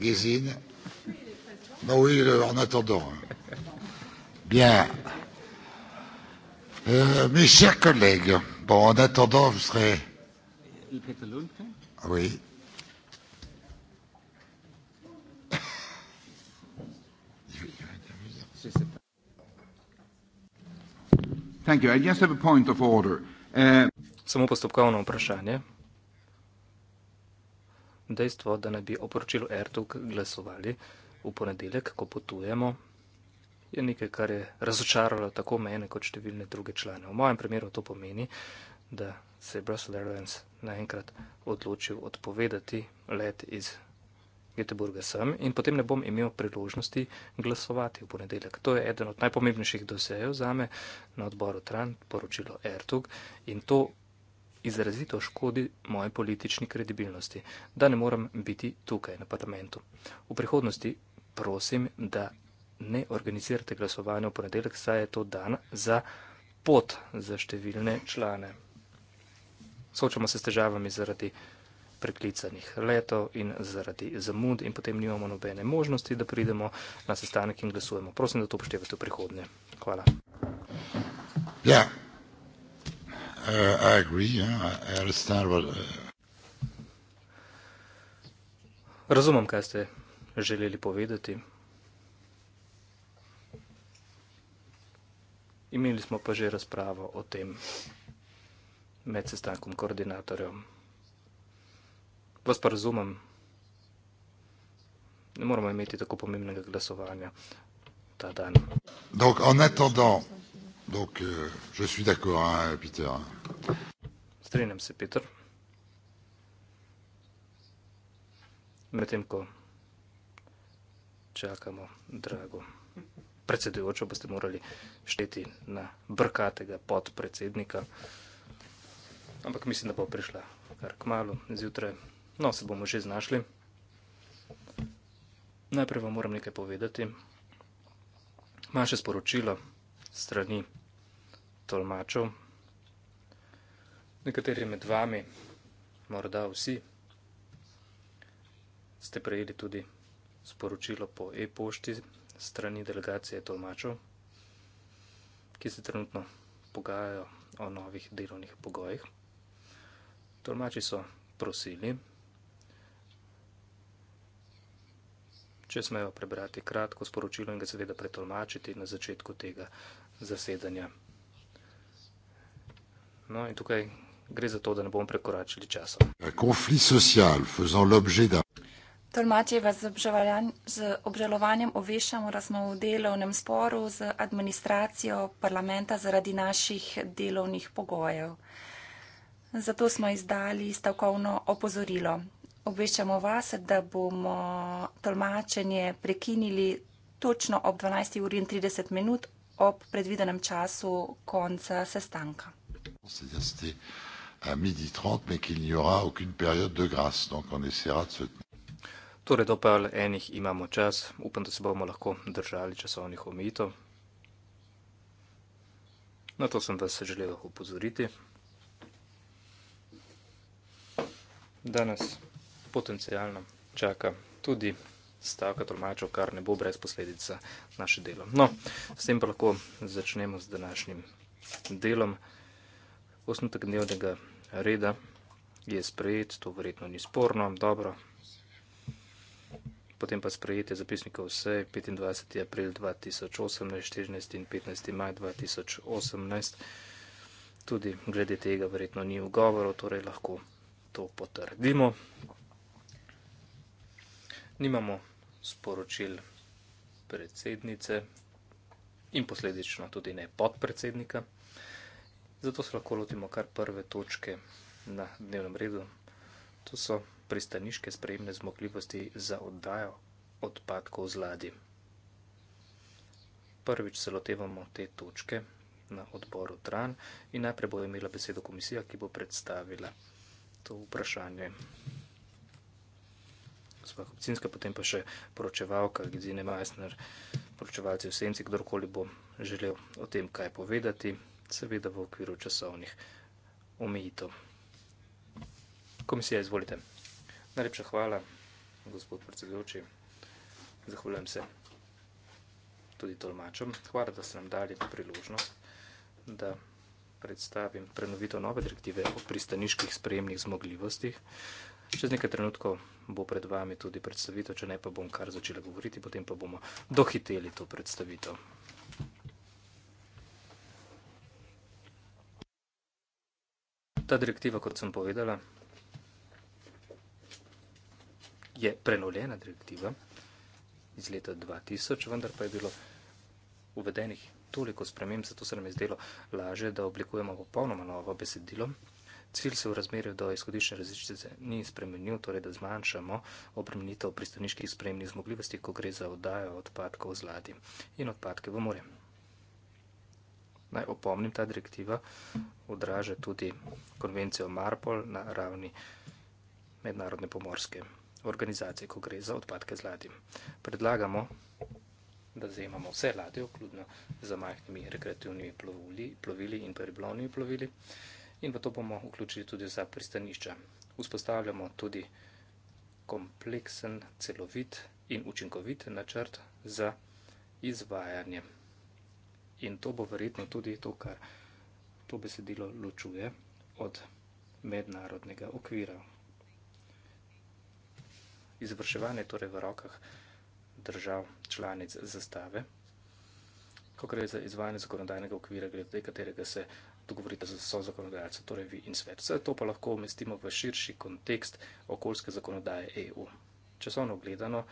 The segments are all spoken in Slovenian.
Gézine ben Oui, en attendant. Bien. Euh, mes chers collègues, bon, en attendant, vous serez. Ah oui. Uh, Samo postopkovno vprašanje dejstvo, da naj bi o poročilu Erdog glasovali v ponedeljek, ko potujemo, je nekaj, kar je razočaralo tako mene kot številne druge člane. V mojem primeru to pomeni, da se je Brussels Airlines naenkrat odločil odpovedati let iz Göteborga sem in potem ne bom imel priložnosti glasovati v ponedeljek. To je eden od najpomembnejših dosejev zame na odboru Tran, poročilo Ertug in to izrazito škodi moje politični kredibilnosti, da ne morem biti tukaj na parlamentu. V prihodnosti prosim, da ne organizirate glasovanja v ponedeljek, saj je to dan za pot za številne člane. Sočamo se s težavami zaradi preklicanih letov in zaradi zamud in potem nimamo nobene možnosti, da pridemo na sestanek in glasujemo. Prosim, da to upoštevate v prihodnje. Hvala. Yeah. Ja uh, I agree, yeah. I understand what. Uh, razumem, kaj ste želeli povedati. Imeli smo pa že razpravo o tem med sestankom koordinatorjem. Vas pa razumem, ne moramo imeti tako pomembnega glasovanja ta dan. Dok, on je to dal. Donc, euh, je suis d'accord, hein, Peter. Strinjam se, Peter. Medtem ko čakamo, drago predsedujočo, boste morali šteti na brkatega podpredsednika. Ampak mislim, da bo prišla kar k malu zjutraj. No, se bomo že znašli. Najprej vam moram nekaj povedati. Maše sporočilo strani tolmačil. Nekateri med vami, morda vsi, ste prejeli tudi sporočilo po e-pošti strani delegacije tolmačev, ki se trenutno pogajajo o novih delovnih pogojih. Tolmači so prosili, če smejo prebrati kratko sporočilo in ga seveda pretolmačiti na začetku tega zasedanja. No, in tukaj gre za to, da ne bomo prekoračili časa. Konflikt social, fazant l'objet d'un. Tolmačeva z, z obžalovanjem ovešamo, da smo v delovnem sporu z administracijo parlamenta zaradi naših delovnih pogojev. Zato smo izdali stavkovno opozorilo. Obveščamo vas, da bomo tolmačenje prekinili točno ob 12.30 ob predvidenem času konca sestanka c'est-à-dire c'était à midi 30, mais qu'il n'y aura aucune période de grâce. Donc on essaiera de se tenir. Torej, do pol enih imamo čas, upam, da se bomo lahko držali časovnih omejitev. Na to sem vas želel upozoriti. Danes potencijalno čaka tudi stavka tolmačev, kar ne bo brez posledic za naše delo. No, s tem pa lahko začnemo z današnjim delom. Osnotek dnevnega reda je sprejet, to verjetno ni sporno, dobro. Potem pa sprejetje zapisnika vse 25. april 2018, 14. in 15. maj 2018. Tudi glede tega verjetno ni ugovorov, torej lahko to potrdimo. Nimamo sporočil predsednice in posledično tudi ne podpredsednika. Zato se lahko lotimo kar prve točke na dnevnem redu. To so pristaniške sprejemne zmogljivosti za oddajo odpadkov z ladjem. Prvič se lotevamo te točke na odboru TRAN in najprej bo imela besedo komisija, ki bo predstavila to vprašanje. Gospa Kopcinska, potem pa še poročevalka Gizine Majsner, poročevalci v Senci, kdorkoli bo želel o tem kaj povedati seveda v okviru časovnih omejitev. Komisija, izvolite. Najlepša hvala, gospod predsedujoči. Zahvaljujem se tudi tolmačem. Hvala, da ste nam dali to priložnost, da predstavim prenovitev nove direktive o pristaniških sprejemnih zmogljivostih. Čez nekaj trenutkov bo pred vami tudi predstavitev, če ne pa bom kar začela govoriti, potem pa bomo dohiteli to predstavitev. ta direktiva, kot sem povedala, je prenovljena direktiva iz leta 2000, vendar pa je bilo uvedenih toliko sprememb, zato se nam je zdelo laže, da oblikujemo popolnoma novo besedilo. Cilj se v razmerju do izhodišče različice ni spremenil, torej da zmanjšamo obremenitev pristaniških spremnih zmogljivosti, ko gre za oddajo odpadkov z ladjem in odpadke v morje. Naj opomnim, ta direktiva odraža tudi konvencijo Marpol na ravni mednarodne pomorske organizacije, ko gre za odpadke z ladjem. Predlagamo, da zajemamo vse ladje, vključno z majhnimi rekreativnimi plovili, plovili in periblovnimi plovili in v to bomo vključili tudi za pristanišča. Vzpostavljamo tudi kompleksen, celovit in učinkovit načrt za izvajanje in to bo verjetno tudi to, kar to besedilo ločuje od mednarodnega okvira. Izvrševanje torej v rokah držav članic zastave, ko gre za izvajanje zakonodajnega okvira, glede katerega se dogovorite za so zakonodajalce, torej vi in svet. Vse to pa lahko umestimo v širši kontekst okoljske zakonodaje EU. Časovno gledano,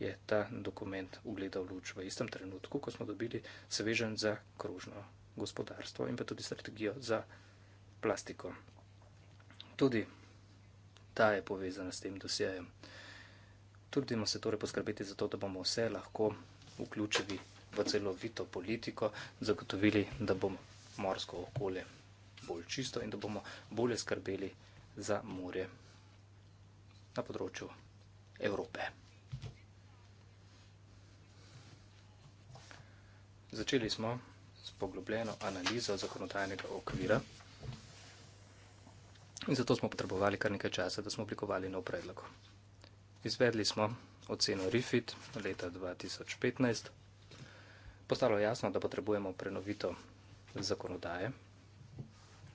je ta dokument ugledal luč v istem trenutku, ko smo dobili svežen za kružno gospodarstvo in pa tudi strategijo za plastiko. Tudi ta je povezana s tem dosjejem. Trudimo se torej poskrbeti za to, da bomo vse lahko vključili v celovito politiko, zagotovili, da bo morsko okolje bolj čisto in da bomo bolje skrbeli za morje na področju Evrope. Začeli smo s poglobljeno analizo zakonodajnega okvira in zato smo potrebovali kar nekaj časa, da smo oblikovali nov predlog. Izvedli smo oceno RIFIT leta 2015. Postalo je jasno, da potrebujemo prenovito zakonodaje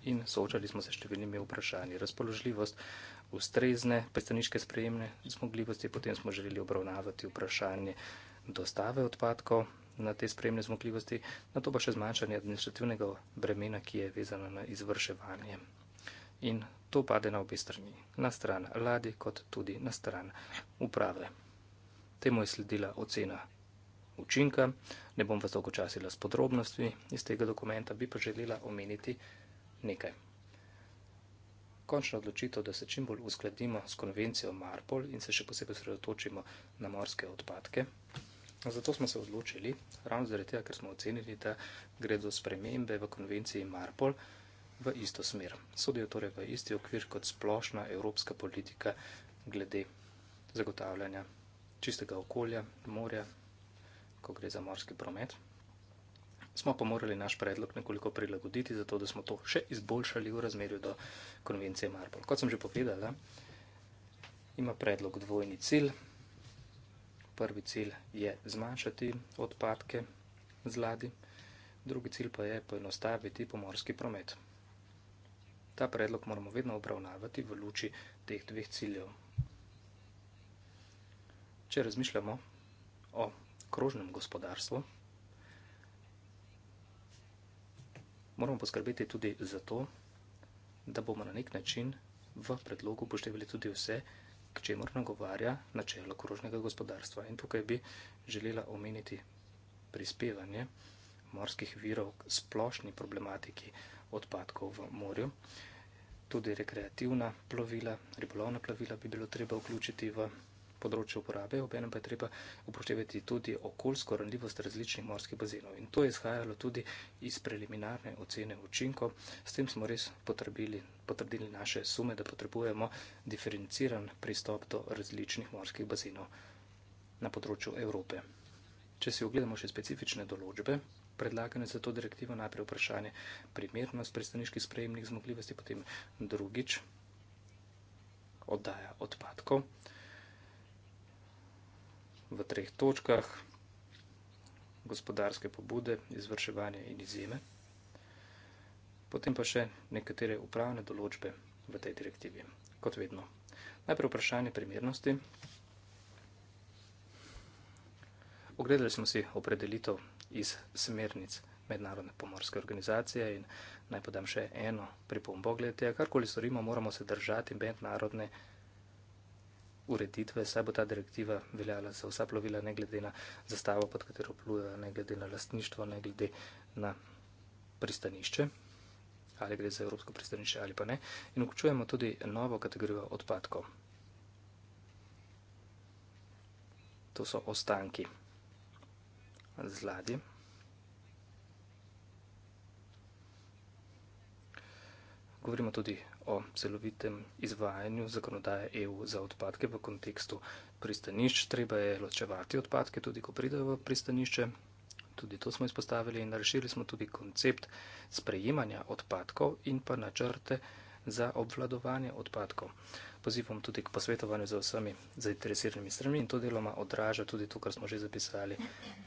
in soočali smo se številnimi vprašanji. Razpoložljivost ustrezne pristaniške sprejemne zmogljivosti, potem smo želeli obravnavati vprašanje dostave odpadkov na te spremne zmogljivosti, na to pa še zmanjšanje administrativnega bremena, ki je vezano na izvrševanje. In to pade na obe strani, na stran ladi, kot tudi na stran uprave. Temu je sledila ocena učinka, ne bom vas dolgo časila s podrobnostmi iz tega dokumenta, bi pa želela omeniti nekaj. Končna odločitev, da se čim bolj uskladimo s konvencijo Marpol in se še posebej sredotočimo na morske odpadke, Zato smo se odločili, ravno zaradi tega, ker smo ocenili, da gre do spremembe v konvenciji Marpol v isto smer. Sodijo torej v isti okvir kot splošna evropska politika glede zagotavljanja čistega okolja, morja, ko gre za morski promet. Smo pa morali naš predlog nekoliko prilagoditi, zato da smo to še izboljšali v razmerju do konvencije Marpol. Kot sem že povedala, ima predlog dvojni cilj prvi cilj je zmanjšati odpadke z ladi, drugi cilj pa je poenostaviti pomorski promet. Ta predlog moramo vedno obravnavati v luči teh dveh ciljev. Če razmišljamo o krožnem gospodarstvu, moramo poskrbeti tudi za to, da bomo na nek način v predlogu upoštevali tudi vse, ki je vse, k čemur nagovarja načelo krožnega gospodarstva. In tukaj bi želela omeniti prispevanje morskih virov k splošni problematiki odpadkov v morju. Tudi rekreativna plovila, ribolovna plovila bi bilo treba vključiti v področju uporabe, obenem pa je treba upoštevati tudi okoljsko ranljivost različnih morskih bazenov. In to je izhajalo tudi iz preliminarne ocene učinkov. S tem smo res potrebili, potrdili naše sume, da potrebujemo diferenciran pristop do različnih morskih bazenov na področju Evrope. Če si ogledamo še specifične določbe, predlagane za to direktivo, najprej vprašanje primernost pristaniških sprejemnih zmogljivosti, potem drugič oddaja odpadkov v treh točkah gospodarske pobude, izvrševanje in izjeme, potem pa še nekatere upravne določbe v tej direktivi, kot vedno. Najprej vprašanje primernosti. Ogledali smo si opredelitev iz smernic Mednarodne pomorske organizacije in naj podam še eno pripombo glede tega, karkoli storimo, moramo se držati mednarodne pomorske organizacije ureditve, saj bo ta direktiva veljala za vsa plovila, ne glede na zastavo, pod katero plujejo, ne glede na lastništvo, ne glede na pristanišče, ali gre za evropsko pristanišče ali pa ne. In vključujemo tudi novo kategorijo odpadkov. To so ostanki z ladji. Govorimo tudi o celovitem izvajanju zakonodaje EU za odpadke v kontekstu pristanišč. Treba je ločevati odpadke tudi, ko pridejo v pristanišče. Tudi to smo izpostavili in razširili smo tudi koncept sprejemanja odpadkov in pa načrte za obvladovanje odpadkov. Pozivam tudi k posvetovanju z vsemi zainteresiranimi stranmi in to deloma odraža tudi to, kar smo že zapisali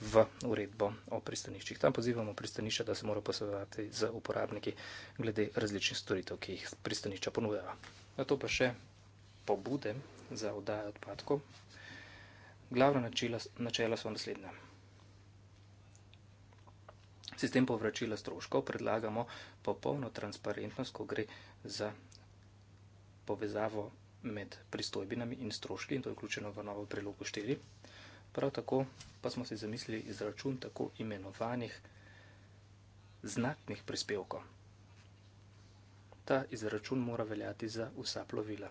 v uredbo o pristaniščih. Tam pozivamo pristanišča, da se mora posvetovati z uporabniki glede različnih storitev, ki jih pristanišča ponujajo. Na to pa še pobude za oddaje odpadkov. Glavna načela, načela so naslednja. Sistem povračila stroškov predlagamo popolno transparentnost, ko gre za za povezavo med pristojbinami in stroški in to je vključeno v novo prilogo 4. Prav tako pa smo si zamislili izračun tako imenovanih znatnih prispevkov. Ta izračun mora veljati za vsa plovila.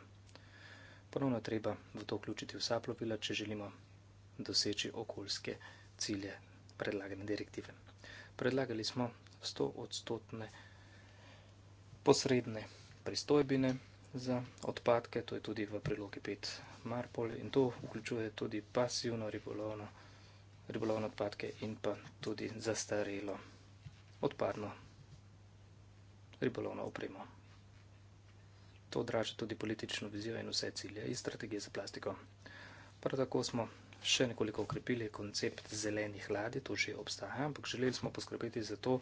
Ponovno treba v to vključiti vsa plovila, če želimo doseči okoljske cilje predlagane direktive. Predlagali smo 100 odstotne prispevke posredne pristojbine za odpadke, to je tudi v prilogi 5 Marpol in to vključuje tudi pasivno ribolovno, ribolovno odpadke in pa tudi zastarelo odpadno ribolovno opremo. To odraža tudi politično vizijo in vse cilje iz strategije za plastiko. Prav tako smo še nekoliko okrepili koncept zelenih ladij, to že obstaja, ampak želeli smo poskrbeti za to,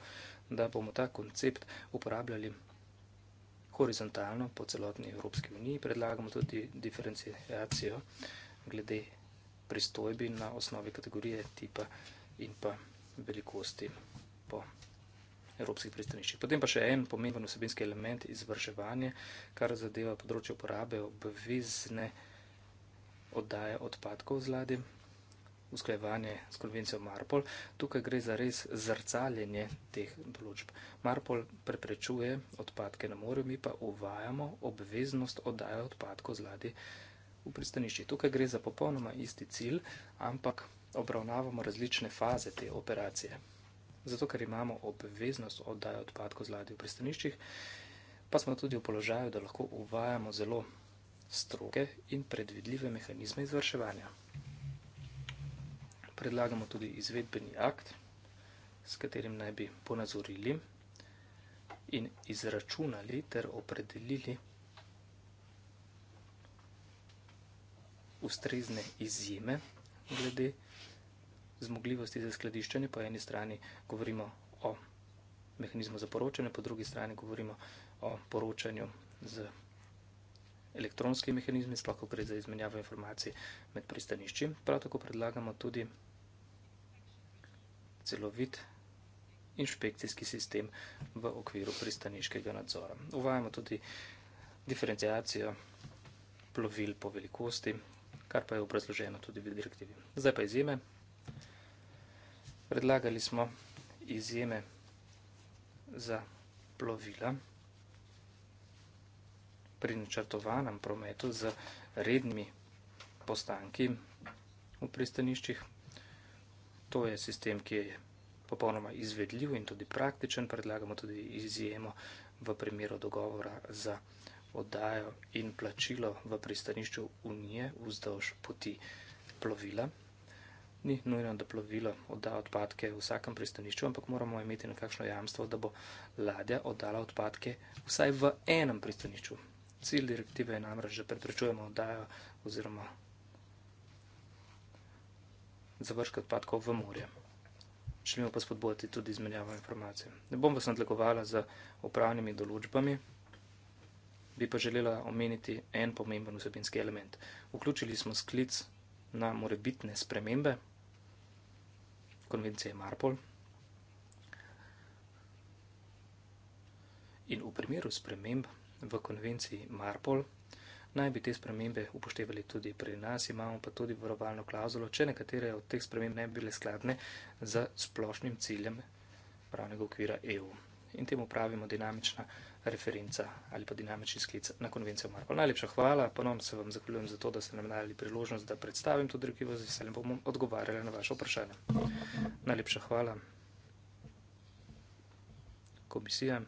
da bomo ta koncept uporabljali horizontalno po celotni Evropski uniji, predlagamo tudi diferencijacijo glede pristojbi na osnovi kategorije, tipa in pa velikosti po evropskih pristaniščih. Potem pa še en pomemben osebinski element izvrševanje, kar zadeva področje uporabe obvezne oddaje odpadkov z ladjem usklajevanje s konvencijo Marpol. Tukaj gre za res zrcaljenje teh določb. Marpol preprečuje odpadke na morju, mi pa uvajamo obveznost oddaje odpadkov z ladi v pristanišči. Tukaj gre za popolnoma isti cilj, ampak obravnavamo različne faze te operacije. Zato, ker imamo obveznost oddaje odpadkov z ladi v pristaniščih, pa smo tudi v položaju, da lahko uvajamo zelo stroge in predvidljive mehanizme izvrševanja predlagamo tudi izvedbeni akt, s katerim naj bi ponazorili in izračunali ter opredelili ustrezne izjeme glede zmogljivosti za skladiščenje. Po eni strani govorimo o mehanizmu za poročanje, po drugi strani govorimo o poročanju z elektronskimi mehanizmi, sploh ko gre za izmenjavo informacij med pristanišči. Prav tako predlagamo tudi celovit inšpekcijski sistem v okviru pristaniškega nadzora. Uvajamo tudi diferencijacijo plovil po velikosti, kar pa je obrazloženo tudi v direktivi. Zdaj pa izjeme. Predlagali smo izjeme za plovila pri načrtovanem prometu z rednimi postanki v pristaniščih to je sistem, ki je popolnoma izvedljiv in tudi praktičen. Predlagamo tudi izjemo v primeru dogovora za oddajo in plačilo v pristanišču Unije vzdolž poti plovila. Ni nujno, da plovilo odda odpadke v vsakem pristanišču, ampak moramo imeti nekakšno jamstvo, da bo ladja oddala odpadke vsaj v enem pristanišču. Cilj direktive je namreč, da preprečujemo oddajo oziroma završke odpadkov v morje. Želimo pa spodbojati tudi izmenjavo informacij. Ne bom vas nadlegovala z upravnimi določbami, bi pa želela omeniti en pomemben vsebinski element. Vključili smo sklic na morebitne spremembe konvencije Marpol. In v primeru sprememb v konvenciji Marpol naj bi te spremembe upoštevali tudi pri nas, imamo pa tudi varovalno klauzulo, če nekatere od teh sprememb ne bi bile skladne z splošnim ciljem pravnega okvira EU. In temu pravimo dinamična referenca ali pa dinamični sklic na konvencijo Marko. Najlepša hvala, ponovno se vam zahvaljujem za to, da ste nam dali priložnost, da predstavim to drugivo, z veseljem bomo odgovarjali na vaše vprašanje. Najlepša hvala. Komisija.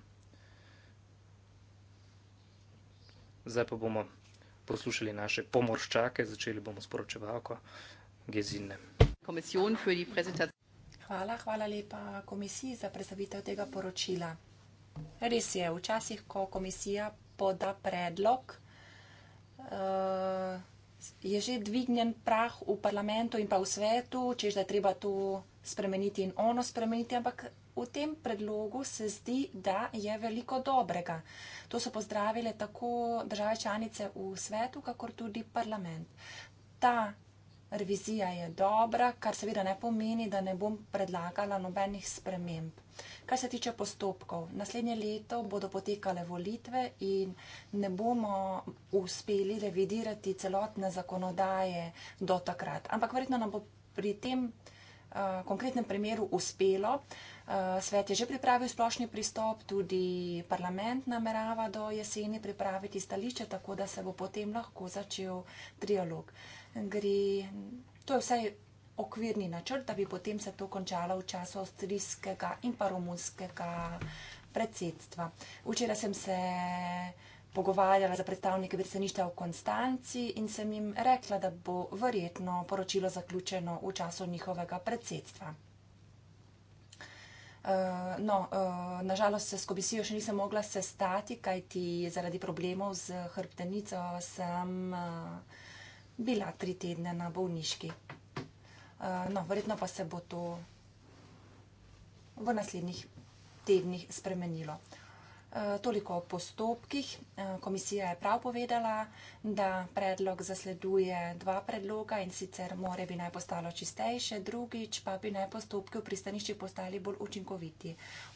Zdaj pa bomo poslušali naše pomorščake, začeli bomo s poročevalko Gezine. Hvala, hvala lepa komisiji za predstavitev tega poročila. Res je, včasih, ko komisija poda predlog, eh, je že dvignjen prah v parlamentu in pa v svetu, če je treba to spremeniti in ono spremeniti, ampak v tem predlogu se zdi, da je veliko dobrega. To so pozdravile tako države članice v svetu, kakor tudi parlament. Ta revizija je dobra, kar seveda ne pomeni, da ne bom predlagala nobenih sprememb. Kar se tiče postopkov, naslednje leto bodo potekale volitve in ne bomo uspeli revidirati celotne zakonodaje do takrat. Ampak verjetno nam bo pri tem uh, konkretnem primeru uspelo, uh, Eh, svet je že pripravil splošni pristop, tudi parlament namerava do jeseni pripraviti stališče, tako da se bo potem lahko začel trialog. Gre, to je vsaj okvirni načrt, da bi potem se to končalo v času avstrijskega in pa romunskega predsedstva. Včeraj sem se pogovarjala za predstavnike predstavništva v Konstanci in sem jim rekla, da bo verjetno poročilo zaključeno v času njihovega predsedstva. Eh, no, uh, eh, nažalost se s komisijo še nisem mogla sestati, kajti zaradi problemov z hrbtenico sem uh, bila tri tedne na bolniški. Uh, no, verjetno pa se bo to v naslednjih tednih spremenilo. Eh, toliko o postopkih. Eh, komisija je prav povedala, da predlog zasleduje dva predloga in sicer more bi naj postalo čistejše, drugič pa bi naj postopki v pristanišči postali bolj učinkoviti.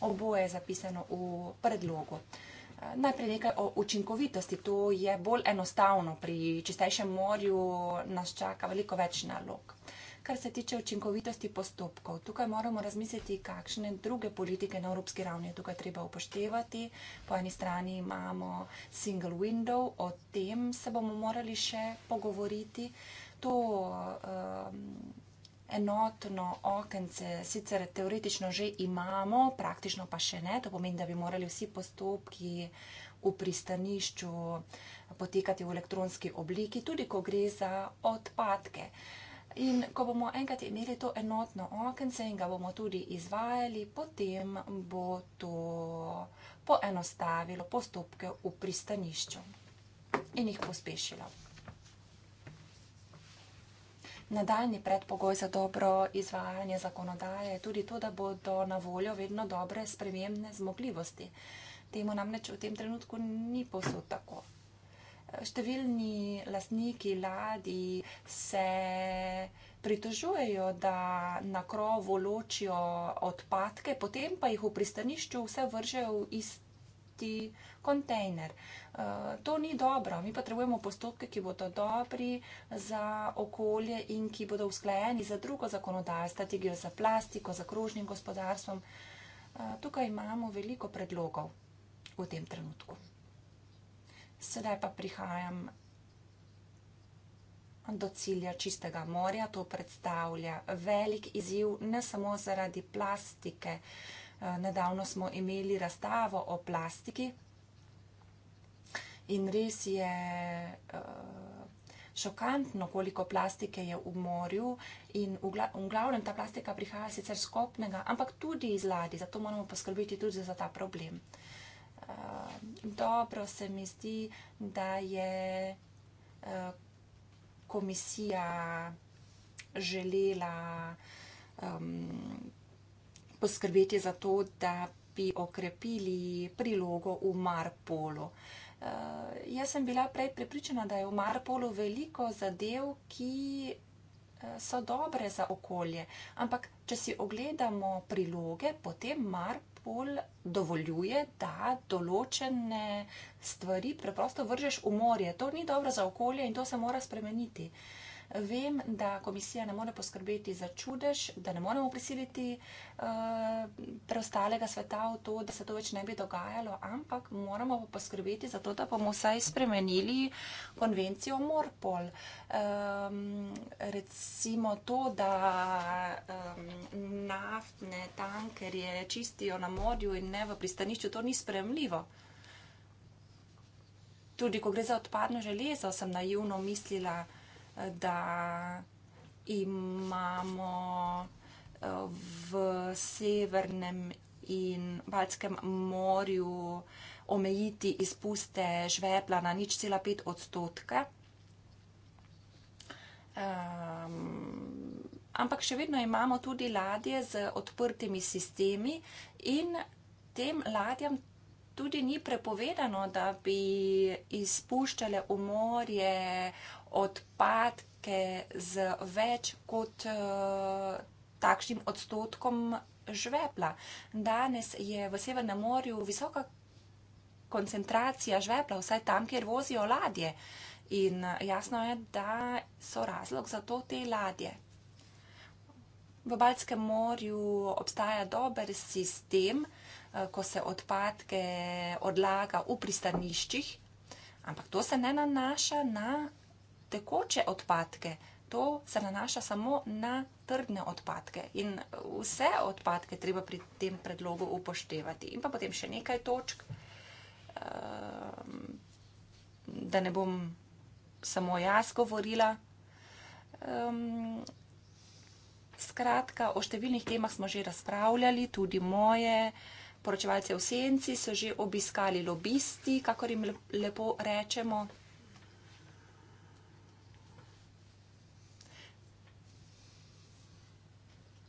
Oboje je zapisano v predlogu. Eh, najprej nekaj o učinkovitosti. To je bolj enostavno. Pri čistejšem morju nas čaka veliko več nalog. Kar se tiče učinkovitosti postopkov, tukaj moramo razmisliti, kakšne druge politike na evropski ravni je tukaj treba upoštevati. Po eni strani imamo single window, o tem se bomo morali še pogovoriti. To um, enotno okence sicer teoretično že imamo, praktično pa še ne. To pomeni, da bi morali vsi postopki v pristanišču potekati v elektronski obliki, tudi ko gre za odpadke. Uh, In ko bomo enkrat imeli to enotno okence in ga bomo tudi izvajali, potem bo to poenostavilo postopke v pristanišču in jih pospešilo. Nadaljni predpogoj za dobro izvajanje zakonodaje je tudi to, da bodo na voljo vedno dobre spremembne zmogljivosti. Temu namreč v tem trenutku ni posod tako številni lastniki ladi se pritožujejo, da na krovu ločijo odpadke, potem pa jih v pristanišču vse vržejo v isti kontejner. Eh, to ni dobro. Mi potrebujemo postopke, ki bodo dobri za okolje in ki bodo usklajeni za drugo zakonodajo, strategijo za plastiko, za krožnim gospodarstvom. Eh, tukaj imamo veliko predlogov v tem trenutku. Sedaj pa prihajam do cilja čistega morja. To predstavlja velik izziv, ne samo zaradi plastike. Eh, nedavno smo imeli razstavo o plastiki in res je eh, šokantno, koliko plastike je v morju in v glavnem ta plastika prihaja sicer skopnega, ampak tudi iz ladi, zato moramo poskrbiti tudi za ta problem. Ehm, dobro se mi zdi, da je eh, komisija želela ehm, poskrbeti za to, da bi okrepili prilogo v Marpolu. Eh, jaz sem bila prej prepričana, da je v Marpolu veliko zadev, ki eh, so dobre za okolje, ampak če si ogledamo priloge, potem Marpolu bolj dovoljuje, da določene stvari preprosto vržeš v morje. To ni dobro za okolje in to se mora spremeniti. Uh, Vem, da komisija ne more poskrbeti za čudež, da ne moremo prisiliti uh, preostalega sveta v to, da se to več ne bi dogajalo, ampak moramo poskrbeti za to, da bomo vsaj spremenili konvencijo Morpol. Um, recimo to, da um, naftne tankerje čistijo na morju in ne v pristanišču, to ni spremljivo. Tudi, ko gre za odpadno železo, sem naivno mislila, da da imamo eh, v Severnem in Baltskem morju omejiti izpuste žvepla na nič cela pet odstotka. Um, ehm, ampak še vedno imamo tudi ladje z odprtimi sistemi in tem ladjam tudi ni prepovedano, da bi izpuščale v morje odpadke z več kot eh, takšnim odstotkom žvepla. Danes je v Severnem morju visoka koncentracija žvepla, vsaj tam, kjer vozijo ladje. In eh, jasno je, da so razlog za to te ladje. V Baltskem morju obstaja dober sistem, eh, ko se odpadke odlaga v pristaniščih, ampak to se ne nanaša na tekoče odpadke, to se nanaša samo na trdne odpadke in vse odpadke treba pri tem predlogu upoštevati. In pa potem še nekaj točk, ehm, da ne bom samo jaz govorila. Ehm, skratka, o številnih temah smo že razpravljali, tudi moje. Poročevalce v senci so že obiskali lobisti, kako jim lepo rečemo.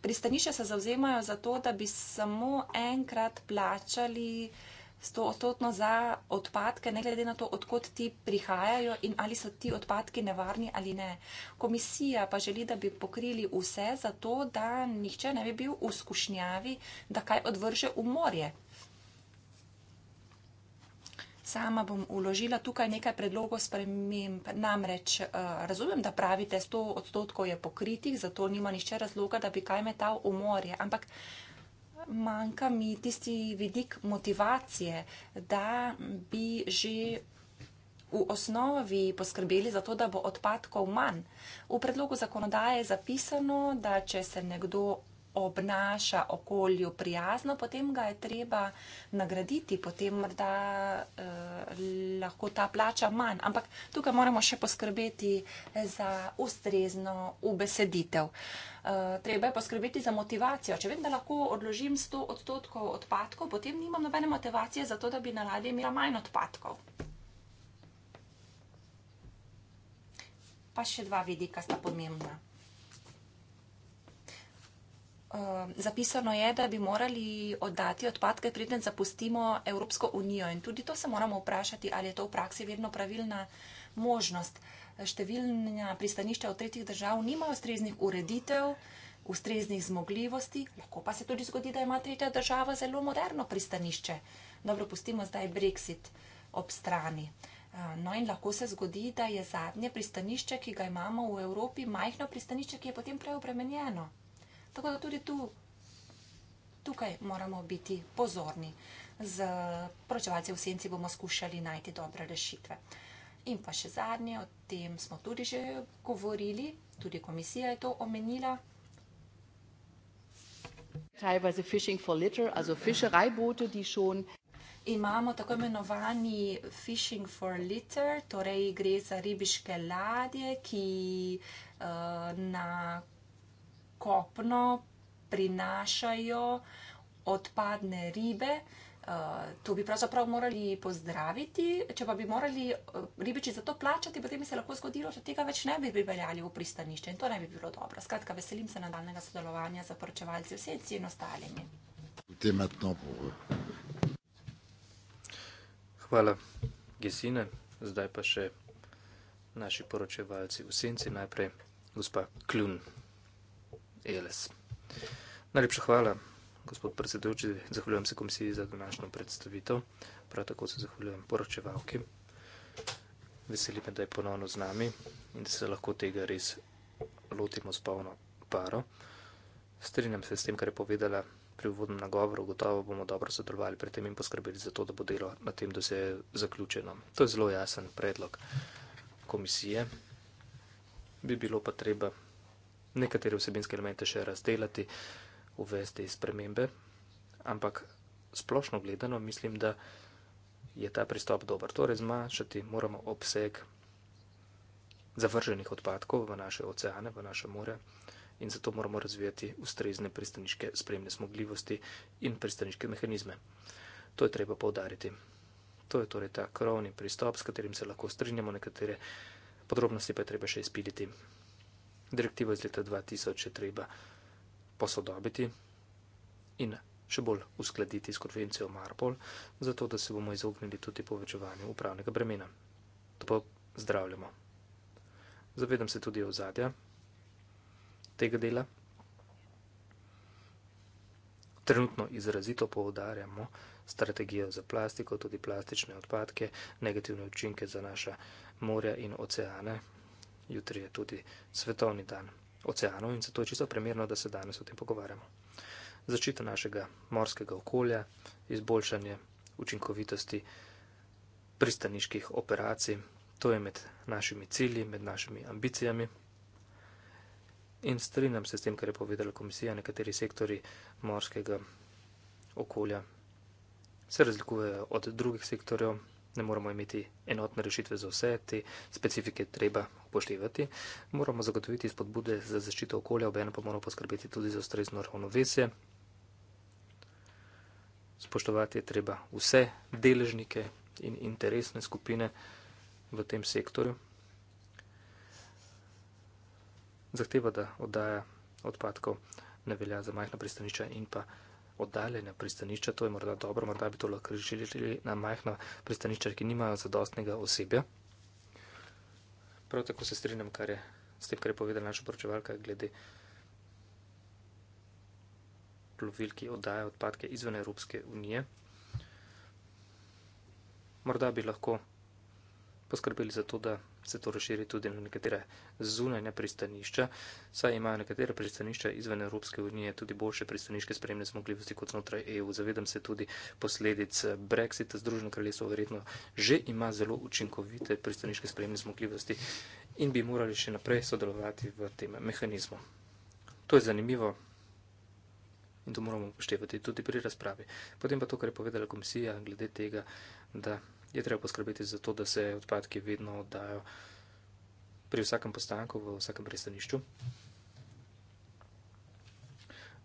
pristanišče se zauzemajo za to, da bi samo enkrat plačali sto odstotno za odpadke, ne glede na to, odkot ti prihajajo in ali so ti odpadki nevarni ali ne. Komisija pa želi, da bi pokrili vse za to, da nihče ne bi bil v skušnjavi, da kaj odvrže v morje. Sama bom uložila tukaj nekaj predlogov sprememb. Namreč uh, razumem, da pravite, 100 odstotkov je pokritih, zato nima nišče razloga, da bi kaj metal v morje. Ampak manjka mi tisti vidik motivacije, da bi že v osnovi poskrbeli za to, da bo odpadkov manj. V predlogu zakonodaje je zapisano, da če se nekdo obnaša okolju prijazno, potem ga je treba nagraditi, potem morda eh, lahko ta plača manj. Ampak tukaj moramo še poskrbeti za ustrezno ubeseditev. Eh, treba je poskrbeti za motivacijo. Če vem, da lahko odložim 100 odstotkov odpadkov, potem nimam nobene motivacije za to, da bi na ladji imela manj odpadkov. Pa še dva vidika sta pomembna. Ehm, zapisano je, da bi morali oddati odpadke, preden zapustimo Evropsko unijo. In tudi to se moramo vprašati, ali je to v praksi vedno pravilna možnost. Številna pristanišča od tretjih držav nimajo ustreznih ureditev, ustreznih zmogljivosti, lahko pa se tudi zgodi, da ima tretja država zelo moderno pristanišče. Dobro, pustimo zdaj Brexit ob strani. Ehm, no in lahko se zgodi, da je zadnje pristanišče, ki ga imamo v Evropi, majhno pristanišče, ki je potem preobremenjeno. Tako da tudi tu, tukaj moramo biti pozorni. Z proučevalci v senci bomo skušali najti dobre rešitve. In pa še zadnje, o tem smo tudi že govorili, tudi komisija je to omenila. Teilweise fishing for litter, also Fischereiboote, die schon. Imamo tako imenovani fishing for litter, torej gre za ribiške ladje, ki uh, na kopno prinašajo odpadne ribe. Eh, to bi pravzaprav morali pozdraviti. Če pa bi morali eh, ribiči za to plačati, potem bi se lahko zgodilo, da tega več ne bi pripeljali v pristanišče in to ne bi bilo dobro. Skratka, veselim se nadaljnega sodelovanja z poročevalci vsejci in ostalimi. Hvala, Gesine. Zdaj pa še naši poročevalci v senci. Najprej gospa Kljun. ELS. Najlepša hvala, gospod predsedujoči. Zahvaljujem se komisiji za današnjo predstavitev. Prav tako se zahvaljujem poročevalki. Veseli me, da je ponovno z nami in da se lahko tega res lotimo s polno paro. Strinjam se s tem, kar je povedala pri uvodnem nagovoru. Gotovo bomo dobro sodelovali pri tem in poskrbeli za to, da bo delo na tem, da se je zaključeno. To je zelo jasen predlog komisije. Bi bilo pa treba nekatere vsebinske elemente še razdelati, uvesti spremembe, ampak splošno gledano mislim, da je ta pristop dober. Torej zmanjšati moramo obseg zavrženih odpadkov v naše oceane, v naše more in zato moramo razvijati ustrezne pristaniške spremne smogljivosti in pristaniške mehanizme. To je treba povdariti. To je torej ta krovni pristop, s katerim se lahko strinjamo, nekatere podrobnosti pa je treba še izpiliti direktivo iz leta 2000 je treba posodobiti in še bolj uskladiti s konvencijo Marpol, zato da se bomo izognili tudi povečevanju upravnega bremena. To pa zdravljamo. Zavedam se tudi ozadja tega dela. Trenutno izrazito poudarjamo strategijo za plastiko, tudi plastične odpadke, negativne učinke za naša morja in oceane, jutri je tudi svetovni dan oceanov in zato je čisto primerno, da se danes o tem pogovarjamo. Začita našega morskega okolja, izboljšanje učinkovitosti pristaniških operacij, to je med našimi cilji, med našimi ambicijami. In strinjam se s tem, kar je povedala komisija, nekateri sektori morskega okolja se razlikujejo od drugih sektorjev, ne moramo imeti enotne rešitve za vse, te specifike treba upoštevati, moramo zagotoviti spodbude za zaščito okolja, ob enem pa moramo poskrbeti tudi za ustrezno ravnovesje. Spoštovati je treba vse deležnike in interesne skupine v tem sektorju. Zahteva, da oddaja odpadkov ne velja za majhna pristanišča in pa oddaljene pristanišča, to je morda dobro, morda bi to lahko rešili na majhna pristanišča, ki nimajo zadostnega osebja. Prav tako se strinjam kar je, s tem, kar je povedala naša poročevalka glede plovil, ki oddajajo odpadke izven Evropske unije. Morda bi lahko poskrbeli za to, da se to razširi tudi na nekatere zunanje pristanišča, saj imajo nekatere pristanišča izven Evropske unije tudi boljše pristaniške spremne zmogljivosti kot znotraj EU. Zavedam se tudi posledic eh, Brexita, Združeno kraljestvo verjetno že ima zelo učinkovite pristaniške spremne zmogljivosti in bi morali še naprej sodelovati v tem mehanizmu. To je zanimivo. In to moramo upoštevati tudi pri razpravi. Potem pa to, kar je povedala komisija glede tega, da je treba poskrbeti za to, da se odpadki vedno oddajo pri vsakem postanku, v vsakem pristanišču.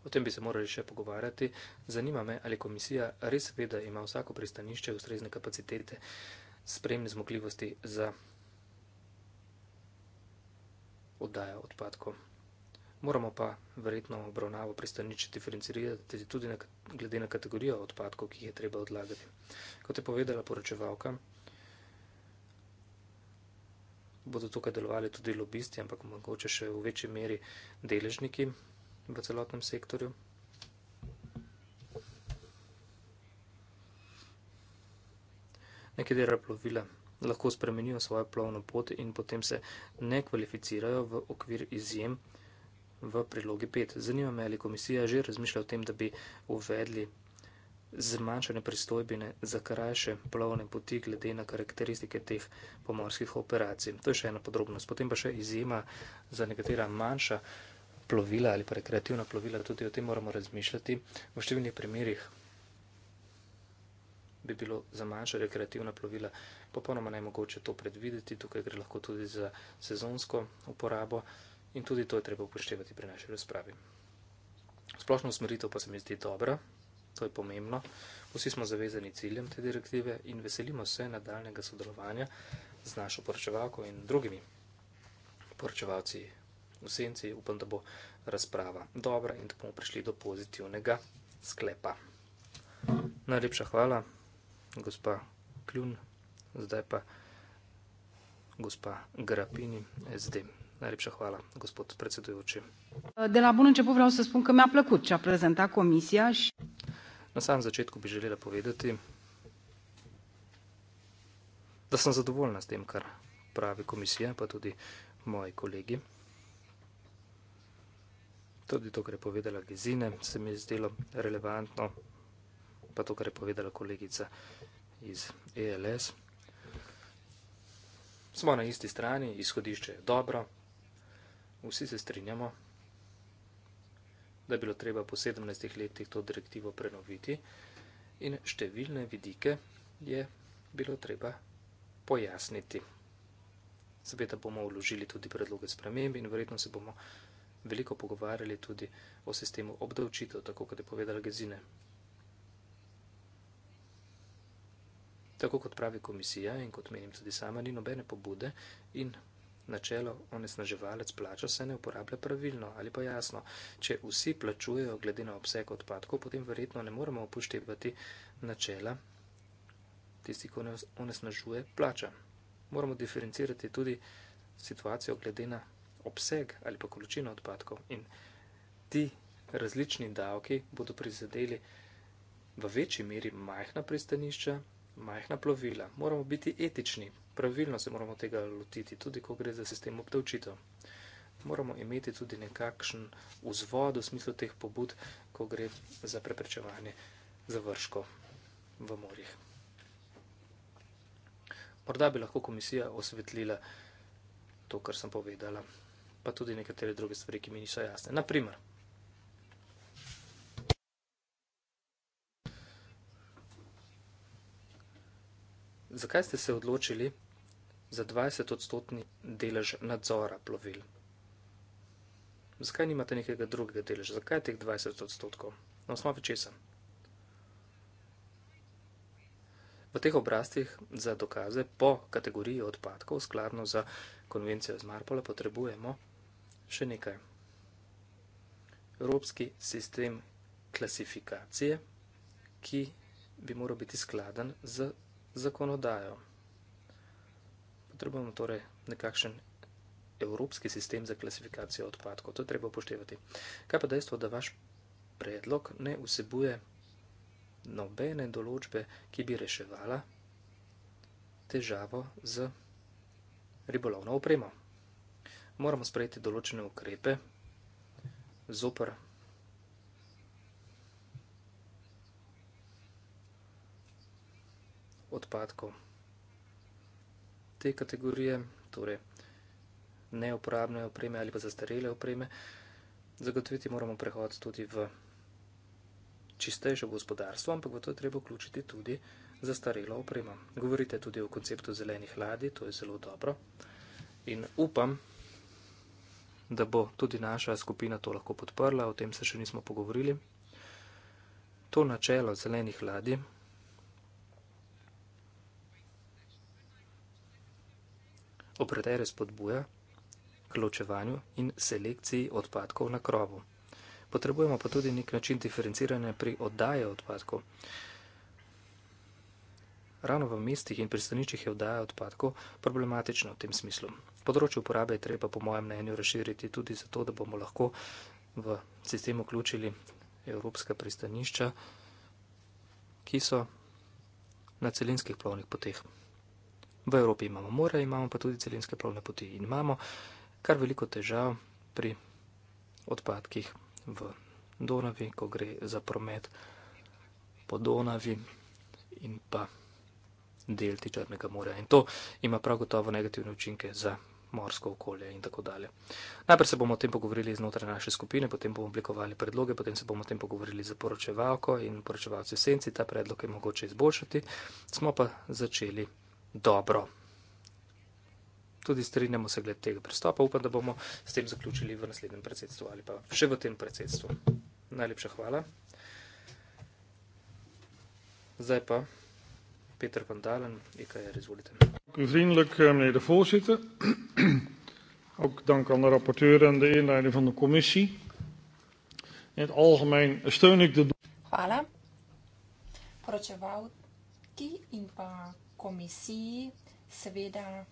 O tem bi se morali še pogovarjati. Zanima me, ali komisija res ve, da ima vsako pristanišče ustrezne kapacitete spremne zmogljivosti za oddajo odpadkov. Moramo pa verjetno obravnavo pristanič diferencirati tudi na, glede na kategorijo odpadkov, ki jih je treba odlagati. Kot je povedala poročevalka, bodo tukaj delovali tudi lobisti, ampak mogoče še v večji meri deležniki v celotnem sektorju. Nekatera plovila lahko spremenijo svojo plovno pot in potem se ne kvalificirajo v okvir izjem v prilogi 5. Zanima me, ali komisija že razmišlja o tem, da bi uvedli zmanjšane pristojbine za krajše plovne poti glede na karakteristike teh pomorskih operacij. To je še ena podrobnost. Potem pa še izjema za nekatera manjša plovila ali rekreativna plovila, tudi o tem moramo razmišljati. V številnih primerjih bi bilo za manjša rekreativna plovila popolnoma najmogoče to predvideti. Tukaj gre lahko tudi za sezonsko uporabo. In tudi to je treba upoštevati pri naši razpravi. Splošno usmeritev pa se mi zdi dobra, to je pomembno. Vsi smo zavezani ciljem te direktive in veselimo se nadaljnega sodelovanja z našo poročevalko in drugimi poročevalci v senci. Upam, da bo razprava dobra in da bomo prišli do pozitivnega sklepa. Najlepša hvala, gospa Kljun, zdaj pa gospa Grapini SD. Najlepša hvala, gospod predsedujoči. De la bun început vreau să spun că mi-a plăcut ce a prezentat comisia și... Na samem začetku bi želela povedati, da sem zadovoljna s tem, kar pravi komisija, pa tudi moji kolegi. Tudi to, kar je povedala Gezine, se mi je zdelo relevantno, pa to, kar je povedala kolegica iz ELS. Smo na isti strani, izhodišče je dobro, vsi se strinjamo, da je bilo treba po 17 letih to direktivo prenoviti in številne vidike je bilo treba pojasniti. Seveda bomo vložili tudi predloge sprememb in verjetno se bomo veliko pogovarjali tudi o sistemu obdavčitev, tako kot je povedala Gezine. Tako kot pravi komisija in kot menim tudi sama, ni nobene pobude in načelo onesnaževalec plača se ne uporablja pravilno ali pa jasno. Če vsi plačujejo glede na obseg odpadkov, potem verjetno ne moremo upoštevati načela tisti, ko ne onesnažuje plača. Moramo diferencirati tudi situacijo glede na obseg ali pa količino odpadkov in ti različni davki bodo prizadeli v večji meri majhna pristanišča, majhna plovila. Moramo biti etični pravilno se moramo tega lotiti, tudi ko gre za sistem obdavčitev. Moramo imeti tudi nekakšen vzvod v smislu teh pobud, ko gre za preprečevanje završkov v morjih. Morda bi lahko komisija osvetlila to, kar sem povedala, pa tudi nekatere druge stvari, ki mi niso jasne. Naprimer, zakaj ste se odločili? za 20 odstotni delež nadzora plovil. Zakaj nimate nekega drugega deleža? Zakaj teh 20 odstotkov? Na osnovi česa? V teh obrazcih za dokaze po kategoriji odpadkov, skladno za konvencijo iz Marpola, potrebujemo še nekaj. Evropski sistem klasifikacije, ki bi moral biti skladen z zakonodajo potrebujemo torej nekakšen evropski sistem za klasifikacijo odpadkov. To je treba upoštevati. Kaj pa dejstvo, da vaš predlog ne vsebuje nobene določbe, ki bi reševala težavo z ribolovno opremo. Moramo sprejeti določene ukrepe zoper odpadkov te kategorije, torej neuporabne opreme ali pa zastarele opreme, zagotoviti moramo prehod tudi v čistejše gospodarstvo, ampak v to je treba vključiti tudi zastarelo opremo. Govorite tudi o konceptu zelenih ladij, to je zelo dobro in upam, da bo tudi naša skupina to lahko podprla, o tem se še nismo pogovorili. To načelo zelenih ladij operatere spodbuja k ločevanju in selekciji odpadkov na krovu. Potrebujemo pa tudi nek način diferenciranja pri oddaji odpadkov. Ravno v mestih in pristaniščih je oddaja odpadkov problematična v tem smislu. Področje uporabe je treba po mojem mnenju razširiti tudi zato, da bomo lahko v sistem vključili evropska pristanišča, ki so na celinskih plovnih poteh. V Evropi imamo more, imamo pa tudi celinske plovne poti in imamo kar veliko težav pri odpadkih v Donavi, ko gre za promet po Donavi in pa delti Črnega morja. In to ima prav gotovo negativne učinke za morsko okolje in tako dalje. Najprej se bomo o tem pogovorili znotraj naše skupine, potem bomo oblikovali predloge, potem se bomo o tem pogovorili za poročevalko in poročevalce senci, ta predlog je mogoče izboljšati. Smo pa začeli dobro. Tudi strinjamo se glede tega pristopa. Upam, da bomo s tem zaključili v naslednjem predsedstvu ali pa še v tem predsedstvu. Najlepša hvala. Zdaj pa Peter Pandalen, IKR, e izvolite. Vriendelijk, eh, meneer de voorzitter. Ook dank aan de rapporteur en de inleiding van de commissie. In het algemeen steun ik de. Hvala. Poročevalki in pa komisiji seveda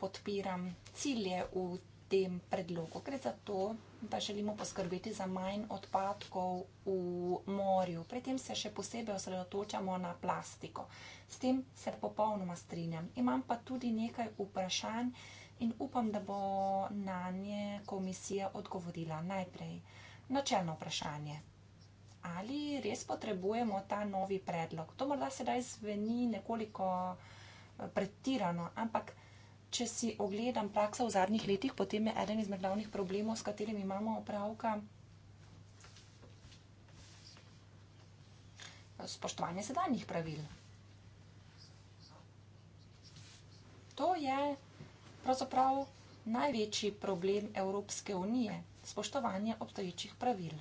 podpiram cilje v tem predlogu. Gre za to, da želimo poskrbeti za manj odpadkov v morju. Pri tem se še posebej osredotočamo na plastiko. S tem se popolnoma strinjam. Imam pa tudi nekaj vprašanj in upam, da bo na nje komisija odgovorila najprej. Načelno vprašanje ali res potrebujemo ta novi predlog. To morda sedaj zveni nekoliko eh, pretirano, ampak če si ogledam praksa v zadnjih letih, potem je eden izmed glavnih problemov, s katerimi imamo opravka. Spoštovanje sedanjih pravil. To je pravzaprav največji problem Evropske unije, spoštovanje obstoječih pravil.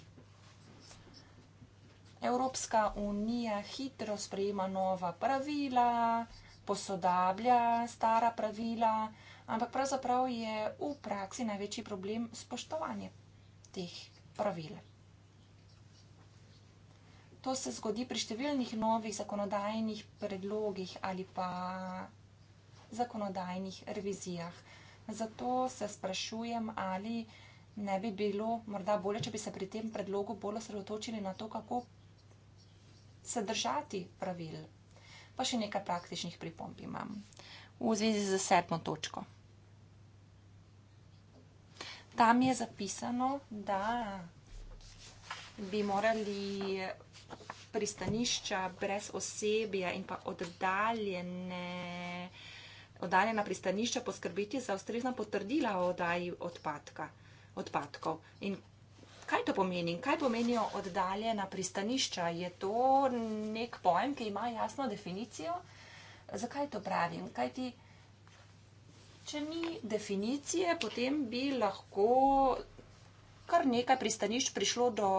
Evropska unija hitro sprejema nova pravila, posodablja stara pravila, ampak pravzaprav je v praksi največji problem spoštovanje teh pravil. To se zgodi pri številnih novih zakonodajnih predlogih ali pa zakonodajnih revizijah. Zato se sprašujem, ali ne bi bilo morda bolje, če bi se pri tem predlogu bolj osredotočili na to, kako se držati pravil. Pa še nekaj praktičnih pripomb imam. V zvezi z sedmo točko. Tam je zapisano, da bi morali pristanišča brez osebja in pa oddaljene, oddaljena pristanišča poskrbeti za ustrezna potrdila o oddaji odpadka, odpadkov. In Kaj to pomeni? Kaj pomenijo oddaljena pristanišča? Je to nek pojem, ki ima jasno definicijo? Zakaj to pravim? Kaj ti, če ni definicije, potem bi lahko kar nekaj pristanišč prišlo do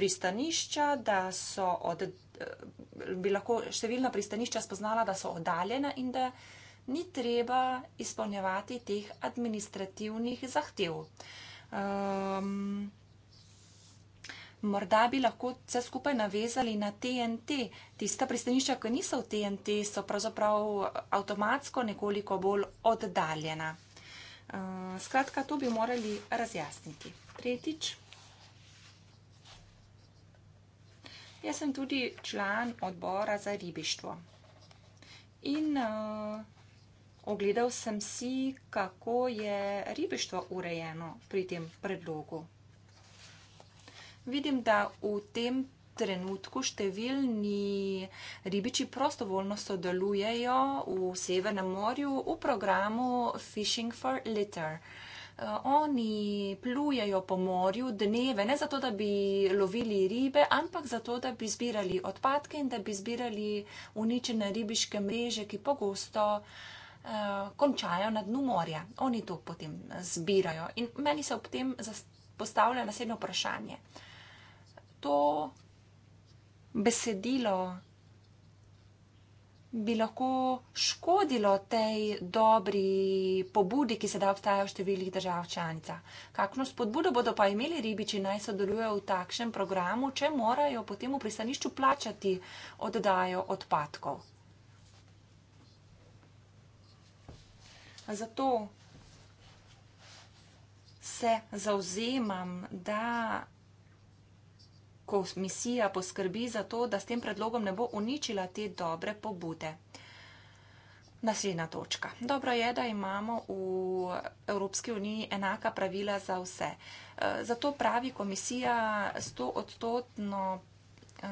pristanišča, da so od, eh, bi lahko številna pristanišča spoznala, da so oddaljena in da ni treba izpolnjevati teh administrativnih zahtev. Um, morda bi lahko vse skupaj navezali na TNT. Tista pristanišča, ki niso v TNT, so pravzaprav avtomatsko nekoliko bolj oddaljena. Eh, skratka, to bi morali razjasniti. Tretjič. Jaz sem tudi član odbora za ribištvo. In uh, ogledal sem si, kako je ribištvo urejeno pri tem predlogu vidim, da v tem trenutku številni ribiči prostovoljno sodelujejo v Severnem morju v programu Fishing for Litter. Eh, oni plujejo po morju dneve, ne zato, da bi lovili ribe, ampak zato, da bi zbirali odpadke in da bi zbirali uničene ribiške mreže, ki pogosto uh, končajo na dnu morja. Oni to potem zbirajo. In meni se ob tem postavlja naslednje vprašanje. Uh, to besedilo bi lahko škodilo tej dobri pobudi, ki se da obstaja v številnih držav članica. Kakšno spodbudo bodo pa imeli ribiči naj sodelujo v takšnem programu, če morajo potem v pristanišču plačati oddajo odpadkov? Zato se zauzemam, da komisija poskrbi za to, da s tem predlogom ne bo uničila te dobre pobude. Naslednja točka. Dobro je, da imamo v Evropski uniji enaka pravila za vse. E, zato pravi komisija 100 odstotno. E,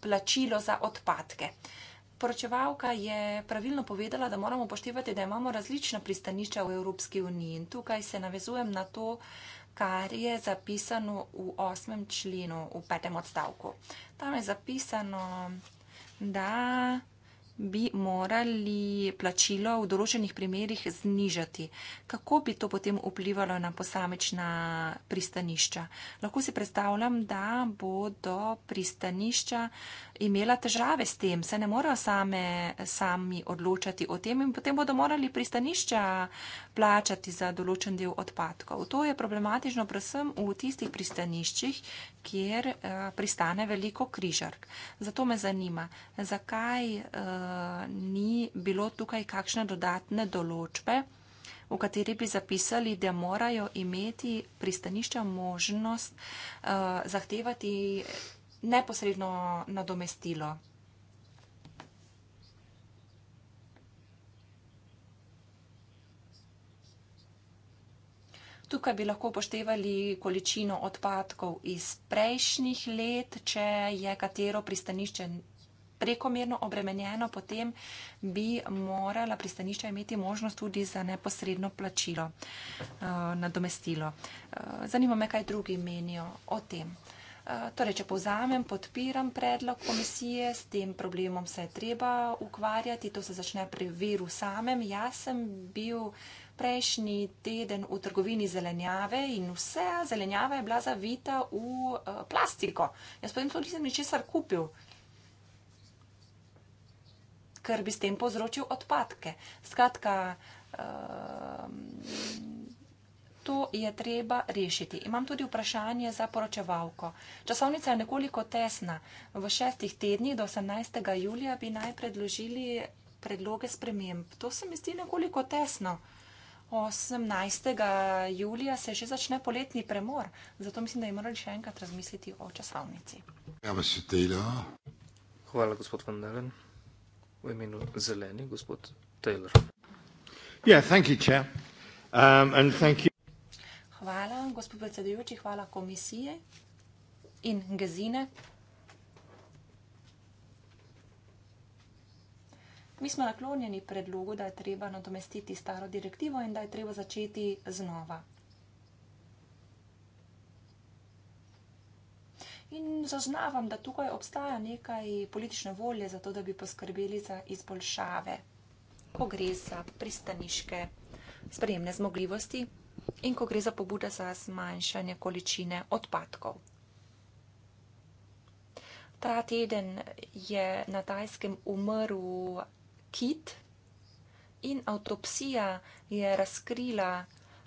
plačilo za odpadke. Uh, Poročevalka je pravilno povedala, da moramo upoštevati, da imamo različna pristanišča v Evropski uniji in tukaj se navezujem na to, kar je zapisano v osmem členu, v petem odstavku. Tam je zapisano, da bi morali plačilo v določenih primerjih znižati. Kako bi to potem vplivalo na posamečna pristanišča? Lahko si predstavljam, da bodo pristanišča imela težave s tem, se ne morejo sami odločati o tem in potem bodo morali pristanišča plačati za določen del odpadkov. To je problematično predvsem v tistih pristaniščih, kjer uh, pristane veliko križark. Zato me zanima, zakaj uh, ni bilo tukaj kakšne dodatne določbe, v kateri bi zapisali, da morajo imeti pristanišča možnost uh, zahtevati neposredno nadomestilo. Tukaj bi lahko upoštevali količino odpadkov iz prejšnjih let, če je katero pristanišče prekomerno obremenjeno, potem bi morala pristanišča imeti možnost tudi za neposredno plačilo eh, na domestilo. Eh, zanima me, kaj drugi menijo o tem. Eh, torej, če povzamem, podpiram predlog komisije, s tem problemom se je treba ukvarjati, to se začne pri viru samem. Jaz sem bil uh, prejšnji teden v trgovini zelenjave in vse zelenjava je bila zavita v uh, plastiko. Jaz pa jim tudi nisem ničesar kupil, ker bi s tem povzročil odpadke. Skratka, uh, to je treba rešiti. Imam tudi vprašanje za poročevalko. Časovnica je nekoliko tesna. V šestih tednih do 18. julija bi naj predložili. Predloge sprememb. To se mi zdi nekoliko tesno. 18. julija se že začne poletni premor, zato mislim, da je morali še enkrat razmisliti o časovnici. Ja, vas je Taylor. Hvala, gospod Van Delen. V imenu zeleni, gospod Taylor. Ja, yeah, thank you, chair. Um, and thank you. Hvala, gospod predsedujoči, hvala komisije in gezine. Mi smo naklonjeni predlogu, da je treba nadomestiti staro direktivo in da je treba začeti znova. In zaznavam, da tukaj obstaja nekaj politične volje za to, da bi poskrbeli za izboljšave, ko gre za pristaniške sprejemne zmogljivosti in ko gre za pobude za zmanjšanje količine odpadkov. Ta teden je na tajskem umrl kit in avtopsija je razkrila,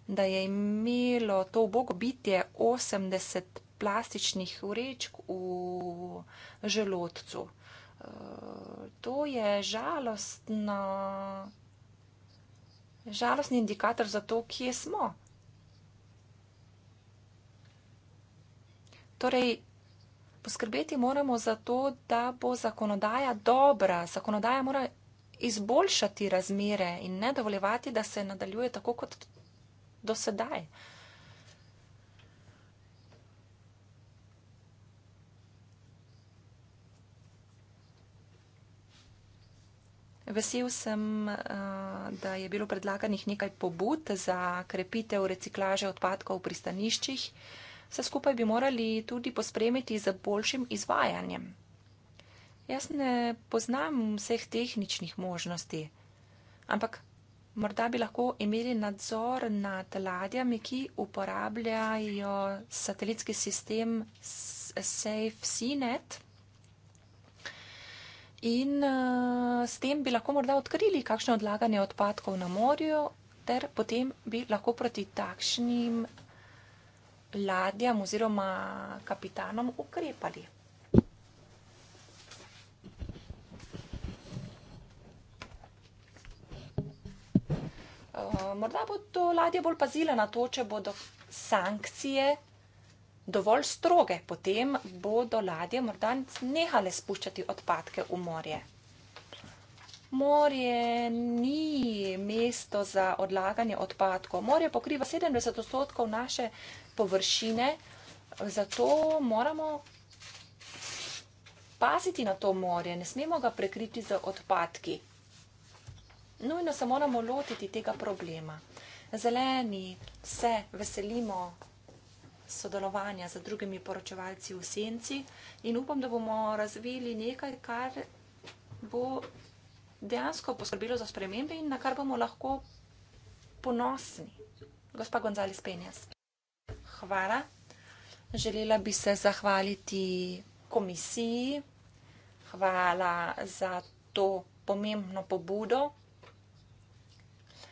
da je imelo to ubogo bitje 80 plastičnih vrečk v želodcu. Eh, to je žalostno, žalostni indikator za to, kje smo. Torej, poskrbeti moramo za to, da bo zakonodaja dobra. Zakonodaja mora izboljšati razmere in ne dovoljevati, da se nadaljuje tako kot do sedaj. Vesel sem, eh, da je bilo predlaganih nekaj pobud za krepitev reciklaže odpadkov v pristaniščih. Vse skupaj bi morali tudi pospremiti z boljšim izvajanjem. Jaz ne poznam vseh tehničnih možnosti, ampak morda bi lahko imeli nadzor nad ladjami, ki uporabljajo satelitski sistem Safe Seanet. In uh, s tem bi lahko morda odkrili, kakšno odlaganje odpadkov na morju, ter potem bi lahko proti takšnim ladjam oziroma kapitanom ukrepali. Eh, morda bo to ladje bolj pazile na to, če bodo sankcije dovolj stroge, potem bodo ladje morda nehale spuščati odpadke v morje. Morje ni mesto za odlaganje odpadkov. Morje pokriva 70 odstotkov naše površine, zato moramo paziti na to morje, ne smemo ga prekriti z odpadki nujno se moramo lotiti tega problema. Zeleni se veselimo sodelovanja z drugimi poročevalci v senci in upam, da bomo razvili nekaj, kar bo dejansko poskrbelo za spremembe in na kar bomo lahko ponosni. Gospa Gonzali Spenjas. Hvala. Želela bi se zahvaliti komisiji. Hvala za to pomembno pobudo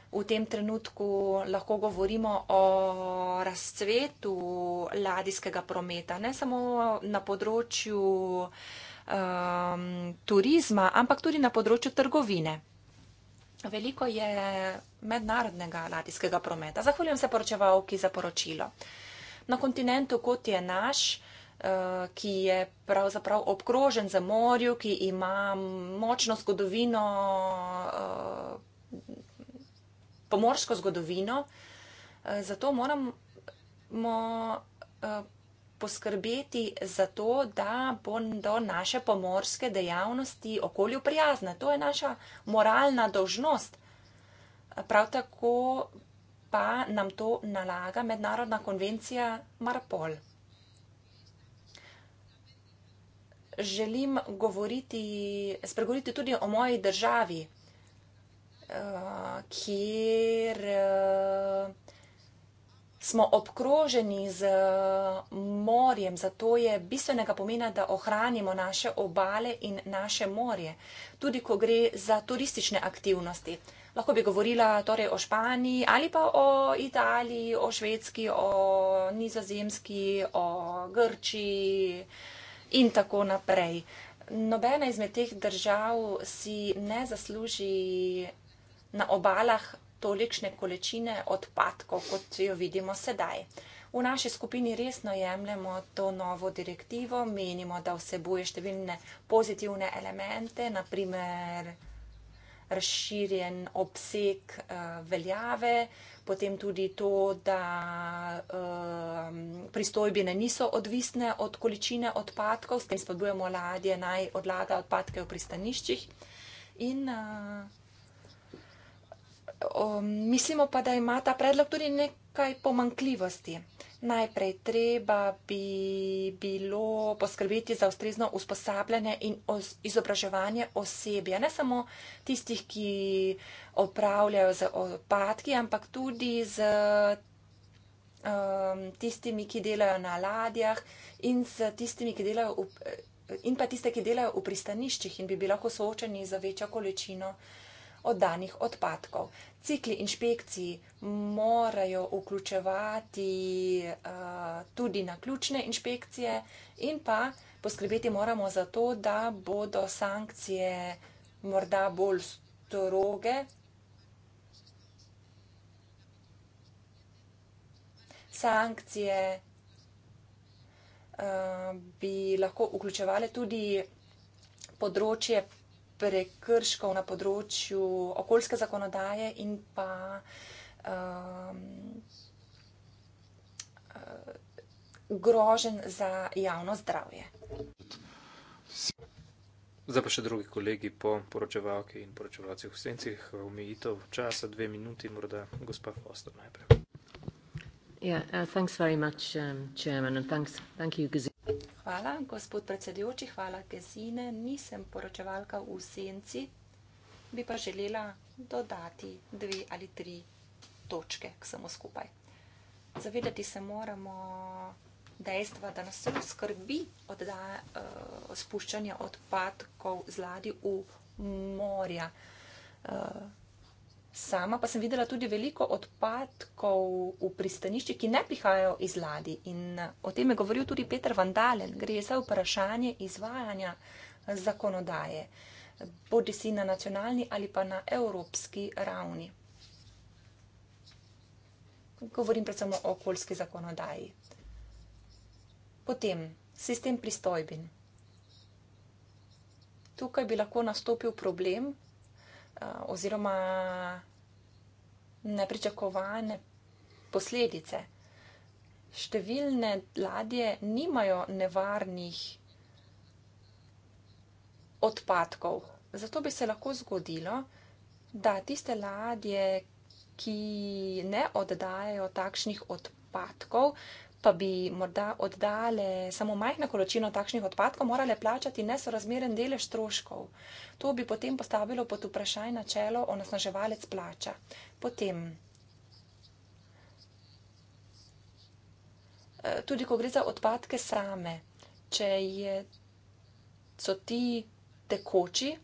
v tem trenutku lahko govorimo o razcvetu ladijskega prometa, ne samo na področju um, turizma, ampak tudi na področju trgovine. Veliko je mednarodnega ladijskega prometa. Zahvaljujem se poročevalki za poročilo. Na kontinentu, kot je naš, uh, ki je pravzaprav obkrožen za morju, ki ima močno zgodovino uh, pomorsko zgodovino, eh, zato moramo eh, poskrbeti za to, da bo do naše pomorske dejavnosti okolju prijazna. To je naša moralna dožnost. Prav tako pa nam to nalaga mednarodna konvencija Marpol. Želim govoriti, spregovoriti tudi o moji državi uh, kjer uh, smo obkroženi z eh, morjem. Zato je bistvenega pomena, da ohranimo naše obale in naše morje, tudi ko gre za turistične aktivnosti. Lahko bi govorila torej o Španiji ali pa o Italiji, o Švedski, o Nizozemski, o Grčiji in tako naprej. Nobena izmed teh držav si ne zasluži na obalah tolikšne količine odpadkov, kot jo vidimo sedaj. V naši skupini resno jemljemo to novo direktivo, menimo, da vsebuje številne pozitivne elemente, naprimer razširjen obseg uh, veljave, potem tudi to, da uh, pristojbine niso odvisne od količine odpadkov, s tem spodbujamo ladje naj odlaga odpadke v pristaniščih in uh, um, mislimo pa, da ima ta predlog tudi nekaj pomankljivosti. Najprej treba bi bilo poskrbeti za ustrezno usposabljanje in izobraževanje osebja, ne samo tistih, ki opravljajo z odpadki, ampak tudi z um, tistimi, ki delajo na ladjah in, tistimi, delajo v, in pa tiste, ki delajo v pristaniščih in bi bili lahko soočeni z večjo količino. Uh, oddanih odpadkov. Cikli inšpekcij morajo vključevati uh, tudi na ključne inšpekcije in pa poskrbeti moramo za to, da bodo sankcije morda bolj stroge. Sankcije uh, bi lahko vključevale tudi področje prekrškov na področju okoljske zakonodaje in pa um, uh, grožen za javno zdravje. Zdaj pa še drugi kolegi po poročevalki in poročevalcih v sencih. Omejitev časa dve minuti, morda gospa Foster najprej. Yeah, ja, uh, thanks very much, um, Chairman, and thanks, thank you, Gazi. Hvala, gospod predsedujoči, hvala Gesine. Nisem poročevalka v senci, bi pa želela dodati dve ali tri točke k samo skupaj. Zavedati se moramo dejstva, da nas vse skrbi odda, uh, spuščanje odpadkov z ladij v morja. Uh, Sama pa sem videla tudi veliko odpadkov v pristanišču, ki ne prihajajo iz ladi. In eh, o tem je govoril tudi Petr Vandalen. Gre za vprašanje izvajanja eh, zakonodaje, bodi si na nacionalni ali pa na evropski ravni. Govorim predvsem o okoljski zakonodaji. Potem sistem pristojbin. Tukaj bi lahko nastopil problem, Eh, oziroma nepričakovane posledice. Številne ladje nimajo nevarnih odpadkov, zato bi se lahko zgodilo, da tiste ladje, ki ne oddajajo takšnih odpadkov, pa bi morda oddale samo majhno količino takšnih odpadkov, morale plačati nesorazmeren delež stroškov. To bi potem postavilo pod vprašanje načelo onesnaževalec plača. Potem, eh, tudi ko gre za odpadke same, če je, so ti tekoči,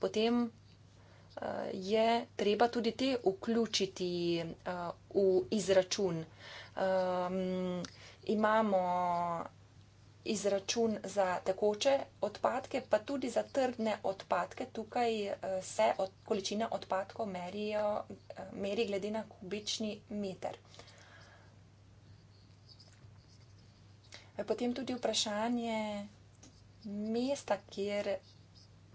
potem eh, je treba tudi te vključiti eh, v izračun. Ehm, imamo izračun za tekoče odpadke, pa tudi za trdne odpadke. Tukaj eh, se od, količina odpadkov merijo, eh, meri glede na kubični meter. Eh, potem tudi vprašanje mesta, kjer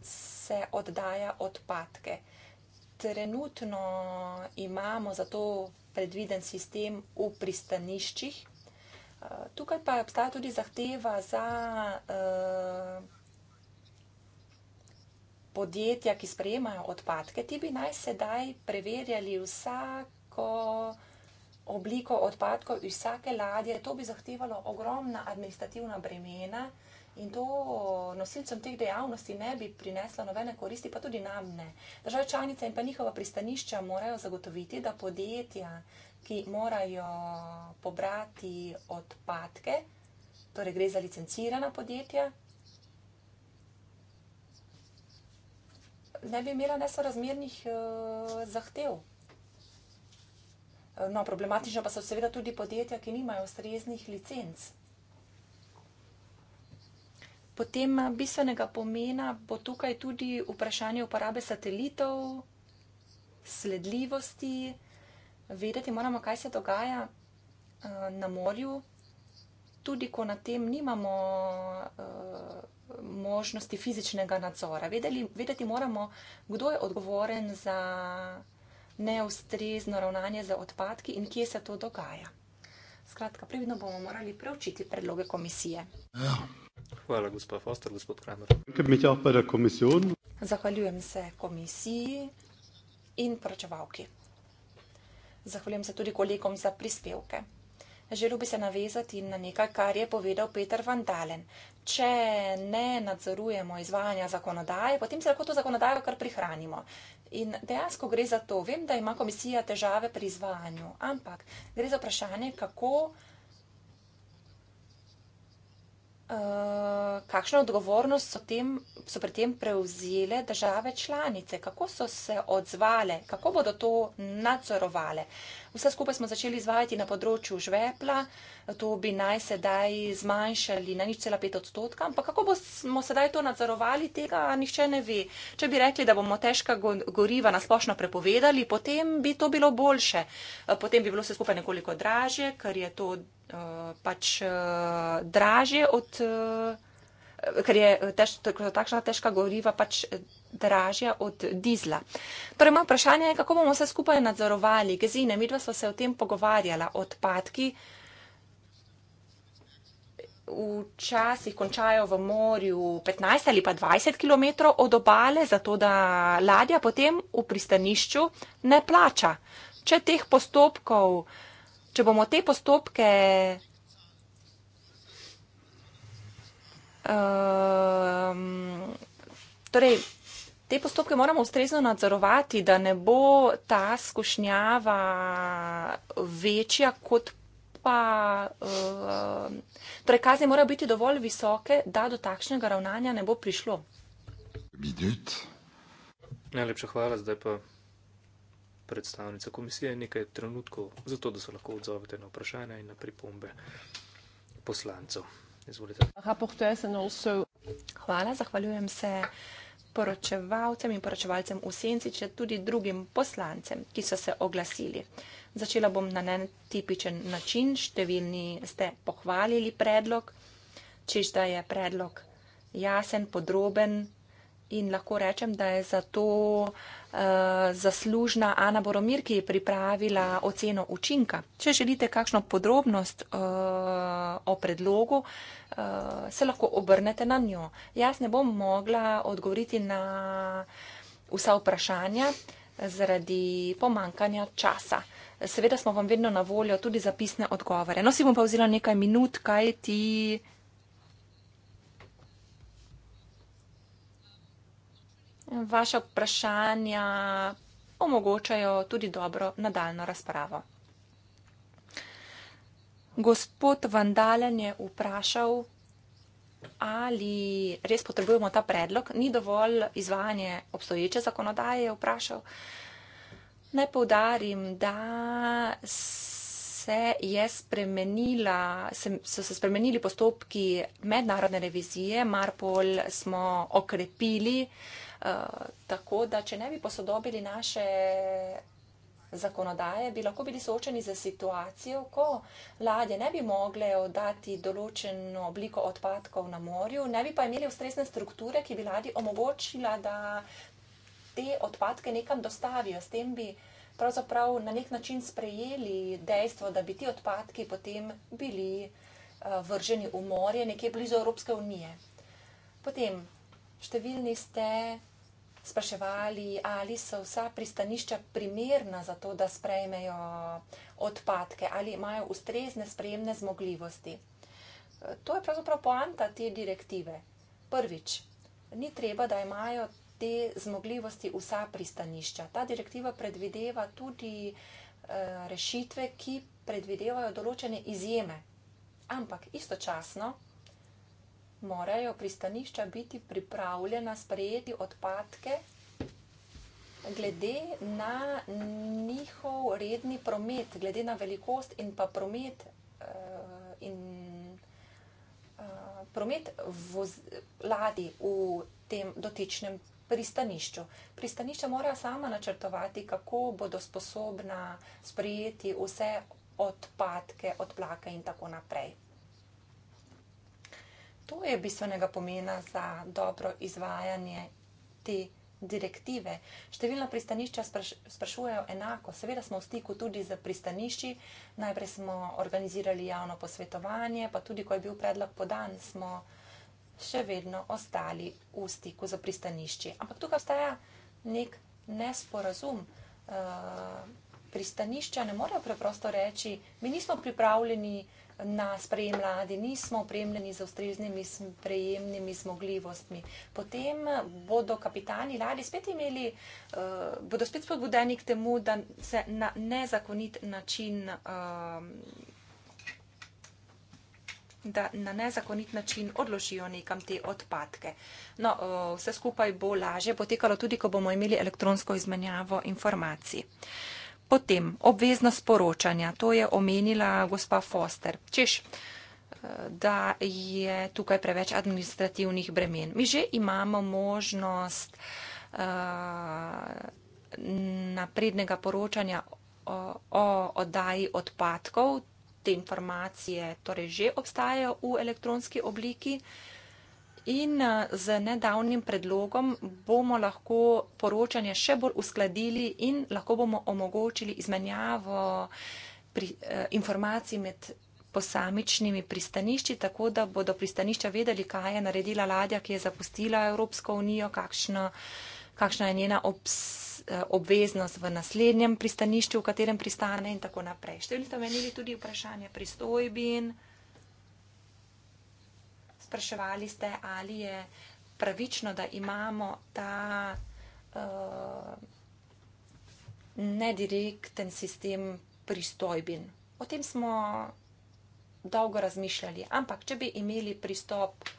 se oddaja odpadke. Trenutno imamo za to predviden sistem v pristaniščih. Tukaj pa obstaja tudi zahteva za eh, podjetja, ki sprejemajo odpadke. Ti bi naj sedaj preverjali vsako obliko odpadkov iz vsake ladje. To bi zahtevalo ogromna administrativna bremena in to nosilcem teh dejavnosti ne bi prineslo novene koristi, pa tudi nam ne. Države članice in pa njihova pristanišča morajo zagotoviti, da podjetja, ki morajo pobrati odpadke, torej gre za licencirana podjetja, ne bi imela nesorazmernih uh, zahtev. Eh, no, problematično pa so seveda tudi podjetja, ki nimajo ustreznih licenc. Potem eh, bistvenega pomena bo tukaj tudi vprašanje uporabe satelitov, sledljivosti vedeti moramo, kaj se dogaja eh, na morju, tudi ko na tem nimamo eh, možnosti fizičnega nadzora. Vedeli, vedeti moramo, kdo je odgovoren za neustrezno ravnanje z odpadki in kje se to dogaja. Skratka, previdno bomo morali preučiti predloge komisije. Ja. Hvala, gospod Foster, gospod Kramer. Zahvaljujem se komisiji in poročevalki. Zahvaljujem se tudi kolegom za prispevke. Želel bi se navezati na nekaj, kar je povedal Peter Vandalen. Če ne nadzorujemo izvajanja zakonodaje, potem se lahko to zakonodajo kar prihranimo. In dejansko gre za to. Vem, da ima komisija težave pri izvajanju, ampak gre za vprašanje, kako Eh, kakšno odgovornost so, tem, so pri tem prevzele države članice, kako so se odzvale, kako bodo to nadzorovale. Uh, Vse skupaj smo začeli izvajati na področju žvepla, to bi naj sedaj zmanjšali na nič cela pet odstotka, ampak kako bomo sedaj to nadzorovali, tega nihče ne ve. Če bi rekli, da bomo težka goriva nasplošno prepovedali, potem bi to bilo boljše, eh, potem bi bilo vse skupaj nekoliko dražje, ker je to uh, pač uh, dražje od. Uh, ker je tež, takšna težka goriva pač dražja od dizla. Torej, moje vprašanje je, kako bomo vse skupaj nadzorovali? Gezine, midva smo se o tem pogovarjala, odpadki včasih končajo v morju 15 ali pa 20 km od obale, zato da ladja potem v pristanišču ne plača. Če teh postopkov, če bomo te postopke Um, torej, te postopke moramo ustrezno nadzorovati, da ne bo ta skušnjava večja kot pa. Um, torej, kazne morajo biti dovolj visoke, da do takšnega ravnanja ne bo prišlo. Najlepša hvala, zdaj pa predstavnica komisije nekaj trenutkov, zato da se lahko odzovete na vprašanja in na pripombe poslancev. Izvolite. Hvala, zahvaljujem se poročevalcem in poročevalcem v senci, če tudi drugim poslancem, ki so se oglasili. Začela bom na netipičen način, številni ste pohvalili predlog, čež da je predlog jasen, podroben, in lahko rečem, da je za to uh, zaslužna Ana Boromir, ki je pripravila oceno učinka. Če želite kakšno podrobnost uh, o predlogu, uh, se lahko obrnete na njo. Jaz ne bom mogla odgovoriti na vsa vprašanja zaradi pomankanja časa. Seveda smo vam vedno na voljo tudi zapisne odgovore. No, si bom pa vzela nekaj minut, kaj ti Vaše vprašanja omogočajo tudi dobro nadaljno razpravo. Gospod Vandalen je vprašal, ali res potrebujemo ta predlog. Ni dovolj izvajanje obstoječe zakonodaje, je vprašal. Naj povdarim, da se, je spremenila, se, so se spremenili postopki mednarodne revizije, Marpol smo okrepili. Eh, tako da, če ne bi posodobili naše zakonodaje, bi lahko bili soočeni za situacijo, ko ladje ne bi mogle oddati določeno obliko odpadkov na morju, ne bi pa imeli ustrezne strukture, ki bi ladji omogočila, da te odpadke nekam dostavijo. S tem bi pravzaprav na nek način sprejeli dejstvo, da bi ti odpadki potem bili eh, vrženi v morje nekje blizu Evropske unije. Potem številni ste spraševali, ali so vsa pristanišča primerna za to, da sprejmejo odpadke, ali imajo ustrezne sprejemne zmogljivosti. To je pravzaprav poanta te direktive. Prvič, ni treba, da imajo te zmogljivosti vsa pristanišča. Ta direktiva predvideva tudi eh, rešitve, ki predvidevajo določene izjeme. Ampak istočasno morajo pristanišča biti pripravljena sprejeti odpadke glede na njihov redni promet, glede na velikost in pa promet. Uh, in eh, Promet v ladji v tem dotičnem pristanišču. Pristanišča morajo sama načrtovati, kako bodo sposobna sprejeti vse odpadke, odplake in tako naprej to je bistvenega pomena za dobro izvajanje te direktive. Številna pristanišča spraš sprašujejo enako. Seveda smo v stiku tudi z pristanišči. Najprej smo organizirali javno posvetovanje, pa tudi, ko je bil predlog podan, smo še vedno ostali v stiku z pristanišči. Ampak tukaj obstaja nek nesporazum. Uh, pristanišča ne morejo preprosto reči, mi nismo pripravljeni na sprejem mladi, nismo opremljeni z ustreznimi sprejemnimi zmogljivostmi. Potem bodo kapitani ladi spet imeli, uh, bodo spet spodbudeni k temu, da se na nezakonit način, uh, da na nezakonit način odložijo nekam te odpadke. No, uh, vse skupaj bo lažje potekalo tudi, ko bomo imeli elektronsko izmenjavo informacij. Uh, Potem obveznost poročanja, to je omenila gospa Foster. Češ, eh, da je tukaj preveč administrativnih bremen. Mi že imamo možnost uh, naprednega poročanja o, o oddaji odpadkov. Te informacije torej že obstajajo v elektronski obliki. Uh, In eh, z nedavnim predlogom bomo lahko poročanje še bolj uskladili in lahko bomo omogočili izmenjavo pri, eh, informacij med posamičnimi pristanišči, tako da bodo pristanišča vedeli, kaj je naredila ladja, ki je zapustila Evropsko unijo, kakšno, kakšna je njena obs, eh, obveznost v naslednjem pristanišču, v katerem pristane in tako naprej. Številni so menili tudi vprašanje pristojbin spraševali ste, ali je pravično, da imamo ta uh, nedirekten sistem pristojbin. O tem smo dolgo razmišljali, ampak če bi imeli pristop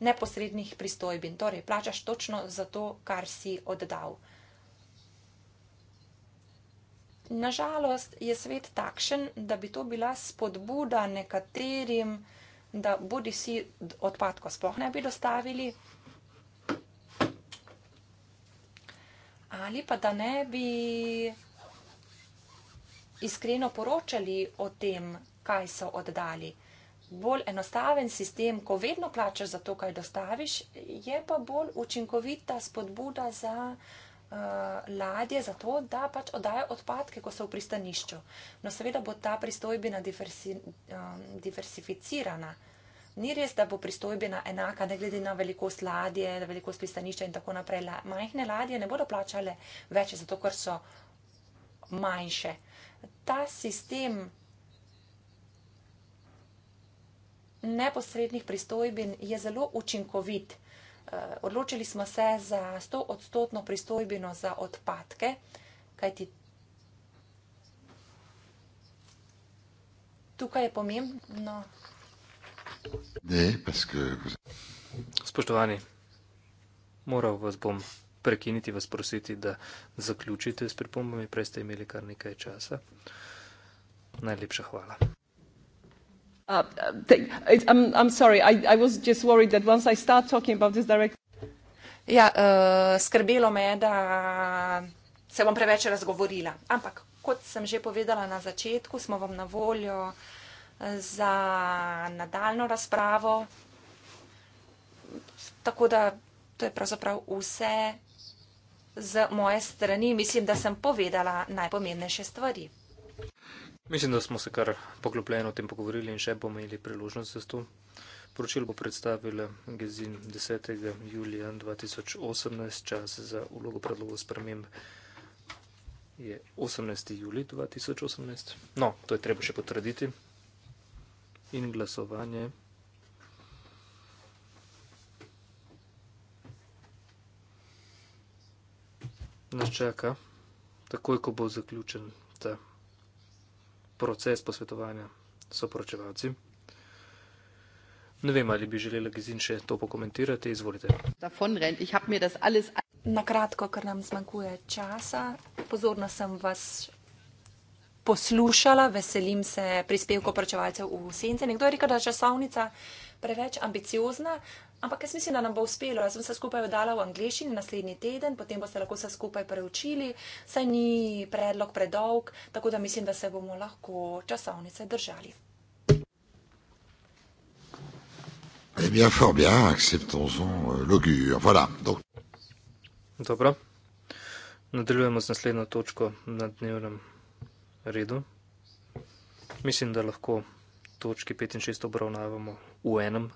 neposrednih pristojbin, torej plačaš točno za to, kar si oddal. Nažalost je svet takšen, da bi to bila spodbuda nekaterim, da bodi si odpadko sploh ne bi dostavili ali pa da ne bi iskreno poročali o tem, kaj so oddali. Bolj enostaven sistem, ko vedno plačaš za to, kaj dostaviš, je pa bolj učinkovita spodbuda za. Eh, ladje za to, da pač oddajo odpadke, ko so v pristanišču. No, seveda bo ta pristojbina diversi, um, diversificirana. Ni res, da bo pristojbina enaka, ne glede na velikost ladje, na velikost pristanišča in tako naprej. La, majhne ladje ne bodo plačale več, zato ker so manjše. Ta sistem neposrednih pristojbin je zelo učinkovit. Eh, odločili smo se za 100-odstotno pristojbino za odpadke, kajti tukaj je pomembno. Spoštovani, moral vas bom prekiniti, vas prositi, da zaključite s pripombami, prej ste imeli kar nekaj časa. Najlepša hvala. Uh, it, I'm, I'm sorry, I, I was just worried that once I start talking about this directive. Ja, uh, skrbelo me je, da se bom preveč razgovorila. Ampak, kot sem že povedala na začetku, smo vam na voljo uh, za nadaljno razpravo. Tako da to je pravzaprav vse z moje strani. Mislim, da sem povedala najpomembnejše stvari. Mislim, da smo se kar poglobljeno o tem pogovorili in še bomo imeli priložnost za to. Poročilo bo predstavila Gezin 10. julija 2018, čas za ulogo predlogov sprememb je 18. juli 2018. No, to je treba še potrditi. In glasovanje. Nas čaka, takoj ko bo zaključen ta proces posvetovanja so poročevalci. Ne vem, ali bi želela Gizin še to pokomentirati. Izvolite. Na kratko, ker nam zmanjkuje časa, pozorno sem vas poslušala, veselim se prispevkov poročevalcev v Sence. Nekdo je rekel, da je časovnica preveč ambiciozna. Ampak jaz mislim, da nam bo uspelo. Jaz sem se skupaj oddala v angliščini naslednji teden, potem boste lahko se skupaj preučili, saj ni predlog predolg, tako da mislim, da se bomo lahko časovnice držali. Eh bien, fort bien, acceptons-en euh, l'augure. Voilà. Donc... Dobro. Nadaljujemo z naslednjo točko na dnevnem redu. Mislim, da lahko točki 5 in 6 obravnavamo v enem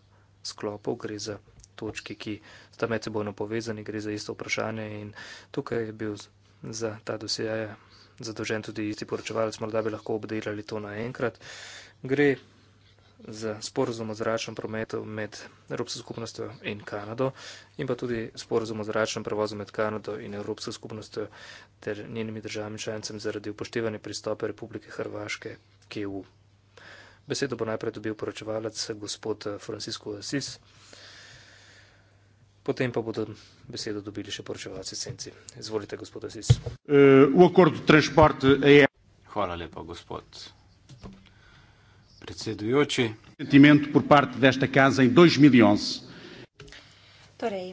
sklopov, gre za točke, ki sta med sebojno povezani, gre za isto vprašanje in tukaj je bil za ta dosjeje zadolžen tudi isti poročevalec, morda bi lahko obdelali to naenkrat. Gre za sporozum o zračnem prometu med Evropsko skupnostjo in Kanado in pa tudi sporozum o zračnem prevozu med Kanado in Evropsko skupnostjo ter njenimi državami članicami zaradi upoštevanja pristope Republike Hrvaške k EU. Besedo bo najprej dobil poročevalec gospod eh, Francisco Asis, potem pa bodo besedo dobili še poročevalci Senci. Izvolite, gospod Asis. Eh, eh, Hvala lepa, gospod predsedujoči. Torej,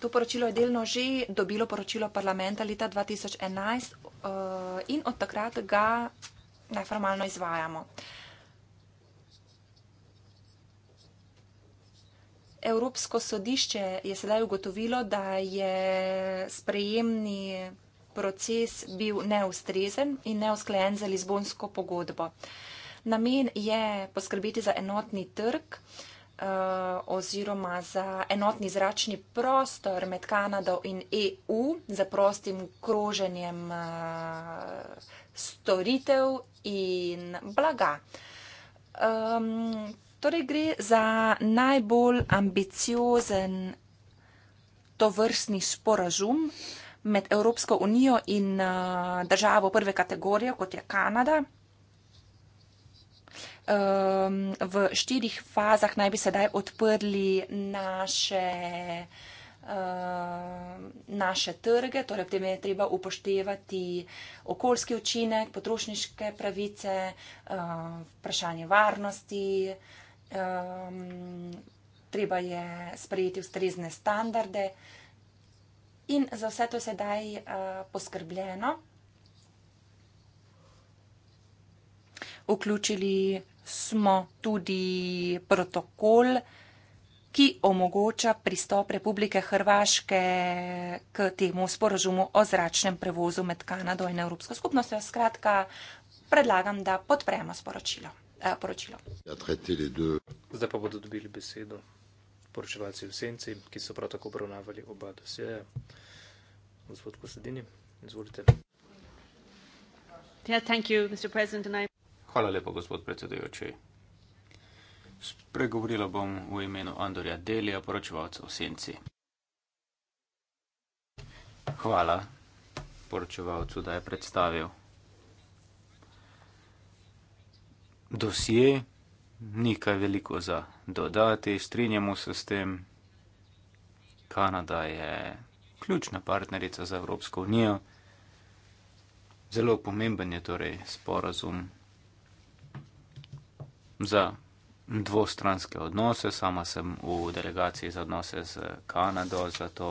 to poročilo je delno že dobilo poročilo parlamenta leta 2011 in od takrat ga neformalno izvajamo. Evropsko sodišče je sedaj ugotovilo, da je sprejemni proces bil neustrezen in neusklajen za Lizbonsko pogodbo. Namen je poskrbeti za enotni trg eh, oziroma za enotni zračni prostor med Kanado in EU za prostim kroženjem eh, storitev in blaga. Torej gre za najbolj ambiciozen tovrstni sporazum med Evropsko unijo in uh, državo prve kategorije, kot je Kanada. Um, v štirih fazah naj bi sedaj odprli naše, uh, naše trge, torej pri tem je treba upoštevati okoljski učinek, potrošniške pravice, uh, vprašanje varnosti um, treba je sprejeti ustrezne standarde in za vse to sedaj uh, poskrbljeno. Vključili smo tudi protokol, ki omogoča pristop Republike Hrvaške k temu sporožumu o zračnem prevozu med Kanado in Evropsko skupnostjo. Skratka, predlagam, da podpremo sporočilo. Eh, poročilo. Ja, Zdaj pa bodo dobili besedo poročevalci v senci, ki so prav tako obravnavali oba dosjeja. Gospod Kosedini, izvolite. Hvala lepa, gospod predsedujoči. Spregovorila bom v imenu Andorja Delija, poročevalca v senci. Hvala poročevalcu, da je predstavil. dosje, ni kaj veliko za dodati, strinjamo se s tem. Kanada je ključna partnerica za Evropsko unijo, zelo pomemben je torej sporazum za dvostranske odnose. Sama sem v delegaciji za odnose z Kanado, zato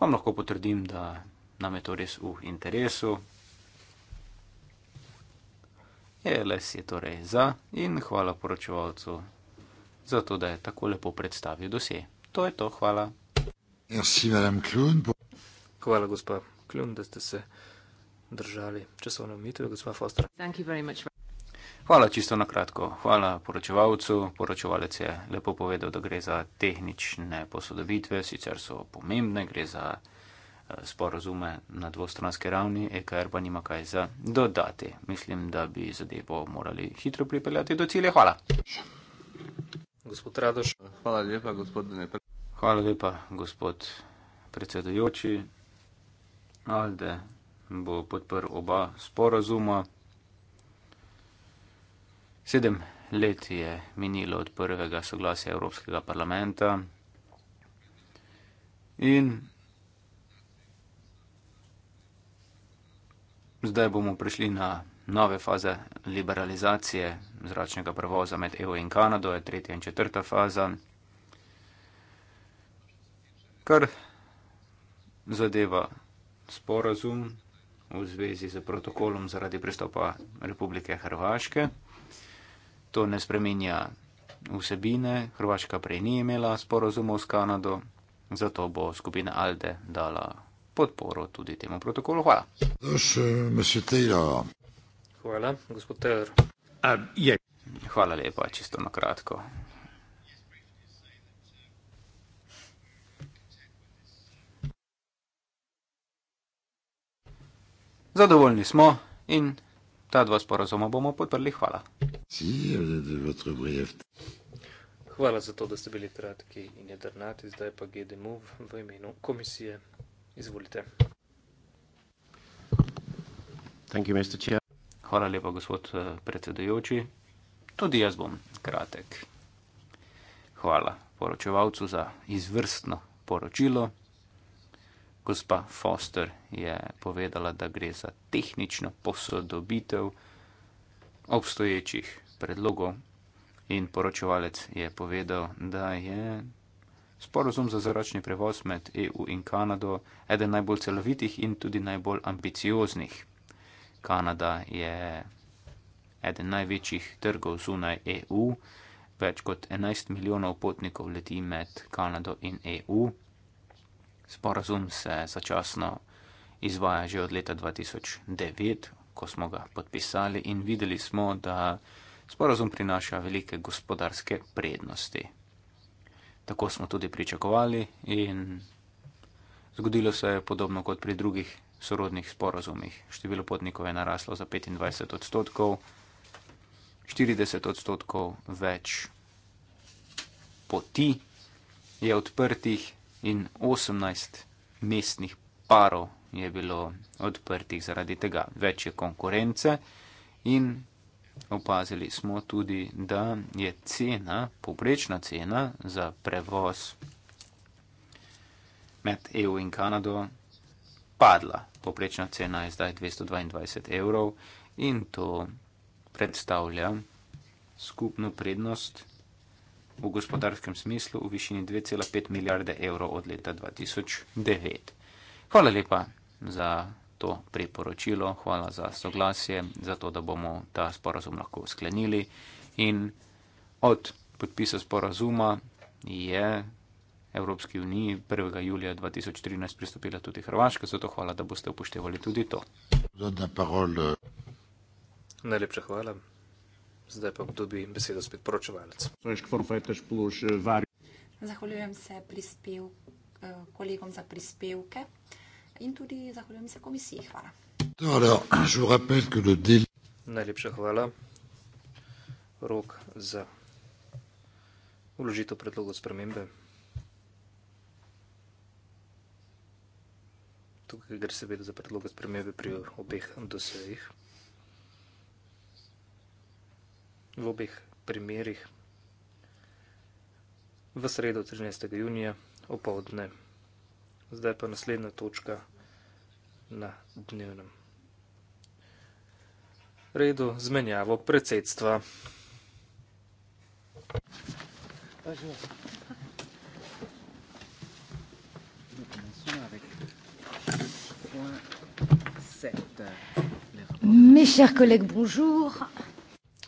vam lahko potrdim, da nam je to res v interesu. LS je torej za in hvala poročevalcu za to, da je tako lepo predstavil dosje. To je to, hvala. Hvala, gospa Kljun, da ste se držali časovno omitev, gospa Foster. Hvala čisto na kratko. Hvala poročevalcu. Poročevalec je lepo povedal, da gre za tehnične posodobitve, sicer so pomembne, gre za sporozume na dvostranske ravni, EKR pa nima kaj za dodati. Mislim, da bi zadevo morali hitro pripeljati do cilja. Hvala. Gospod Radoš, hvala lepa, gospod Dnepr. Hvala lepa, gospod predsedujoči. Alde bo podprl oba sporozuma. Sedem let je minilo od prvega soglasja Evropskega parlamenta. In Zdaj bomo prišli na nove faze liberalizacije zračnega prevoza med EU in Kanado, je tretja in četrta faza. Kar zadeva sporazum v zvezi z protokolom zaradi pristopa Republike Hrvaške, to ne spreminja vsebine, Hrvaška prej ni imela sporazumov s Kanado, zato bo skupina Alde dala podporo tudi temu protokolu. Hvala. Eh, Hvala, gospod Taylor. Hvala lepa, čisto na kratko. Zadovoljni smo in ta dva sporazuma bomo podprli. Hvala. Eh, Hvala za to, da ste bili kratki in jedrnati. Zdaj pa GDMU v imenu komisije. Izvolite. Hvala lepa, gospod eh, predsedajoči. Tudi jaz bom kratek. Hvala poročevalcu za izvrstno poročilo. Gospa Foster je povedala, da gre za tehnično posodobitev obstoječih predlogov in poročevalec je povedal, da je Sporozum za zračni prevoz med EU in Kanado je eden najbolj celovitih in tudi najbolj ambicioznih. Kanada je eden največjih trgov zunaj EU, več kot 11 milijonov potnikov leti med Kanado in EU. Sporozum se začasno izvaja že od leta 2009, ko smo ga podpisali in videli smo, da sporozum prinaša velike gospodarske prednosti tako smo tudi pričakovali in zgodilo se je podobno kot pri drugih sorodnih sporozumih. Število potnikov je naraslo za 25 odstotkov, 40 odstotkov več poti je odprtih in 18 mestnih parov je bilo odprtih zaradi tega. Več je konkurence in opazili smo tudi, da je cena, poprečna cena za prevoz med EU in Kanado padla. Poprečna cena je zdaj 222 evrov in to predstavlja skupno prednost v gospodarskem smislu v višini 2,5 milijarde evrov od leta 2009. Hvala lepa za to priporočilo, hvala za soglasje, za to, da bomo ta sporazum lahko sklenili. In od podpisa sporazuma je Evropski uniji 1. julija 2013 pristopila tudi Hrvaška, zato hvala, da boste upoštevali tudi to. Najlepša hvala. Zdaj pa dobi besedo spet poročevalec. Zahvaljujem se prispev, eh, kolegom za prispevke. Torej, Najlepša hvala. Rok za vložitev predlogov spremembe. Tukaj gre seveda za predloge spremembe pri obeh dosejih. V obeh primerih v sredo 13. junija opoldne. Zdaj pa naslednja točka na dnevnem redu zmenjavo predsedstva.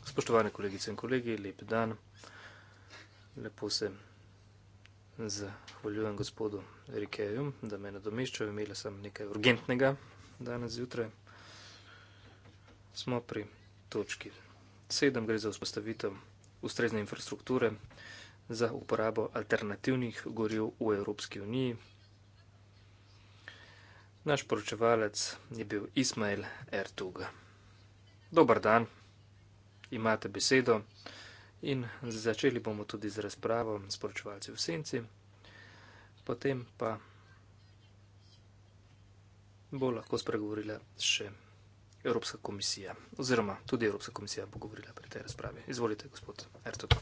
Spoštovane kolegice in kolegi, lep dan. Lepo se Zahvaljujem gospodu Rikeju, da me nadomeščajo. Imela sem nekaj urgentnega danes zjutraj. Smo pri točki sedem, gre za vzpostavitev ustrezne infrastrukture za uporabo alternativnih goril v Evropski uniji. Naš poročevalec je bil Ismail Ertug. Dobar dan, imate besedo. In začeli bomo tudi z razpravo s poročevalci v senci, potem pa bo lahko spregovorila še Evropska komisija, oziroma tudi Evropska komisija bo govorila pri tej razpravi. Izvolite, gospod Ertel.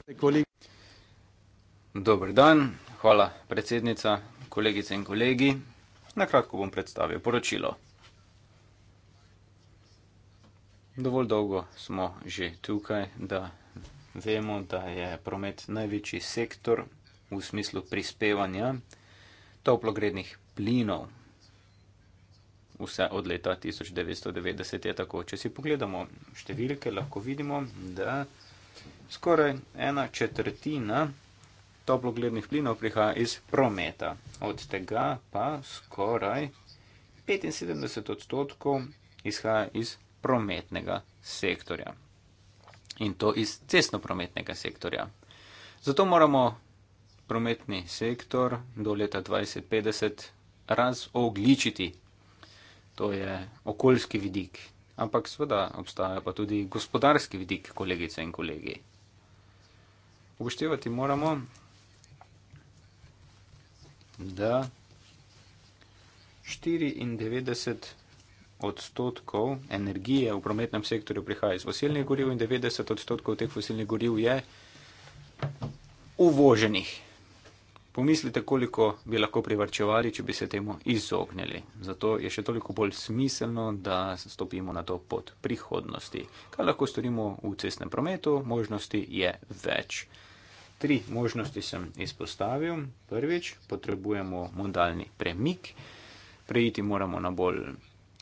Dobr dan, hvala predsednica, kolegice in kolegi. Nakratko bom predstavil poročilo. Dovolj dolgo smo že tukaj, da Vemo, da je promet največji sektor v smislu prispevanja toplogrednih plinov. Vse od leta 1990 je tako. Če si pogledamo številke, lahko vidimo, da skoraj ena četrtina toplogrednih plinov prihaja iz prometa. Od tega pa skoraj 75 odstotkov izhaja iz prometnega sektorja in to iz cestnoprometnega sektorja. Zato moramo prometni sektor do leta 2050 razogličiti. To je okoljski vidik. Ampak seveda obstaja pa tudi gospodarski vidik, kolegice in kolegi. Upoštevati moramo, da 94 odstotkov energije v prometnem sektorju prihaja iz fosilnih goriv in 90 odstotkov teh fosilnih goriv je uvoženih. Pomislite, koliko bi lahko privrčevali, če bi se temu izognili. Zato je še toliko bolj smiselno, da stopimo na to pot prihodnosti. Kaj lahko storimo v cestnem prometu? Možnosti je več. Tri možnosti sem izpostavil. Prvič, potrebujemo modalni premik. Prejiti moramo na bolj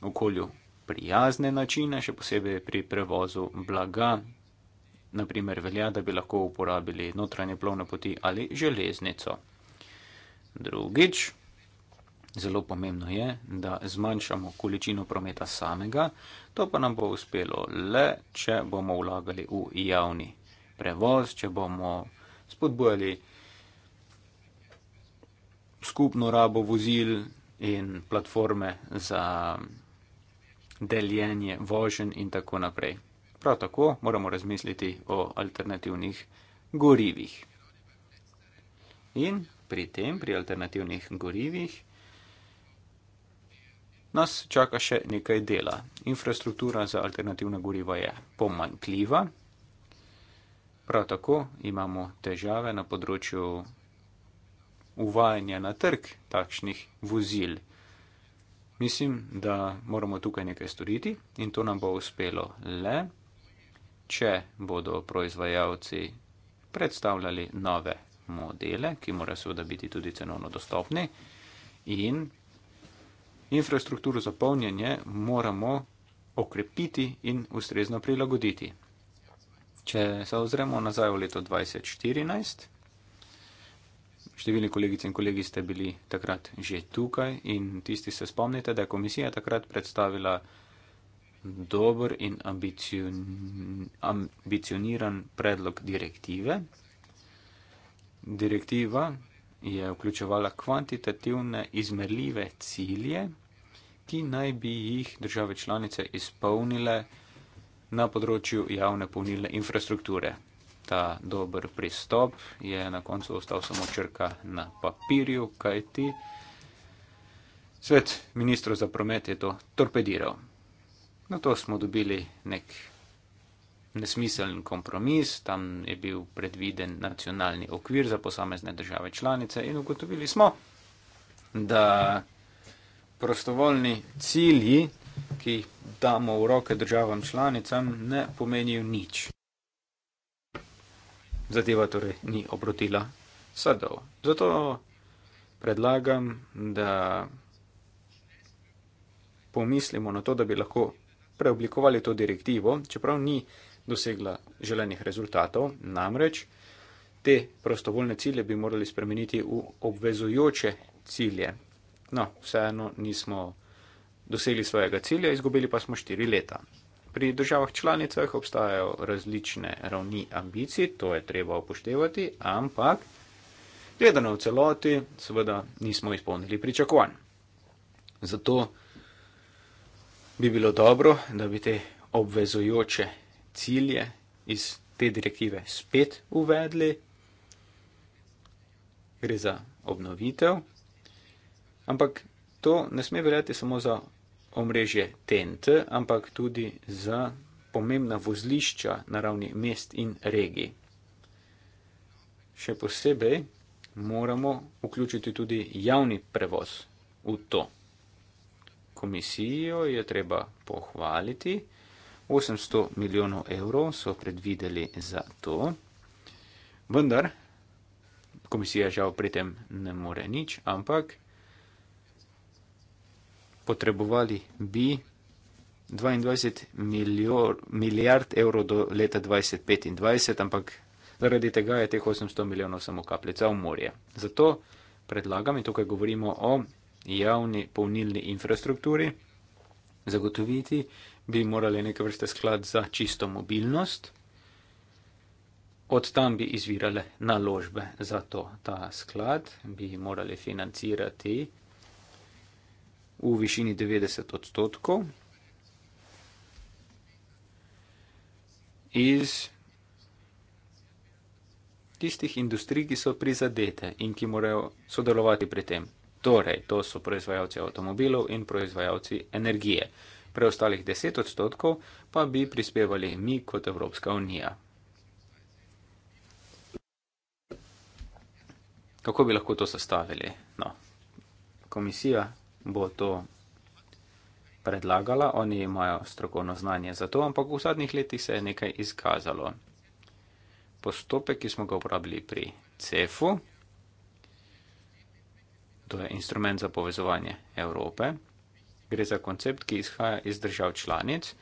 okolju prijazne načine, še posebej pri prevozu blaga. Naprimer, velja, da bi lahko uporabili notranje plovne poti ali železnico. Drugič, zelo pomembno je, da zmanjšamo količino prometa samega, to pa nam bo uspelo le, če bomo vlagali v javni prevoz, če bomo spodbujali skupno rabo vozil in platforme za deljenje vožen in tako naprej. Prav tako moramo razmisliti o alternativnih gorivih. In pri tem, pri alternativnih gorivih, nas čaka še nekaj dela. Infrastruktura za alternativna goriva je pomankljiva. Prav tako imamo težave na področju uvajanja na trg takšnih vozil. Mislim, da moramo tukaj nekaj storiti in to nam bo uspelo le, če bodo proizvajalci predstavljali nove modele, ki morajo seveda biti tudi cenovno dostopni in infrastrukturo za polnjenje moramo okrepiti in ustrezno prilagoditi. Če se ozremo nazaj v leto 2014, Številni kolegice in kolegi ste bili takrat že tukaj in tisti se spomnite, da je komisija takrat predstavila dober in ambicioniran predlog direktive. Direktiva je vključevala kvantitativne izmerljive cilje, ki naj bi jih države članice izpolnile na področju javne polnilne infrastrukture ta dober pristop, je na koncu ostal samo črka na papirju, kajti svet ministrov za promet je to torpediral. Na to smo dobili nek nesmiseln kompromis, tam je bil predviden nacionalni okvir za posamezne države članice in ugotovili smo, da prostovoljni cilji, ki jih damo v roke državam članicam, ne pomenijo nič zadeva torej ni obrotila sadov. Zato predlagam, da pomislimo na to, da bi lahko preoblikovali to direktivo, čeprav ni dosegla želenih rezultatov, namreč te prostovoljne cilje bi morali spremeniti v obvezujoče cilje. No, vseeno nismo dosegli svojega cilja, izgubili pa smo štiri leta. Pri državah članicah obstajajo različne ravni ambicij, to je treba upoštevati, ampak gledano v celoti, seveda nismo izpolnili pričakovanj. Zato bi bilo dobro, da bi te obvezojoče cilje iz te direktive spet uvedli. Gre za obnovitev, ampak to ne sme veljati samo za omrežje TNT, ampak tudi za pomembna vozlišča na ravni mest in regij. Še posebej moramo vključiti tudi javni prevoz v to. Komisijo je treba pohvaliti, 800 milijonov evrov so predvideli za to, vendar komisija žal pri tem ne more nič, ampak potrebovali bi 22 milijor, milijard evrov do leta 2025, ampak zaradi tega je teh 800 milijonov samo kapljica v morje. Zato predlagam in tukaj govorimo o javni polnilni infrastrukturi, zagotoviti bi morali neke vrste sklad za čisto mobilnost. Od tam bi izvirale naložbe za to. Ta sklad bi morali financirati uh, v višini 90 odstotkov iz tistih industrij, ki so prizadete in ki morajo sodelovati pri tem. Torej, to so proizvajalci avtomobilov in proizvajalci energije. Preostalih 10 odstotkov pa bi prispevali mi kot Evropska unija. Kako bi lahko to sestavili? No. Komisija, bo to predlagala. Oni imajo strokovno znanje za to, ampak v zadnjih letih se je nekaj izkazalo. Postopek, ki smo ga uporabili pri CEF-u, to je instrument za povezovanje Evrope, gre za koncept, ki izhaja iz držav članic.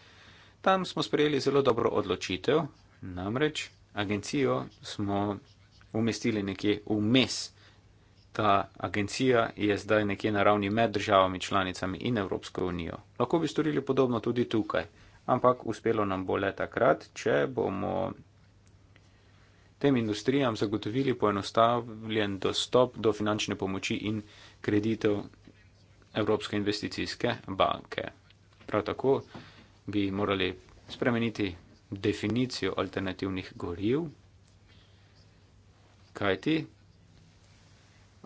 Tam smo sprejeli zelo dobro odločitev, namreč agencijo smo umestili nekje vmes ta agencija je zdaj nekje na ravni med državami članicami in Evropsko unijo. Lahko bi storili podobno tudi tukaj, ampak uspelo nam bo le takrat, če bomo tem industrijam zagotovili poenostavljen dostop do finančne pomoči in kreditev Evropske investicijske banke. Prav tako bi morali spremeniti definicijo alternativnih goriv, kajti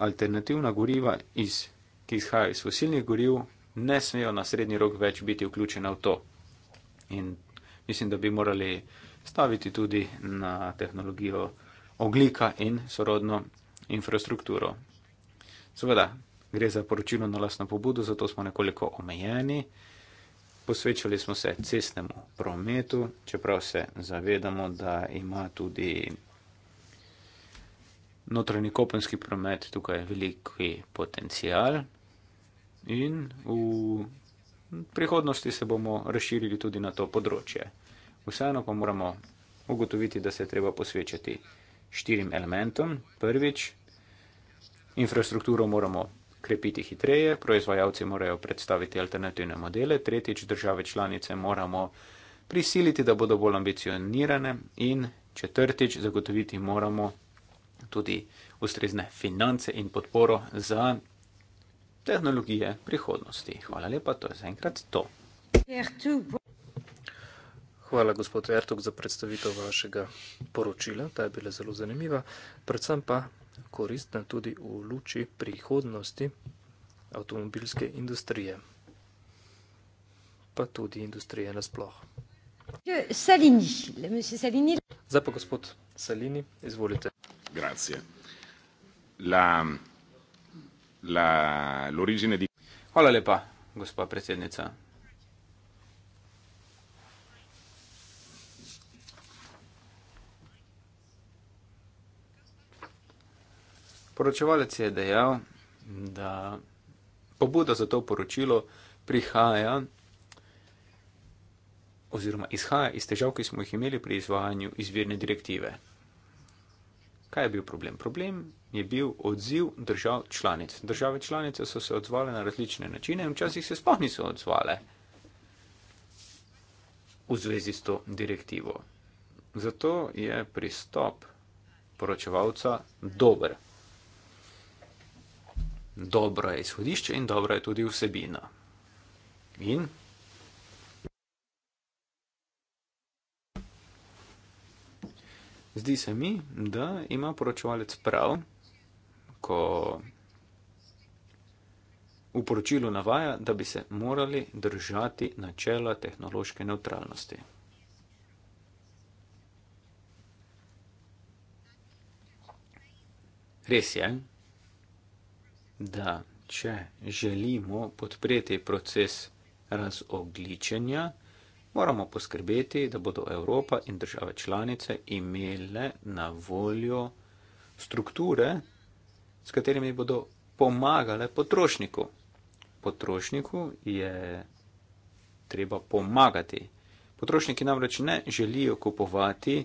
alternativna goriva, iz, ki izhajajo iz fosilnih goriv, ne smejo na srednji rok več biti vključena v to. In mislim, da bi morali staviti tudi na tehnologijo oglika in sorodno infrastrukturo. Seveda, gre za poročilo na lasno pobudo, zato smo nekoliko omejeni. Posvečali smo se cestnemu prometu, čeprav se zavedamo, da ima tudi notranji kopenski promet, tukaj je veliki potencial in v prihodnosti se bomo razširili tudi na to področje. Vseeno pa moramo ugotoviti, da se je treba posvečati štirim elementom. Prvič, infrastrukturo moramo krepiti hitreje, proizvajalci morajo predstaviti alternativne modele, tretjič, države članice moramo prisiliti, da bodo bolj ambicionirane in četrtič, zagotoviti moramo tudi ustrezne finance in podporo za tehnologije prihodnosti. Hvala lepa, to je zaenkrat to. Hvala, gospod Ertug, za predstavitev vašega poročila. Ta je bila zelo zanimiva, predvsem pa koristna tudi v luči prihodnosti avtomobilske industrije, pa tudi industrije nasploh. Zdaj pa gospod Salini, izvolite. Grazie. La, la, l'origine di... Hvala lepa, gospa predsednica. Poročevalec je dejal, da pobuda za to poročilo prihaja oziroma izhaja iz težav, ki smo jih imeli pri izvajanju izvirne direktive. Kaj je bil problem? Problem je bil odziv držav članic. Države članice so se odzvale na različne načine in včasih se sploh niso odzvale v zvezi s to direktivo. Zato je pristop poročevalca dober. Dobro je izhodišče in dobro je tudi vsebina. In Zdi se mi, da ima poročevalec prav, ko v poročilu navaja, da bi se morali držati načela tehnološke neutralnosti. Res je, da če želimo podpreti proces razogličenja, moramo poskrbeti, da bodo Evropa in države članice imele na voljo strukture, s katerimi bodo pomagale potrošniku. Potrošniku je treba pomagati. Potrošniki namreč ne želijo kupovati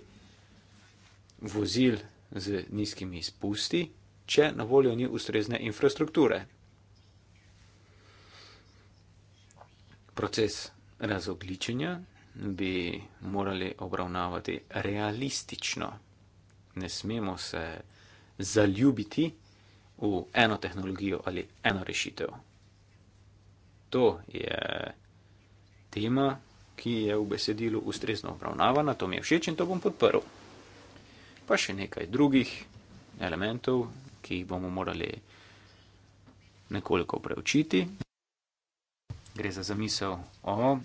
vozil z nizkimi izpusti, če na voljo ni ustrezne infrastrukture. Proces razogličenja bi morali obravnavati realistično. Ne smemo se zaljubiti v eno tehnologijo ali eno rešitev. To je tema, ki je v besedilu ustrezno obravnavana, to mi je všeč in to bom podprl. Pa še nekaj drugih elementov, ki jih bomo morali nekoliko preučiti gre za zamisel o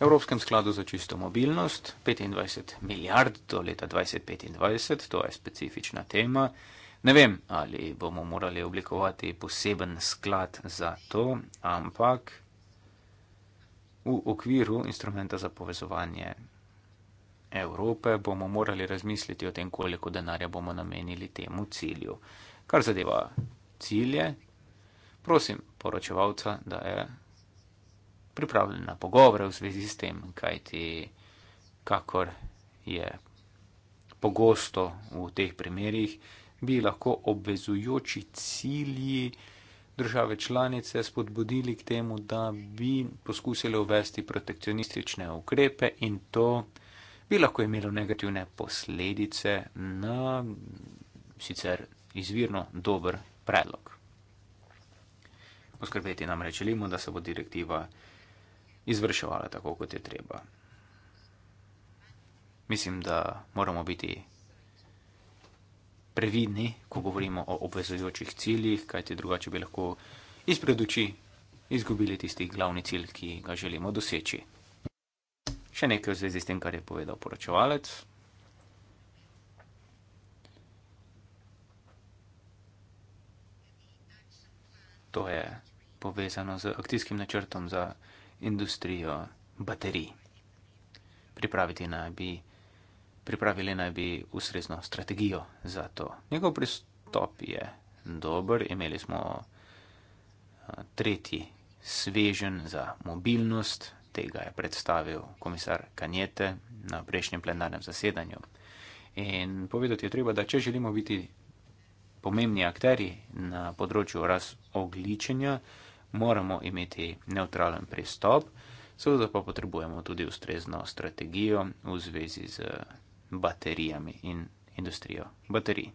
Evropskem skladu za čisto mobilnost, 25 milijard do leta 2025, to je specifična tema. Ne vem, ali bomo morali oblikovati poseben sklad za to, ampak v okviru instrumenta za povezovanje Evrope bomo morali razmisliti o tem, koliko denarja bomo namenili temu cilju. Kar zadeva cilje, prosim, poročevalca, da je pripravljen na pogovore v zvezi s tem, kajti kakor je pogosto v teh primerjih, bi lahko obvezujoči cilji države članice spodbudili k temu, da bi poskusili uvesti protekcionistične ukrepe in to bi lahko imelo negativne posledice na sicer izvirno dober predlog poskrbeti nam rečelimo, da se bo direktiva izvrševala tako, kot je treba. Mislim, da moramo biti previdni, ko govorimo o obvezujočih ciljih, kajti drugače bi lahko izpred oči izgubili tisti glavni cilj, ki ga želimo doseči. Še nekaj v zvezi s tem, kar je povedal poročevalec. To je povezano z akcijskim načrtom za industrijo baterij. Pripraviti naj bi, pripravili naj bi ustrezno strategijo za to. Njegov pristop je dober, imeli smo eh, tretji svežen za mobilnost, tega je predstavil komisar Kanjete na prejšnjem plenarnem zasedanju. In povedati je treba, da če želimo biti pomembni akteri na področju razogličenja, moramo imeti neutralen pristop, seveda pa potrebujemo tudi ustrezno strategijo v zvezi z baterijami in industrijo baterij.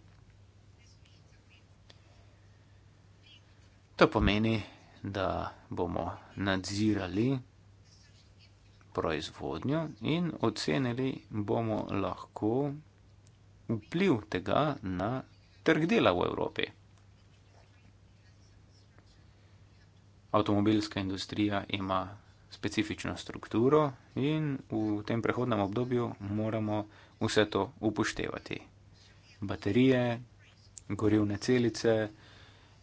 To pomeni, da bomo nadzirali proizvodnjo in ocenili bomo lahko vpliv tega na trg dela v Evropi. avtomobilska industrija ima specifično strukturo in v tem prehodnem obdobju moramo vse to upoštevati. Baterije, gorivne celice,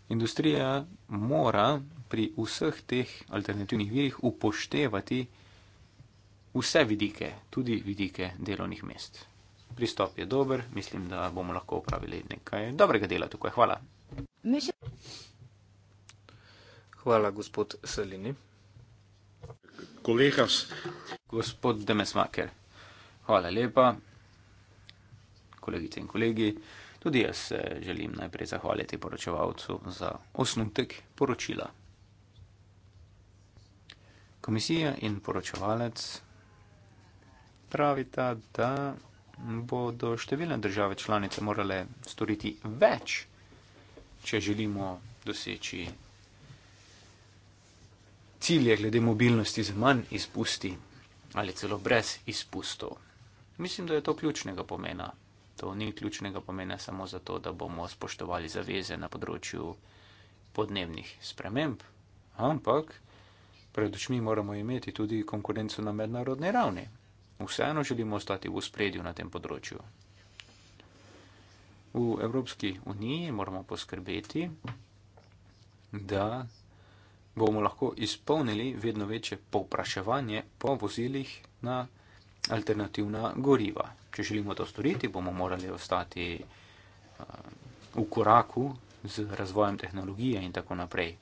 industrija mora pri vseh teh alternativnih virih upoštevati vse vidike, tudi vidike delovnih mest. Pristop je dober, mislim, da bomo lahko upravili nekaj dobrega dela tukaj. Hvala. Mislim. Hvala, gospod Salini. Kolegas. Gospod Demesmaker. Hvala lepa, kolegice in kolegi. Tudi jaz se želim najprej zahvaliti poročevalcu za osnutek poročila. Komisija in poročevalec pravita, da bodo številne države članice morale storiti več, če želimo doseči cilje glede mobilnosti z manj izpusti ali celo brez izpustov. Mislim, da je to ključnega pomena. To ni ključnega pomena samo zato, da bomo spoštovali zaveze na področju podnebnih sprememb, ampak pred očmi moramo imeti tudi konkurenco na mednarodni ravni. Vseeno želimo ostati v spredju na tem področju. V Evropski uniji moramo poskrbeti, da bomo lahko izpolnili vedno večje povpraševanje po vozilih na alternativna goriva. Če želimo to storiti, bomo morali ostati eh, v koraku z razvojem tehnologije in tako naprej.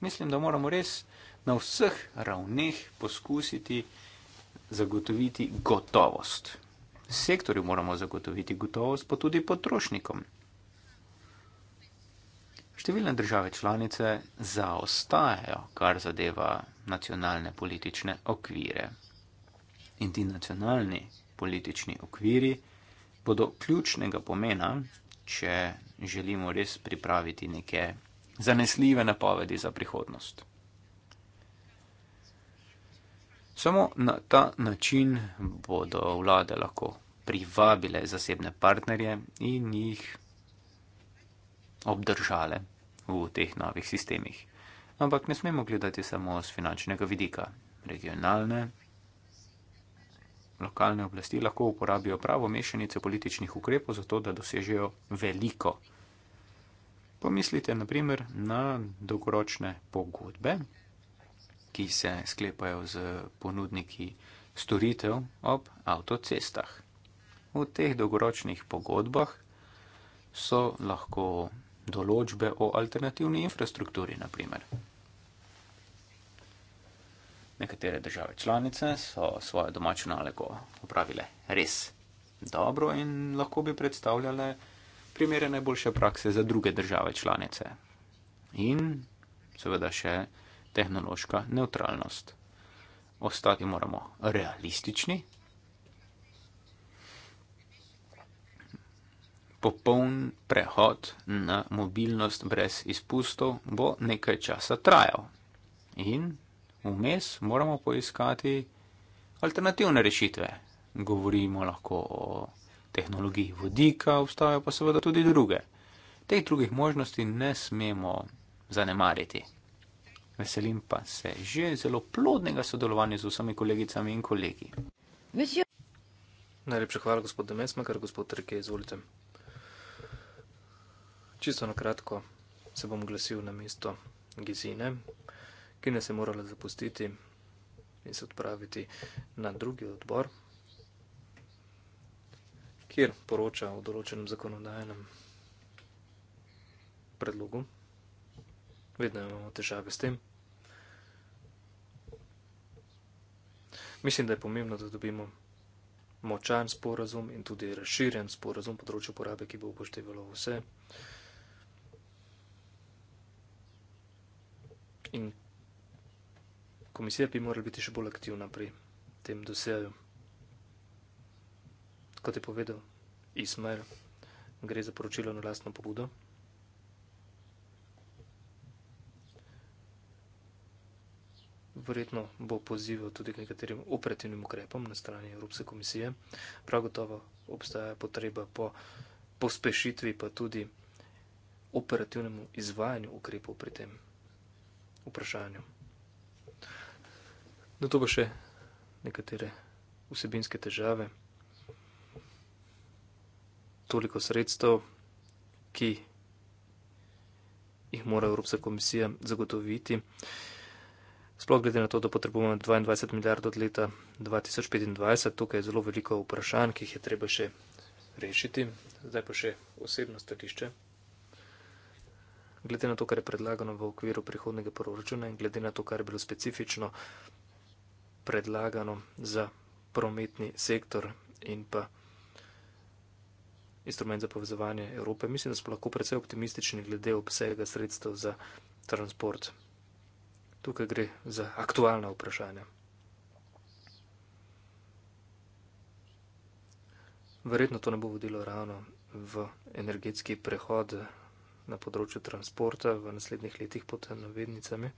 Mislim, da moramo res na vseh ravneh poskusiti zagotoviti gotovost. Sektorju moramo zagotoviti gotovost, pa tudi potrošnikom. Številne države članice zaostajajo, kar zadeva nacionalne politične okvire. In ti nacionalni politični okviri bodo ključnega pomena, če želimo res pripraviti neke zanesljive napovedi za prihodnost. Samo na ta način bodo vlade lahko privabile zasebne partnerje in jih obdržale v teh novih sistemih. Ampak ne smemo gledati samo z finančnega vidika. Regionalne, lokalne oblasti lahko uporabijo pravo mešanico političnih ukrepov za to, da dosežejo veliko. Pomislite naprimer na dolgoročne pogodbe, ki se sklepajo z ponudniki storitev ob avtocestah. V teh dolgoročnih pogodbah so lahko določbe o alternativni infrastrukturi, naprimer. Nekatere države članice so svoje domače nalego opravile res dobro in lahko bi predstavljale primere najboljše prakse za druge države članice. In seveda še tehnološka neutralnost. Ostati moramo realistični, popoln prehod na mobilnost brez izpustov bo nekaj časa trajal. In vmes moramo poiskati alternativne rešitve. Govorimo lahko o tehnologiji vodika, obstajajo pa seveda tudi druge. Teh drugih možnosti ne smemo zanemariti. Veselim pa se že zelo plodnega sodelovanja z vsemi kolegicami in kolegi. Najlepša hvala, gospod Demesma, kar gospod Trke, izvolite. Čisto na kratko se bom oglasil na mesto Gizine, ki nas je morala zapustiti in se odpraviti na drugi odbor, kjer poroča o določenem zakonodajnem predlogu. Vedno imamo težave s tem. Mislim, da je pomembno, da dobimo močan sporazum in tudi razširjen sporazum področju porabe, ki bo upoštevalo vse. in komisija bi morala biti še bolj aktivna pri tem doseju. Kot je povedal Ismer, gre za poročilo na lastno pobudo. Verjetno bo pozival tudi k nekaterim operativnim ukrepom na strani Evropske komisije. Prav gotovo obstaja potreba po pospešitvi, pa tudi operativnemu izvajanju ukrepov pri tem vprašanju. Na no, to pa še nekatere vsebinske težave. Toliko sredstev, ki jih mora Evropska komisija zagotoviti, sploh glede na to, da potrebujemo 22 milijard od leta 2025, tukaj je zelo veliko vprašanj, ki jih je treba še rešiti. Zdaj pa še osebno stališče glede na to, kar je predlagano v okviru prihodnega proračuna in glede na to, kar je bilo specifično predlagano za prometni sektor in pa instrument za povezovanje Evrope. Mislim, da smo lahko predvsej optimistični glede obsega sredstev za transport. Tukaj gre za aktualna vprašanja. Verjetno to ne bo vodilo ravno v energetski prehod na področju transporta v naslednjih letih pod navednicami.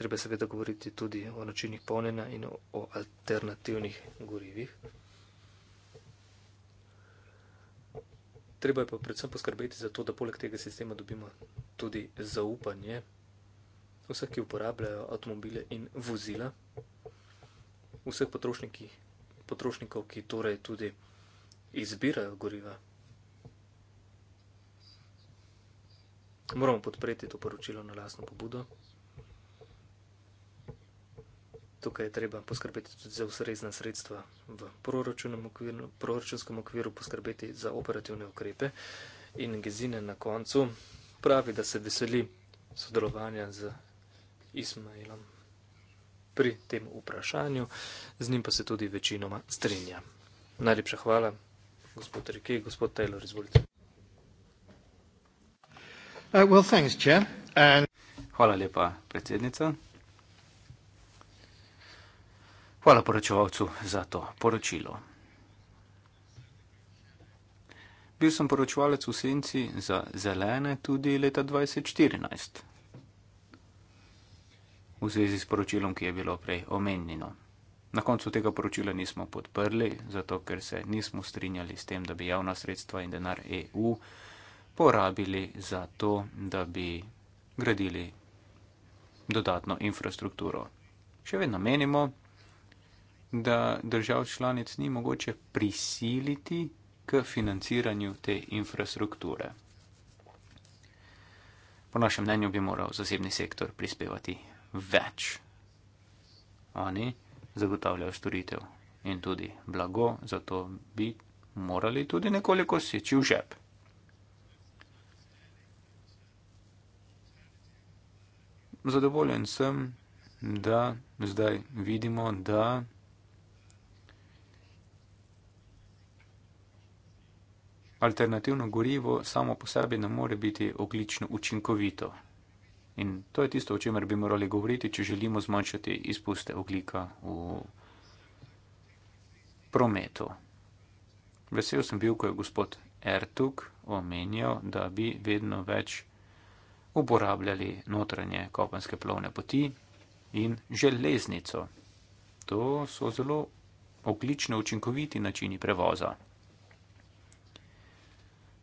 Treba seveda govoriti tudi o načinih polnjena in o alternativnih gorivih. Treba je pa predvsem poskrbeti za to, da poleg tega sistema dobimo tudi zaupanje vseh, ki uporabljajo avtomobile in vozila, vseh potrošnikov, ki torej tudi izbirajo goriva. Moramo podpreti to poročilo na lasno pobudo. Tukaj je treba poskrbeti tudi za ustrezna sredstva v okviru, proračunskem okviru, poskrbeti za operativne ukrepe. In Gezine na koncu pravi, da se veseli sodelovanja z Ismailom pri tem vprašanju, z njim pa se tudi večinoma strinja. Najlepša hvala. Gospod Riki, gospod Taylor, izvolite. Uh, well, thanks, chair. And... Hvala lepa, predsednica. Hvala poročevalcu za to poročilo. Bil sem poročevalec v senci za zelene tudi leta 2014 v zvezi s poročilom, ki je bilo prej omenjeno. Na koncu tega poročila nismo podprli, zato ker se nismo strinjali s tem, da bi javna sredstva in denar EU porabili za to, da bi gradili dodatno infrastrukturo. Še vedno menimo, da držav članic ni mogoče prisiliti k financiranju te infrastrukture. Po našem mnenju bi moral zasebni sektor prispevati več. Oni zagotavljajo storitev in tudi blago, zato bi morali tudi nekoliko seči v žep. Zadovoljen sem, da zdaj vidimo, da alternativno gorivo samo po sebi ne more biti oglično učinkovito. In to je tisto, o čemer bi morali govoriti, če želimo zmanjšati izpuste oglika v prometu. Vesel sem bil, ko je gospod Ertug omenjal, da bi vedno več uporabljali notranje kopenske plovne poti in železnico. To so zelo oklične, učinkoviti načini prevoza.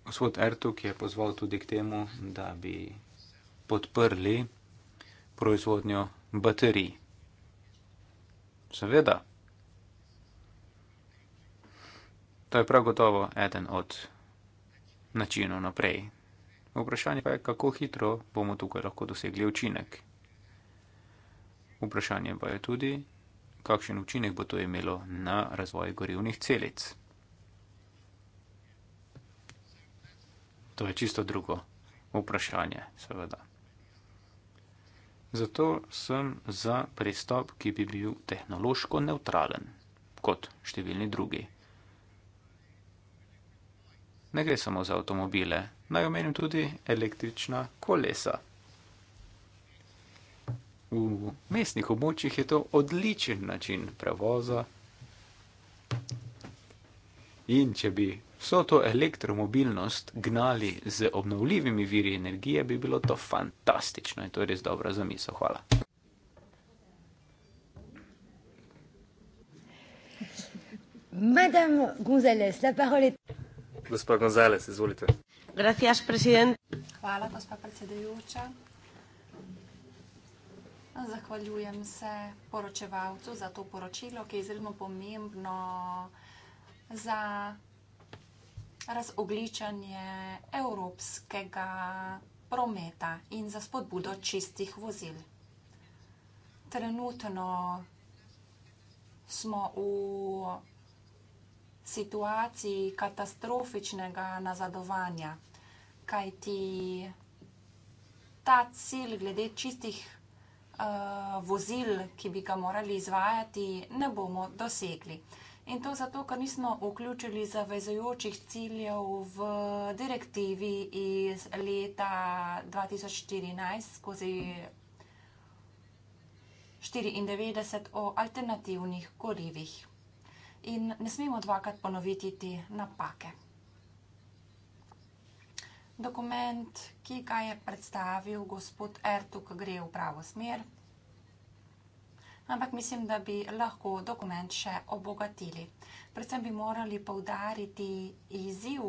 Gospod Ertug je pozval tudi k temu, da bi podprli proizvodnjo baterij. Seveda, to je prav gotovo eden od načinov naprej. Vprašanje pa je, kako hitro bomo tukaj lahko dosegli učinek. Vprašanje pa je tudi, kakšen učinek bo to imelo na razvoj gorivnih celic. To je čisto drugo vprašanje, seveda. Zato sem za pristop, ki bi bil tehnološko neutralen, kot številni drugi. Ne gre samo za avtomobile, naj omenim tudi električna kolesa. V mestnih območjih je to odličen način prevoza. In če bi vso to elektromobilnost gnali z obnovljivimi viri energije, bi bilo to fantastično in to je res dobra zamisel. Hvala. Madame González, la parole est. Gospa González, izvolite. Gracias, president. Hvala, gospa predsedujoča. Zahvaljujem se poročevalcu za to poročilo, ki je izredno pomembno za razogličanje evropskega prometa in za spodbudo čistih vozil. Trenutno smo v situaciji katastrofičnega nazadovanja, kajti ta cilj glede čistih eh, vozil, ki bi ga morali izvajati, ne bomo dosegli. In to zato, ker nismo vključili zavezojočih ciljev v direktivi iz leta 2014 skozi 94 o alternativnih gorivih. In ne smemo dvakrat ponoviti te napake. Dokument, ki ga je predstavil gospod Ertug, gre v pravo smer ampak mislim, da bi lahko dokument še obogatili. Predvsem bi morali povdariti izziv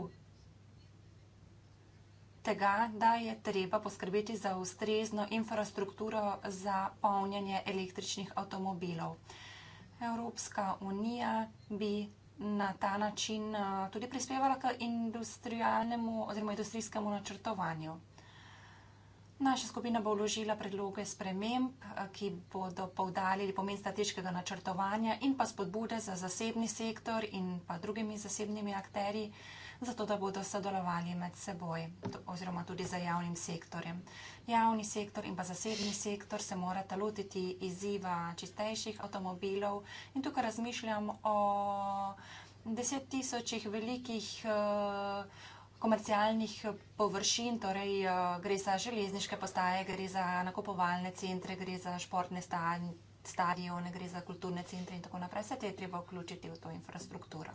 tega, da je treba poskrbeti za ustrezno infrastrukturo za polnjenje električnih avtomobilov. Evropska unija bi na ta način eh, tudi prispevala k industrijskemu načrtovanju. Naša skupina bo vložila predloge sprememb, eh, ki bodo povdaljili pomen strateškega načrtovanja in pa spodbude za zasebni sektor in pa drugimi zasebnimi akteri, zato da bodo sodelovali med seboj oziroma tudi za javnim sektorjem. Javni sektor in pa zasebni sektor se morata lotiti izziva čistejših avtomobilov in tukaj razmišljam o deset tisočih velikih uh, komercialnih površin, torej eh, gre za železniške postaje, gre za nakupovalne centre, gre za športne stadione, gre za kulturne centre in tako naprej. Vse te je treba vključiti v to infrastrukturo.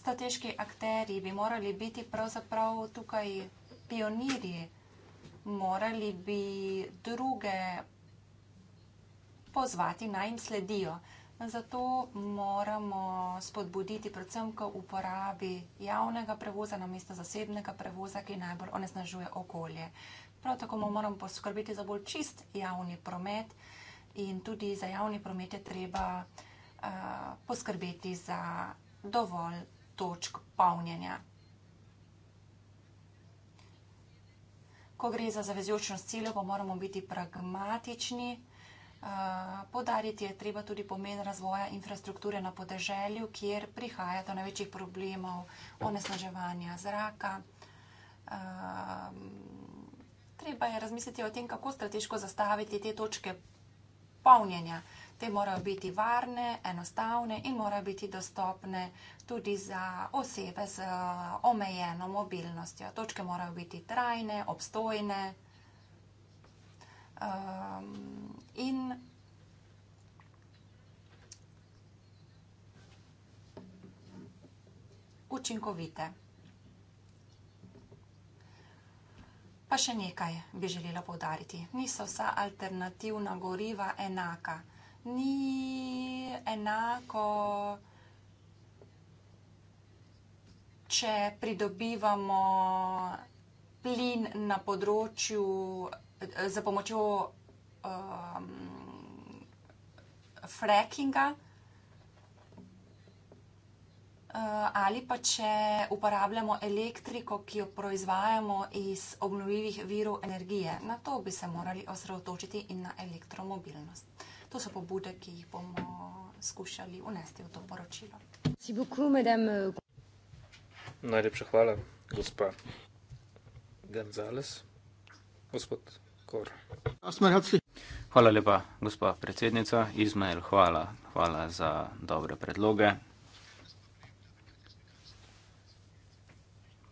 Strateški akteri bi morali biti pravzaprav tukaj pionirji, morali bi druge pozvati naj jim sledijo. Zato moramo spodbuditi predvsem k uporabi javnega prevoza na mesto zasebnega prevoza, ki najbolj onesnažuje okolje. Prav tako moramo poskrbeti za bolj čist javni promet in tudi za javni promet je treba poskrbeti za dovolj točk polnjenja. Ko gre za zavezjočnost celjo, pa moramo biti pragmatični in Eh, Podariti je treba tudi pomen razvoja infrastrukture na podeželju, kjer prihaja do največjih problemov onesnaževanja zraka. Eh, treba je razmisliti o tem, kako strateško zastaviti te točke polnjenja. Te morajo biti varne, enostavne in morajo biti dostopne tudi za osebe z omejeno mobilnostjo. Točke morajo biti trajne, obstojne. Um, in učinkovite. Pa še nekaj bi želela povdariti. Niso vsa alternativna goriva enaka. Ni enako, če pridobivamo plin na področju za pomočjo um, frackinga. Uh, ali pa če uporabljamo elektriko, ki jo proizvajamo iz obnovljivih virov energije, na to bi se morali osredotočiti in na elektromobilnost. To so pobude, ki jih bomo skušali unesti v to poročilo. Najlepša hvala, gospa Gonzales. Gospod kor. Hvala lepa, gospa predsednica. Izmael, hvala. Hvala za dobre predloge.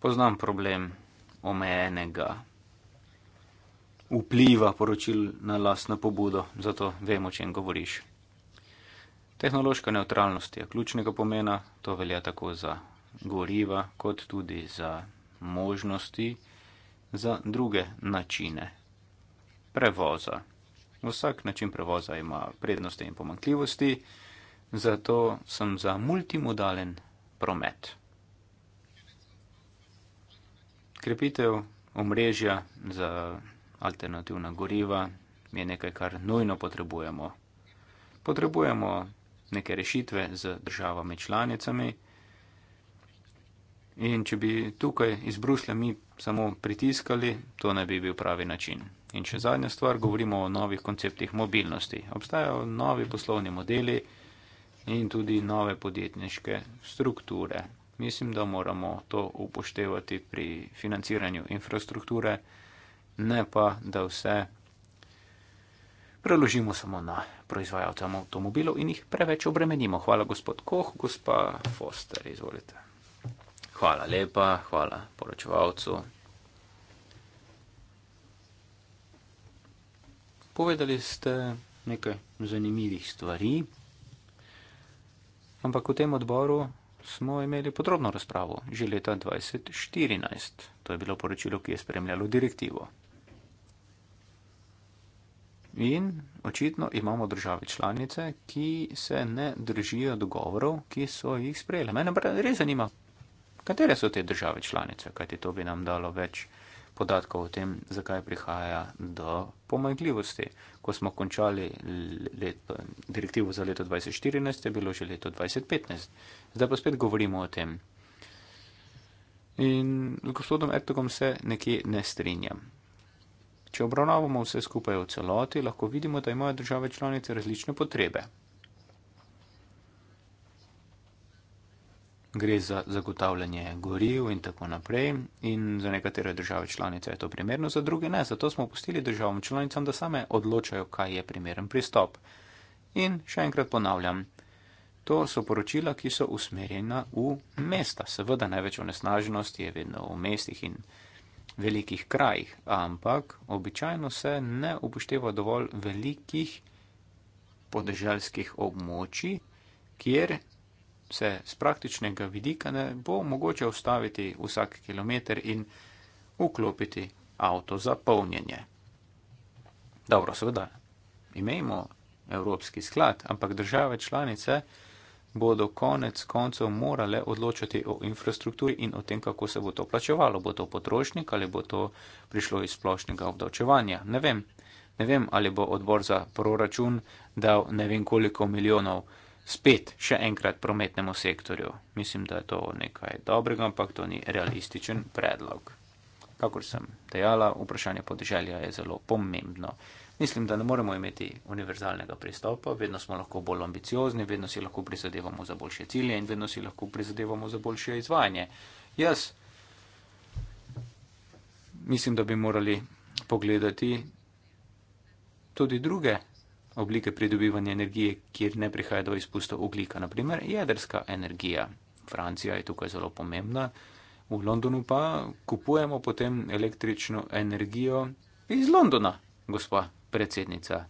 Poznam problem omejenega vpliva poročil na lastno pobudo, zato vemo, o čem govoriš. Tehnološka neutralnost je ključnega pomena, to velja tako za goriva, kot tudi za možnosti za druge načine prevoza. Vsak način prevoza ima prednosti in pomankljivosti, zato sem za multimodalen promet. Krepitev omrežja za alternativna goriva je nekaj, kar nujno potrebujemo. Potrebujemo neke rešitve z državami članicami in če bi tukaj iz Bruslja mi samo pritiskali, to ne bi bil pravi način. In še zadnja stvar, govorimo o novih konceptih mobilnosti. Obstajajo novi poslovni modeli in tudi nove podjetniške strukture. Mislim, da moramo to upoštevati pri financiranju infrastrukture, ne pa, da vse preložimo samo na proizvajalce avtomobilov in jih preveč obremenimo. Hvala, gospod Koh, gospa Foster, izvolite. Hvala lepa, hvala poročevalcu. Povedali ste nekaj zanimivih stvari, ampak v tem odboru smo imeli podrobno razpravo že leta 2014. To je bilo poročilo, ki je spremljalo direktivo. In očitno imamo države članice, ki se ne držijo dogovorov, ki so jih sprejeli. Mene res zanima, katere so te države članice, kajti to bi nam dalo več podatkov o tem, zakaj prihaja do pomanjkljivosti. Ko smo končali leto, direktivo za leto 2014, je bilo že leto 2015. Zdaj pa spet govorimo o tem. In z gospodom Ertogom se nekje ne strinjam. Če obravnavamo vse skupaj v celoti, lahko vidimo, da imajo države članice različne potrebe. gre za zagotavljanje goriv in tako naprej. In za nekatere države članice je to primerno, za druge ne. Zato smo pustili državam članicam, da same odločajo, kaj je primeren pristop. In še enkrat ponavljam, to so poročila, ki so usmerjena v mesta. Seveda največ onesnaženosti je vedno v mestih in velikih krajih, ampak običajno se ne upošteva dovolj velikih podeželskih območij, kjer se z praktičnega vidika ne bo mogoče ustaviti vsak kilometr in vklopiti avto za polnjenje. Dobro, seveda, imejmo Evropski sklad, ampak države članice bodo konec koncev morale odločati o infrastrukturi in o tem, kako se bo to plačevalo. Bo to potrošnik ali bo to prišlo iz splošnega obdavčevanja? Ne vem. Ne vem, ali bo odbor za proračun dal ne vem koliko milijonov spet še enkrat prometnemu sektorju. Mislim, da je to nekaj dobrega, ampak to ni realističen predlog. Kakor sem dejala, vprašanje podeželja je zelo pomembno. Mislim, da ne moremo imeti univerzalnega pristopa, vedno smo lahko bolj ambiciozni, vedno si lahko prizadevamo za boljše cilje in vedno si lahko prizadevamo za boljše izvajanje. Jaz mislim, da bi morali pogledati tudi druge oblike pridobivanja energije, kjer ne prihaja do izpustov oglika, naprimer jedrska energija. Francija je tukaj zelo pomembna, v Londonu pa kupujemo potem električno energijo iz Londona, gospa predsednica.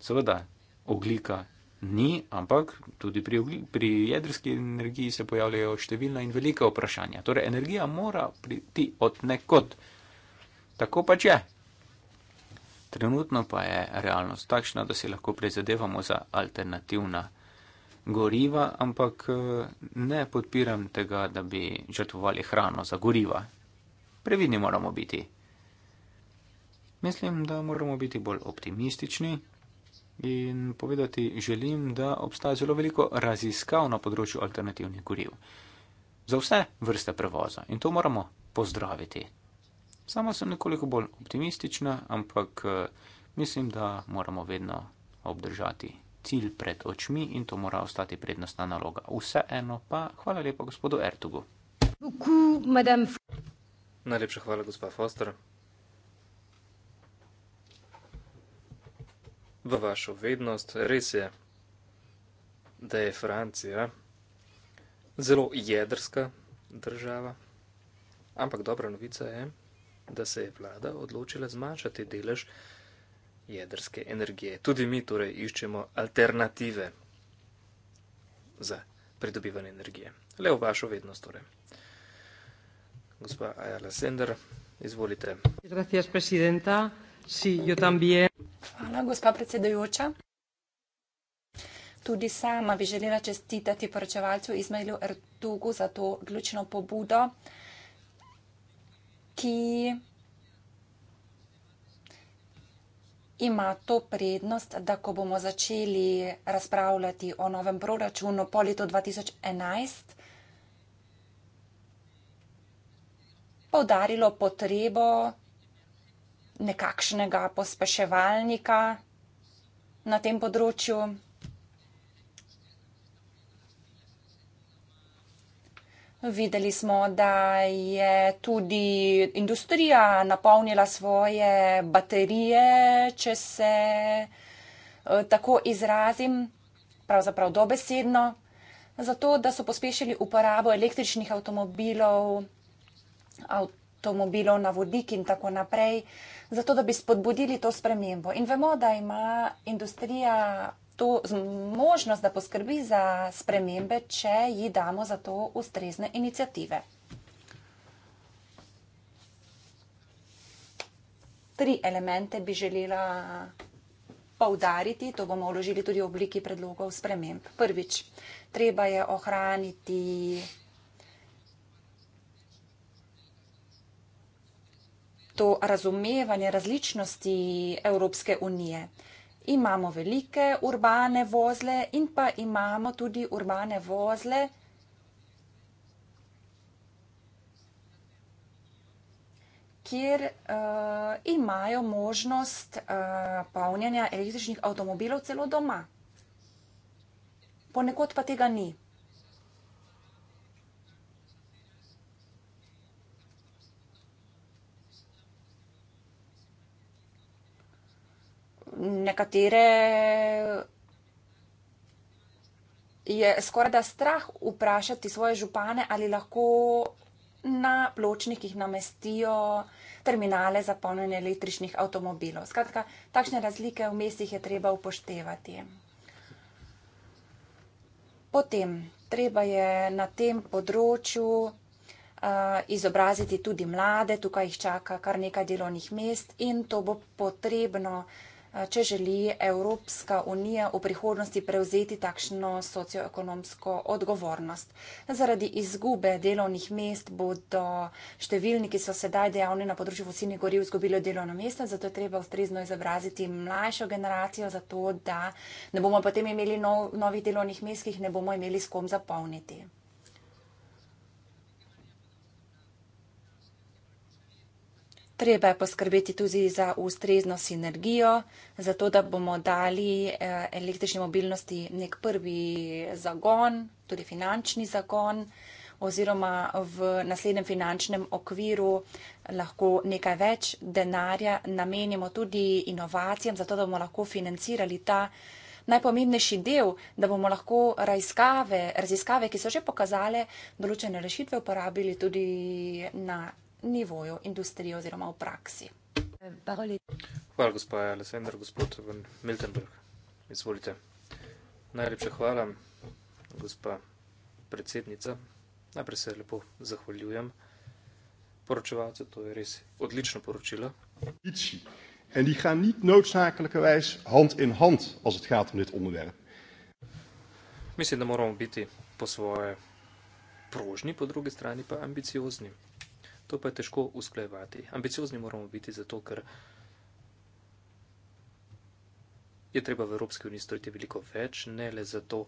Seveda, oglika ni, ampak tudi pri, pri jedrski energiji se pojavljajo številna in velika vprašanja. Torej, energija mora priti od nekod. Tako pač je. Trenutno pa je realnost takšna, da si lahko prizadevamo za alternativna goriva, ampak eh, ne podpiram tega, da bi žrtvovali hrano za goriva. Previdni moramo biti. Mislim, da moramo biti bolj optimistični in povedati, želim, da obstaja zelo veliko raziskav na področju alternativnih goriv. Za vse vrste prevoza in to moramo pozdraviti. Sama sem nekoliko bolj optimistična, ampak eh, mislim, da moramo vedno obdržati cilj pred očmi in to mora ostati prednostna naloga. Vseeno pa hvala lepa gospodu Ertugu. Najlepša hvala, gospa Foster. V vašo vednost res je, da je Francija zelo jedrska država, ampak dobra novica je, da se je vlada odločila zmanjšati delež jedrske energije. Tudi mi torej iščemo alternative za pridobivanje energije. Le v vašo vednost torej. Gospa Ajala Sender, izvolite. Gracias, presidenta. Si, jo tambije. Hvala, gospa predsedajoča. Tudi sama bi želela čestitati poročevalcu Izmailu Ertugu za to glučno pobudo ki ima to prednost, da ko bomo začeli razpravljati o novem proračunu po letu 2011, povdarilo potrebo nekakšnega pospeševalnika na tem področju. Videli smo, da je tudi industrija napolnila svoje baterije, če se e, tako izrazim, pravzaprav dobesedno, zato da so pospešili uporabo električnih avtomobilov, avtomobilov na vodik in tako naprej, zato da bi spodbudili to spremembo. In vemo, da ima industrija to možnost, da poskrbi za spremembe, če ji damo za to ustrezne inicijative. Tri elemente bi želela poudariti, to bomo vložili tudi v obliki predlogov sprememb. Prvič, treba je ohraniti to razumevanje različnosti Evropske unije imamo velike urbane vozle in pa imamo tudi urbane vozle, kjer uh, imajo možnost uh, polnjenja električnih avtomobilov celo doma. Ponekod pa tega ni. nekatere je skoraj da strah vprašati svoje župane, ali lahko na pločnikih namestijo terminale za polnjenje električnih avtomobilov. Skratka, takšne razlike v mestih je treba upoštevati. Potem, treba je na tem področju uh, izobraziti tudi mlade, tukaj jih čaka kar nekaj delovnih mest in to bo potrebno uh, Eh, če želi Evropska unija v prihodnosti prevzeti takšno socioekonomsko odgovornost. Zaradi izgube delovnih mest bodo številni, ki so sedaj dejavni na področju fosilnih goriv, izgubili delovno mesto, zato je treba ustrezno izobraziti mlajšo generacijo, zato da ne bomo potem imeli nov, novih delovnih mest, ki jih ne bomo imeli s kom zapolniti. Treba je poskrbeti tudi za ustrezno sinergijo, zato da bomo dali eh, električni mobilnosti nek prvi zagon, tudi finančni zagon, oziroma v naslednjem finančnem okviru lahko nekaj več denarja namenimo tudi inovacijam, zato da bomo lahko financirali ta najpomembnejši del, da bomo lahko raziskave, raziskave ki so že pokazale določene rešitve, uporabili tudi na nivoju industrije oziroma v praksi. Hvala, gospod Alessandro, gospod Van Miltenberg. Izvolite. Najlepša hvala, gospa predsednica. Najprej se lepo zahvaljujem poročevalcu, to je res odlično poročilo. En die gaan niet noodzakelijkerwijs hand in hand als het gaat om dit onderwerp. Mislim, da moramo biti po svoje prožni, po drugi strani pa ambiciozni. To pa je težko usklejevati. Ambiciozni moramo biti zato, ker je treba v Evropski uniji storiti veliko več, ne le zato,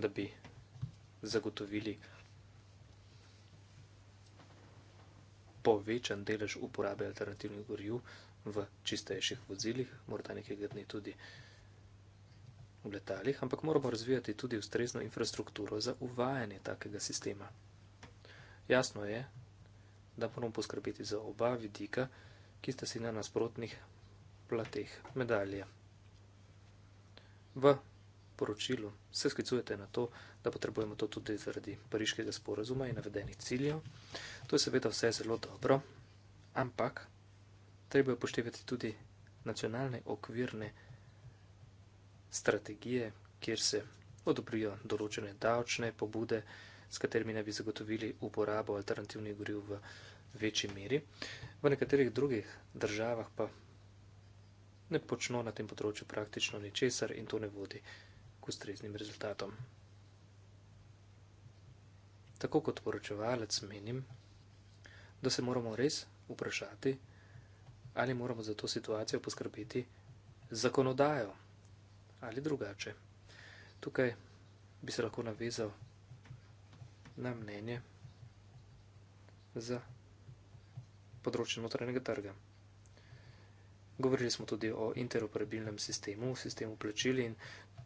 da bi zagotovili povečan delež uporabe alternativnih gorju v čistejših vozilih, morda nekega dne tudi v letalih, ampak moramo razvijati tudi ustrezno infrastrukturo za uvajanje takega sistema. Jasno je, da moramo poskrbeti za oba vidika, ki sta si na nasprotnih plateh medalje. V poročilu se sklicujete na to, da potrebujemo to tudi zaradi pariškega sporazuma in navedenih ciljev. To je seveda vse zelo dobro, ampak treba je upoštevati tudi nacionalne okvirne strategije, kjer se odobrijo določene davčne pobude, s katerimi naj bi zagotovili uporabo alternativnih goriv v večji meri. V nekaterih drugih državah pa ne počno na tem področju praktično ničesar in to ne vodi k ustreznim rezultatom. Tako kot poročevalec menim, da se moramo res vprašati, ali moramo za to situacijo poskrbeti zakonodajo ali drugače. Tukaj bi se lahko navezal na mnenje za področje notranjega trga. Govorili smo tudi o interoperabilnem sistemu, sistemu plačil in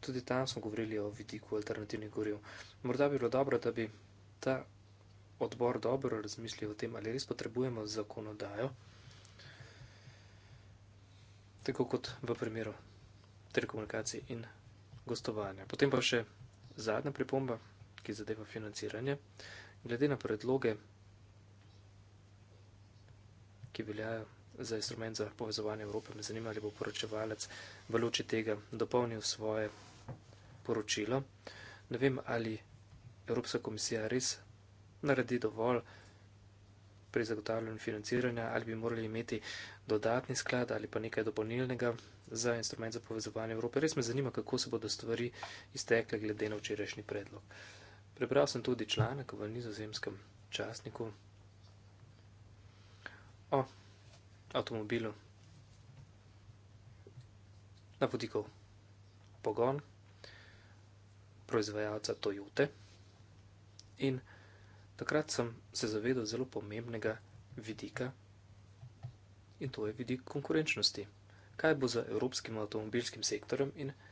tudi tam smo govorili o vidiku alternativnih goriv. Morda bi bilo dobro, da bi ta odbor dobro razmislil o tem, ali res potrebujemo zakonodajo, tako kot v primeru telekomunikacij in gostovanja. Potem pa še zadnja pripomba ki zadeva financiranje. Glede na predloge, ki veljajo za instrument za povezovanje Evrope, me zanima, ali bo poročevalec v luči tega dopolnil svoje poročilo. Ne vem, ali Evropska komisija res naredi dovolj pri zagotavljanju financiranja, ali bi morali imeti dodatni sklad ali pa nekaj dopolnilnega za instrument za povezovanje Evrope. Res me zanima, kako se bodo stvari iztekle glede na včerajšnji predlog. Prebral sem tudi članek v nizozemskem časniku o avtomobilu na vodikov pogon proizvajalca Toyote in takrat sem se zavedel zelo pomembnega vidika in to je vidik konkurenčnosti. Kaj bo za evropskim avtomobilskim sektorjem in vsega?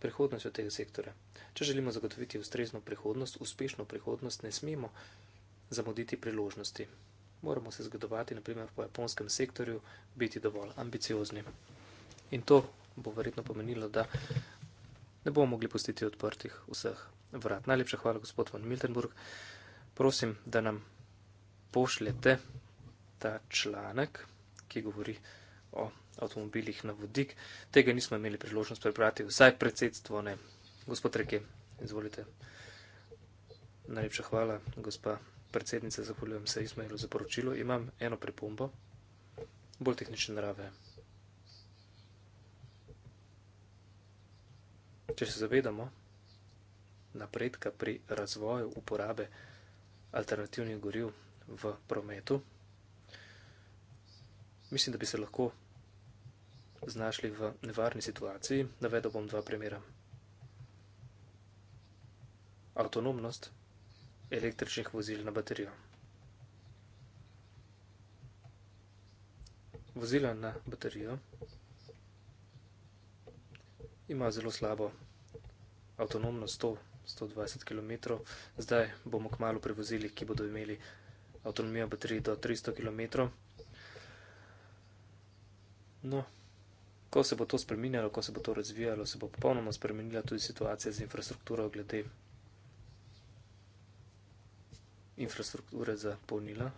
prihodnostjo tega sektorja. Če želimo zagotoviti ustrezno prihodnost, uspešno prihodnost, ne smemo zamuditi priložnosti. Moramo se zgodovati, naprimer, po japonskem sektorju, biti dovolj ambiciozni. In to bo verjetno pomenilo, da ne bomo mogli pustiti odprtih vseh vrat. Najlepša hvala, gospod von Miltenburg. Prosim, da nam pošljete ta članek, ki govori o avtomobilih na vodik. Tega nismo imeli priložnost prebrati, vsaj predsedstvo ne. Gospod Reke, izvolite. Najlepša hvala, gospa predsednica, zahvaljujem se Ismailu za poročilo. Imam eno pripombo, bolj tehnične narave. Če se zavedamo napredka pri razvoju uporabe alternativnih goril v prometu, mislim, da bi se lahko znašli v nevarni situaciji. Navedel bom dva primera. Avtonomnost električnih vozil na baterijo. Vozila na baterijo ima zelo slabo avtonomnost 100-120 km. Zdaj bomo kmalo pri vozilih, ki bodo imeli avtonomijo baterije do 300 km. No, ko se bo to spremenjalo, ko se bo to razvijalo, se bo popolnoma spremenila tudi situacija z infrastrukturo glede infrastrukture za polnila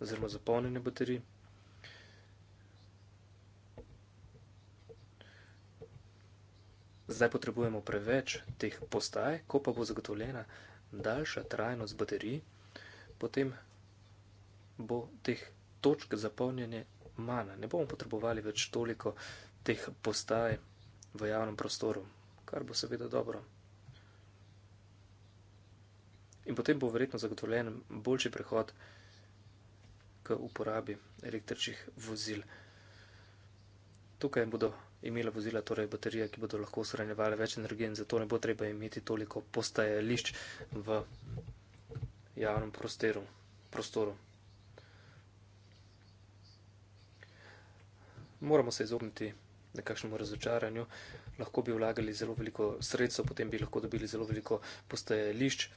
oziroma za polnjene baterij. Zdaj potrebujemo preveč teh postaj, ko pa bo zagotovljena daljša trajnost baterij, potem bo teh točk za polnjenje mana, ne bomo potrebovali več toliko teh postaj v javnem prostoru, kar bo seveda dobro. In potem bo verjetno zagotovljen boljši prehod k uporabi električnih vozil. Tukaj bodo imela vozila, torej baterije, ki bodo lahko shranjevale več energije in zato ne bo treba imeti toliko postajališč v javnem prostoru. prostoru. moramo se izogniti nekakšnemu razočaranju. Lahko bi vlagali zelo veliko sredstev, potem bi lahko dobili zelo veliko postajališč.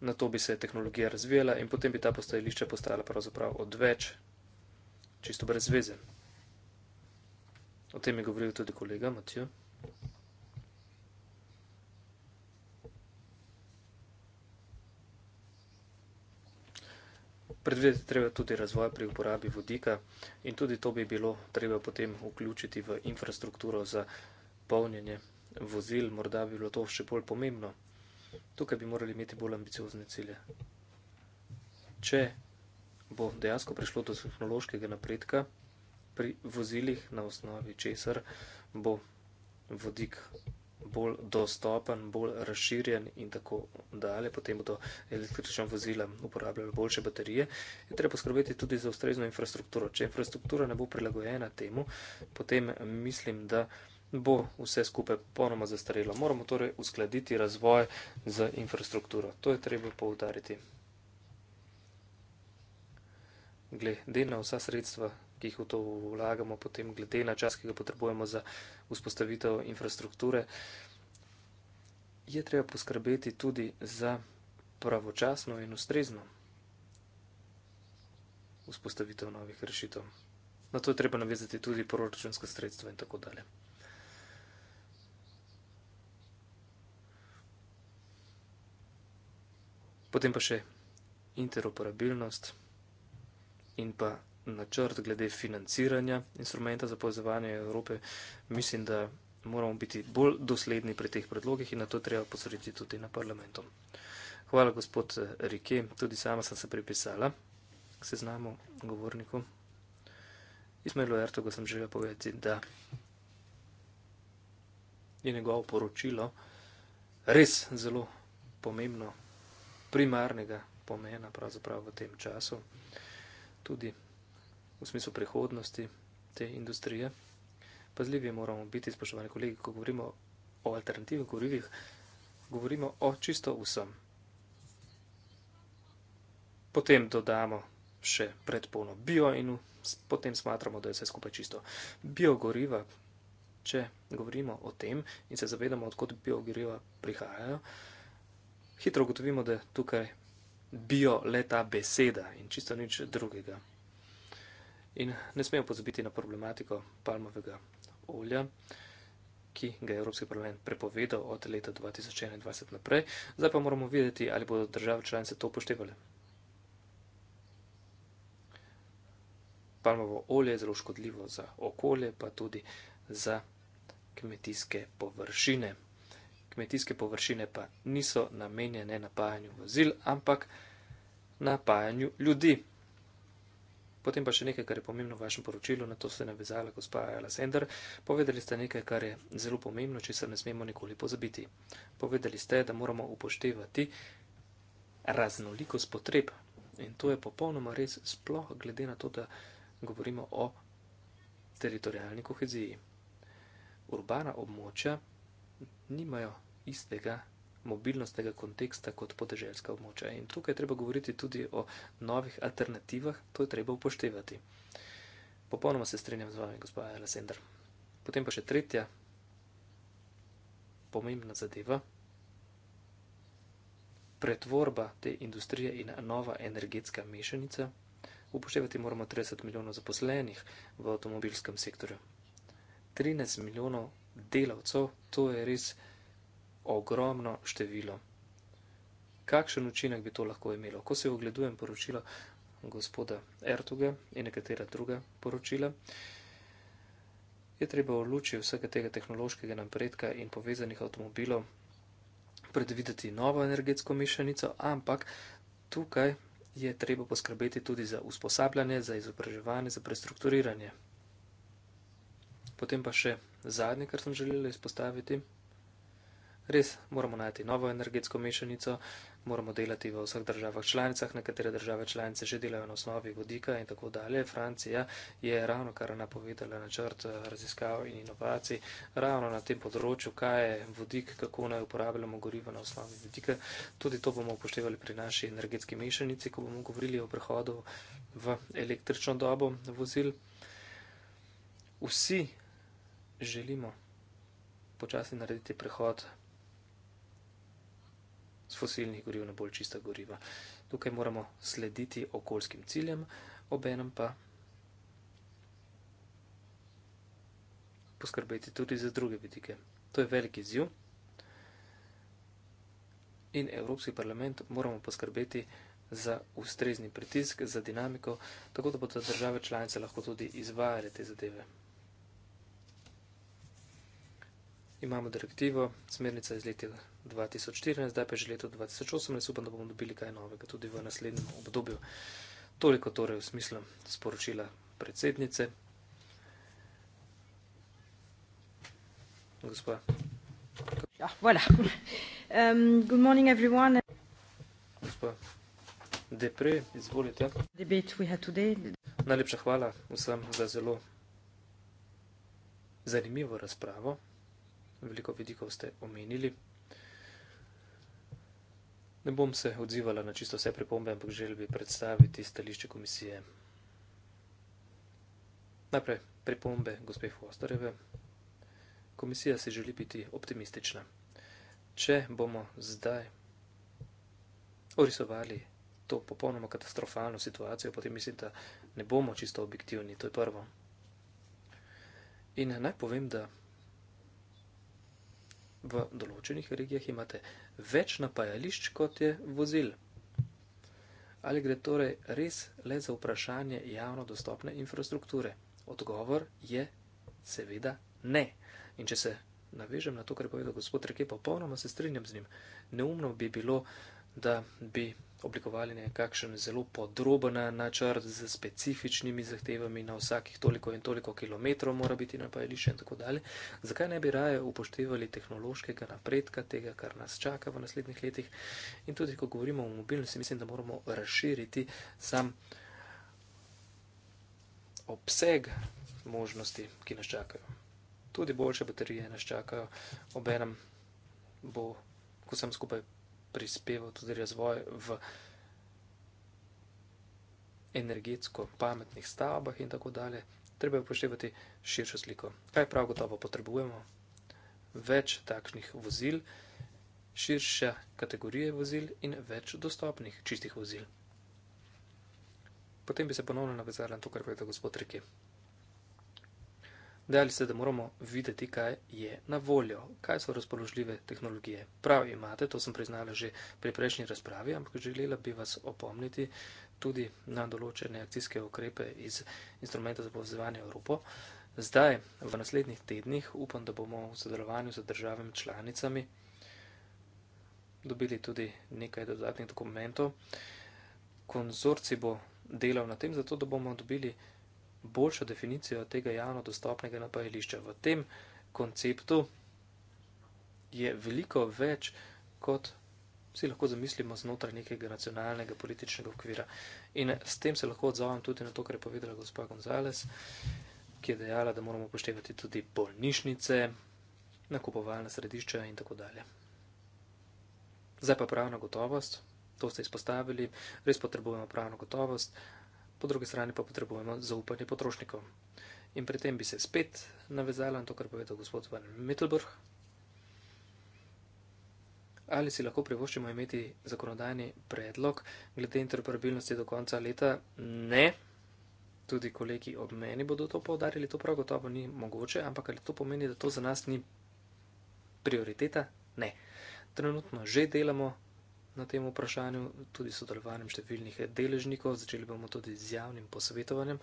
Na to bi se tehnologija razvijala in potem bi ta postajališča postala pravzaprav odveč, čisto brez veze. O tem je govoril tudi kolega Matijo. predvideti treba tudi razvoj pri uporabi vodika in tudi to bi bilo treba potem vključiti v infrastrukturo za polnjenje vozil, morda bi bilo to še bolj pomembno. Tukaj bi morali imeti bolj ambiciozne cilje. Če bo dejansko prišlo do tehnološkega napredka pri vozilih, na osnovi česar bo vodik bolj dostopen, bolj razširjen in tako dalje, potem bodo električna vozila uporabljala boljše baterije, je treba poskrbeti tudi za ustrezno infrastrukturo. Če infrastruktura ne bo prilagojena temu, potem mislim, da bo vse skupaj ponoma zastarelo. Moramo torej uskladiti razvoj z infrastrukturo. To je treba poudariti. Glede na vsa sredstva, ki jih v to vlagamo, potem glede na čas, ki ga potrebujemo za vzpostavitev infrastrukture, je treba poskrbeti tudi za pravočasno in ustrezno vzpostavitev novih rešitev. Na to je treba navezati tudi proračunska sredstva in tako dalje. Potem pa še interoperabilnost in pa načrt glede financiranja instrumenta za povezovanje Evrope, mislim, da moramo biti bolj dosledni pri teh predlogih in na to treba posrediti tudi na parlamentu. Hvala, gospod Rike, tudi sama sem se pripisala k seznamu govorniku. Ismailu Ertogu sem želela povedati, da je njegovo poročilo res zelo pomembno, primarnega pomena pravzaprav v tem času. Tudi v smislu prihodnosti te industrije. Pazljivi moramo biti, spoštovani kolegi, ko govorimo o alternativnih gorivih, govorimo o čisto vsem. Potem dodamo še predpolno bio in potem smatramo, da je vse skupaj čisto. Biogoriva, če govorimo o tem in se zavedamo, odkot biogoriva prihajajo, hitro ugotovimo, da tukaj bio le ta beseda in čisto nič drugega. In ne smemo pozabiti na problematiko palmovega olja, ki ga je Evropski parlament prepovedal od leta 2021 naprej. Zdaj pa moramo videti, ali bodo države članice to upoštevali. Palmovo olje je zelo škodljivo za okolje, pa tudi za kmetijske površine. Kmetijske površine pa niso namenjene napajanju vozil, ampak napajanju ljudi. Potem pa še nekaj, kar je pomembno v vašem poročilu, na to se je navezala gospa Ayala Sender. Povedali ste nekaj, kar je zelo pomembno, če se ne smemo nikoli pozabiti. Povedali ste, da moramo upoštevati raznolikost potreb. In to je popolnoma res, sploh glede na to, da govorimo o teritorijalni koheziji. Urbana območja nimajo istega mobilnostnega konteksta kot podeželska območja. In tukaj treba govoriti tudi o novih alternativah, to je treba upoštevati. Popolnoma se strinjam z vami, gospod Alessandr. Potem pa še tretja pomembna zadeva, pretvorba te industrije in nova energetska mešanica. Upoštevati moramo 30 milijonov zaposlenih v avtomobilskem sektorju. 13 milijonov delavcev, to je res ogromno število. Kakšen učinek bi to lahko imelo? Ko se ogledujem poročilo gospoda Ertuga in nekatera druga poročila, je treba v luči vsega tega tehnološkega napredka in povezanih avtomobilov predvideti novo energetsko mešanico, ampak tukaj je treba poskrbeti tudi za usposabljanje, za izobraževanje, za prestrukturiranje. Potem pa še zadnje, kar sem želela izpostaviti. Res, moramo najti novo energetsko mešanico, moramo delati v vseh državah članicah, nekatere države članice že delajo na osnovi vodika in tako dalje. Francija je ravno kar napovedala načrt eh, raziskav in inovacij, ravno na tem področju, kaj je vodik, kako naj uporabljamo gorivo na osnovi vodika. Tudi to bomo upoštevali pri naši energetski mešanici, ko bomo govorili o prehodu v električno dobo vozil. Vsi želimo počasi narediti prehod z fosilnih goriv na bolj čista goriva. Tukaj moramo slediti okoljskim ciljem, obenem pa poskrbeti tudi za druge vidike. To je veliki ziv in Evropski parlament moramo poskrbeti za ustrezni pritisk, za dinamiko, tako da bodo države članice lahko tudi izvajale te zadeve. imamo direktivo, smernica iz leta 2014, zdaj pa je že leto 2018, upam, da bomo dobili kaj novega tudi v naslednjem obdobju. Toliko torej v smislu sporočila predsednice. Gospoda. Ja, voilà. Um, good morning everyone. Gospoda. Depre, izvolite. Debate we had today. Najlepša hvala vsem za zelo zanimivo razpravo veliko vidikov ste omenili. Ne bom se odzivala na čisto vse pripombe, ampak želel bi predstaviti stališče komisije. Najprej pripombe gospe Fosterjeve. Komisija si želi biti optimistična. Če bomo zdaj orisovali to popolnoma katastrofalno situacijo, potem mislim, da ne bomo čisto objektivni, to je prvo. In naj povem, da v določenih regijah imate več napajališč, kot je vozil. Ali gre torej res le za vprašanje javno dostopne infrastrukture? Odgovor je seveda ne. In če se navežem na to, kar je povedal gospod Reke, popolnoma se strinjam z njim. Neumno bi bilo, da bi oblikovali nekakšen zelo podroben načrt z specifičnimi zahtevami na vsakih toliko in toliko kilometrov mora biti napajališče in tako dalje. Zakaj ne bi raje upoštevali tehnološkega napredka tega, kar nas čaka v naslednjih letih? In tudi, ko govorimo o mobilnosti, mislim, da moramo razširiti sam obseg možnosti, ki nas čakajo. Tudi boljše baterije nas čakajo, obenem bo, ko sem skupaj prispeval tudi razvoj v energetsko pametnih stavbah in tako dalje. Treba je upoštevati širšo sliko. Kaj prav gotovo potrebujemo? Več takšnih vozil, širša kategorija vozil in več dostopnih čistih vozil. Potem bi se ponovno navezala na to, kar povedal gospod Rike. Dejali ste, da moramo videti, kaj je na voljo, kaj so razpoložljive tehnologije. Prav imate, to sem priznala že pri prejšnji razpravi, ampak želela bi vas opomniti tudi na določene akcijske okrepe iz instrumenta za povezovanje Evropo. Zdaj, v naslednjih tednih, upam, da bomo v sodelovanju z državami članicami dobili tudi nekaj dodatnih dokumentov. Konzorci bo delal na tem, zato da bomo dobili boljšo definicijo tega javno dostopnega napajališča. V tem konceptu je veliko več, kot si lahko zamislimo znotraj nekega nacionalnega političnega okvira. In s tem se lahko odzovem tudi na to, kar je povedala gospa Gonzales, ki je dejala, da moramo poštevati tudi bolnišnice, nakupovalna središča in tako dalje. Zdaj pa pravna gotovost, to ste izpostavili, res potrebujemo pravno gotovost, po drugi strani pa potrebujemo zaupanje potrošnikov. In pri tem bi se spet navezala na to, kar je povedal gospod Van Mittelburg. Ali si lahko privoščimo imeti zakonodajni predlog glede interoperabilnosti do konca leta? Ne. Tudi kolegi ob meni bodo to povdarjali, to prav gotovo ni mogoče, ampak ali to pomeni, da to za nas ni prioriteta? Ne. Trenutno že delamo na tem vprašanju, tudi sodelovanjem številnih deležnikov, začeli bomo tudi z javnim posvetovanjem,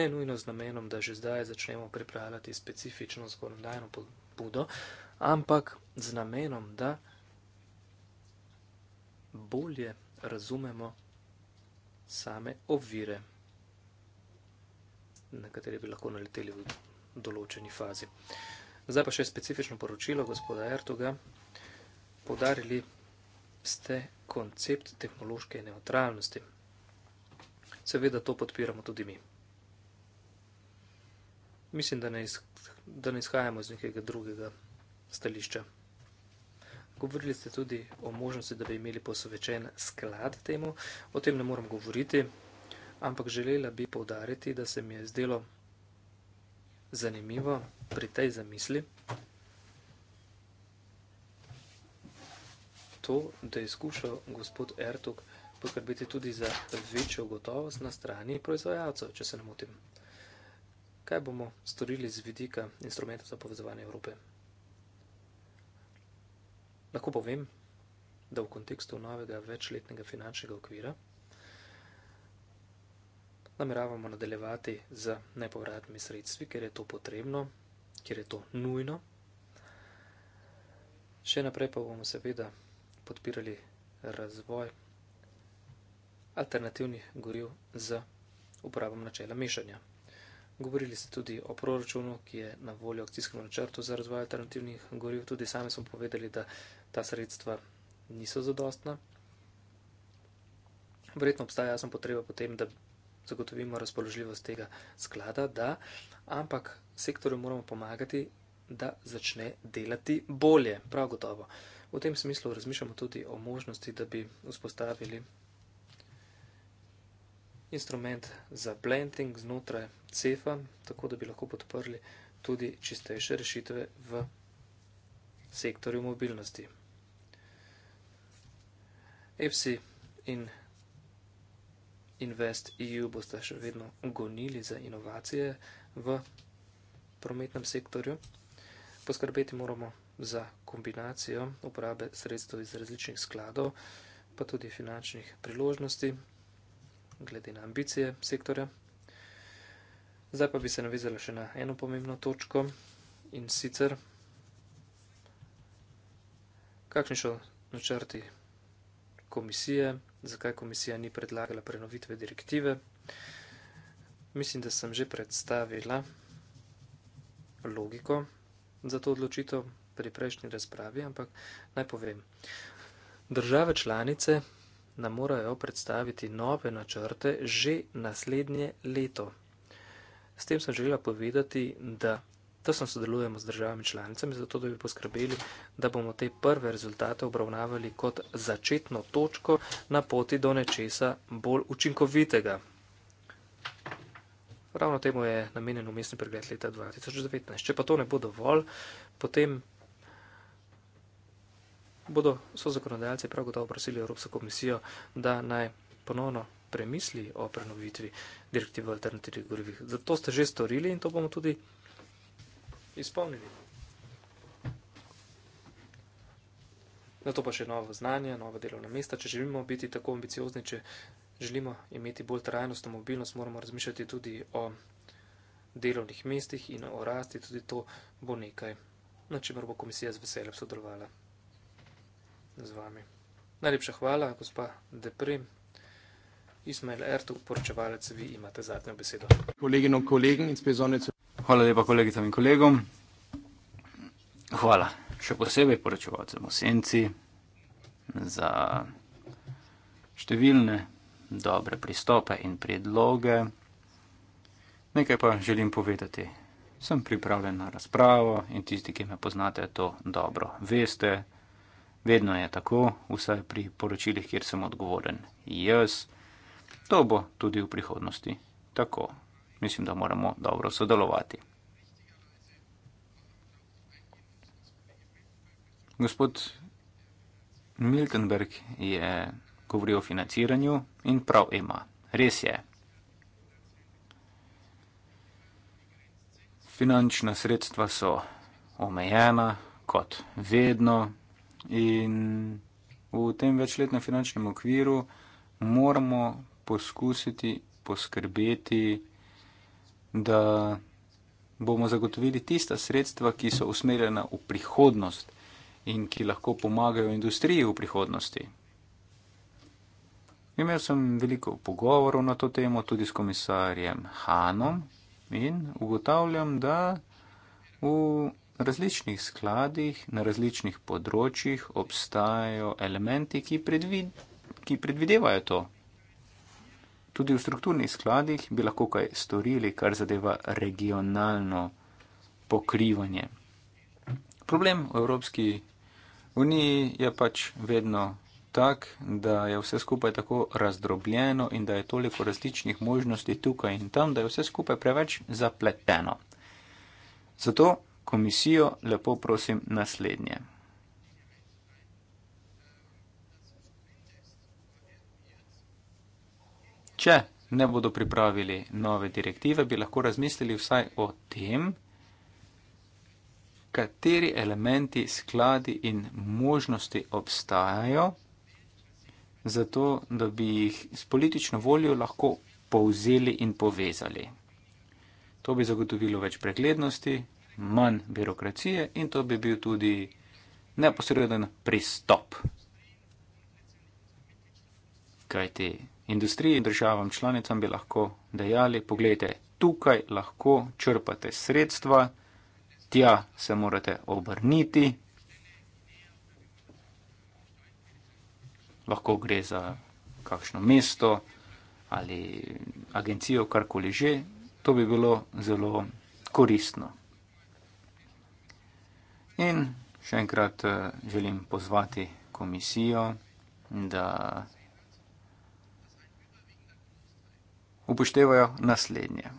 ne nujno z namenom, da že zdaj začnemo pripravljati specifično zakonodajno pobudo, ampak z namenom, da bolje razumemo same ovire, na katere bi lahko naleteli v določeni fazi. Zdaj pa še specifično poročilo gospoda Ertoga. Podarili ste koncept tehnološke neutralnosti. Seveda to podpiramo tudi mi. Mislim, da ne, iz, da ne izhajamo iz nekega drugega stališča. Govorili ste tudi o možnosti, da bi imeli posvečen sklad temu, o tem ne moram govoriti, ampak želela bi poudariti, da se mi je zdelo zanimivo pri tej zamisli, to, da je skušal gospod Ertug poskrbeti tudi za večjo gotovost na strani proizvajalcev, če se ne motim. Kaj bomo storili z vidika instrumenta za povezovanje Evrope? Lahko povem, da v kontekstu novega večletnega finančnega okvira nameravamo nadaljevati z nepovratnimi sredstvi, ker je to potrebno, ker je to nujno. Še naprej pa bomo seveda podpirali razvoj alternativnih goril z uporabom načela mešanja. Govorili ste tudi o proračunu, ki je na voljo akcijskemu načrtu za razvoj alternativnih goril. Tudi sami smo povedali, da ta sredstva niso zadostna. Verjetno obstaja jasna potreba potem, da zagotovimo razpoložljivost tega sklada, da, ampak sektorju moramo pomagati, da začne delati bolje, prav gotovo. Uh, V tem smislu razmišljamo tudi o možnosti, da bi vzpostavili instrument za planting znotraj CEFA, tako da bi lahko podprli tudi čistejše rešitve v sektorju mobilnosti. EPSI in Invest EU boste še vedno gonili za inovacije v prometnem sektorju. Poskrbeti moramo za kombinacijo uporabe sredstev iz različnih skladov, pa tudi finančnih priložnosti, glede na ambicije sektorja. Zdaj pa bi se navezala še na eno pomembno točko in sicer, kakšni so načrti komisije, zakaj komisija ni predlagala prenovitve direktive. Mislim, da sem že predstavila logiko za to odločitev, pri prejšnji razpravi, ampak naj povem. Države članice nam morajo predstaviti nove načrte že naslednje leto. S tem sem želela povedati, da tesno sodelujemo z državami članicami, zato da bi poskrbeli, da bomo te prve rezultate obravnavali kot začetno točko na poti do nečesa bolj učinkovitega. Ravno temu je namenjen umestni pregled leta 2019. Če pa to ne bo dovolj, potem bodo so zakonodajalci prav gotovo prosili Evropsko komisijo, da naj ponovno premisli o prenovitvi direktive alternativnih gorivih. Zato ste že storili in to bomo tudi izpolnili. Na to pa še novo znanje, nova delovna mesta. Če želimo biti tako ambiciozni, če želimo imeti bolj trajnostno mobilnost, moramo razmišljati tudi o delovnih mestih in o rasti. Tudi to bo nekaj, na čemer bo komisija z veseljem sodelovala z vami. Najlepša hvala, gospa Deprim. Ismail Ertu, poročevalec, vi imate zadnjo besedo. Koleginom, kolegin in spezonecu. Hvala lepa kolegicam in kolegom. Hvala še posebej poročevalcem v Senci za številne dobre pristope in predloge. Nekaj pa želim povedati. Sem pripravljen na razpravo in tisti, ki me poznate, to dobro veste. Vedno je tako, vsaj pri poročilih, kjer sem odgovoren. Jaz. To bo tudi v prihodnosti tako. Mislim, da moramo dobro sodelovati. Gospod Miltenberg je govoril o financiranju in prav ima. Res je. Finančna sredstva so omejena, kot vedno, In v tem večletnem finančnem okviru moramo poskusiti poskrbeti, da bomo zagotovili tista sredstva, ki so usmerjena v prihodnost in ki lahko pomagajo industriji v prihodnosti. Imel sem veliko pogovorov na to temo tudi s komisarjem Hanom in ugotavljam, da v Na različnih skladih, na različnih področjih obstajajo elementi, ki, predvid, ki predvidevajo to. Tudi v strukturnih skladih bi lahko kaj storili, kar zadeva regionalno pokrivanje. Problem v Evropski uniji je pač vedno tak, da je vse skupaj tako razdrobljeno in da je toliko različnih možnosti tukaj in tam, da je vse skupaj preveč zapleteno. Zato komisijo, lepo prosim naslednje. Če ne bodo pripravili nove direktive, bi lahko razmislili vsaj o tem, kateri elementi, skladi in možnosti obstajajo, zato da bi jih s politično voljo lahko povzeli in povezali. To bi zagotovilo več preglednosti, manj birokracije in to bi bil tudi neposreden pristop. Kaj ti industriji in državam članicam bi lahko dejali, pogledajte, tukaj lahko črpate sredstva, tja se morate obrniti, lahko gre za kakšno mesto ali agencijo, karkoli že, to bi bilo zelo koristno. In še enkrat eh, želim pozvati komisijo, da upoštevajo naslednje.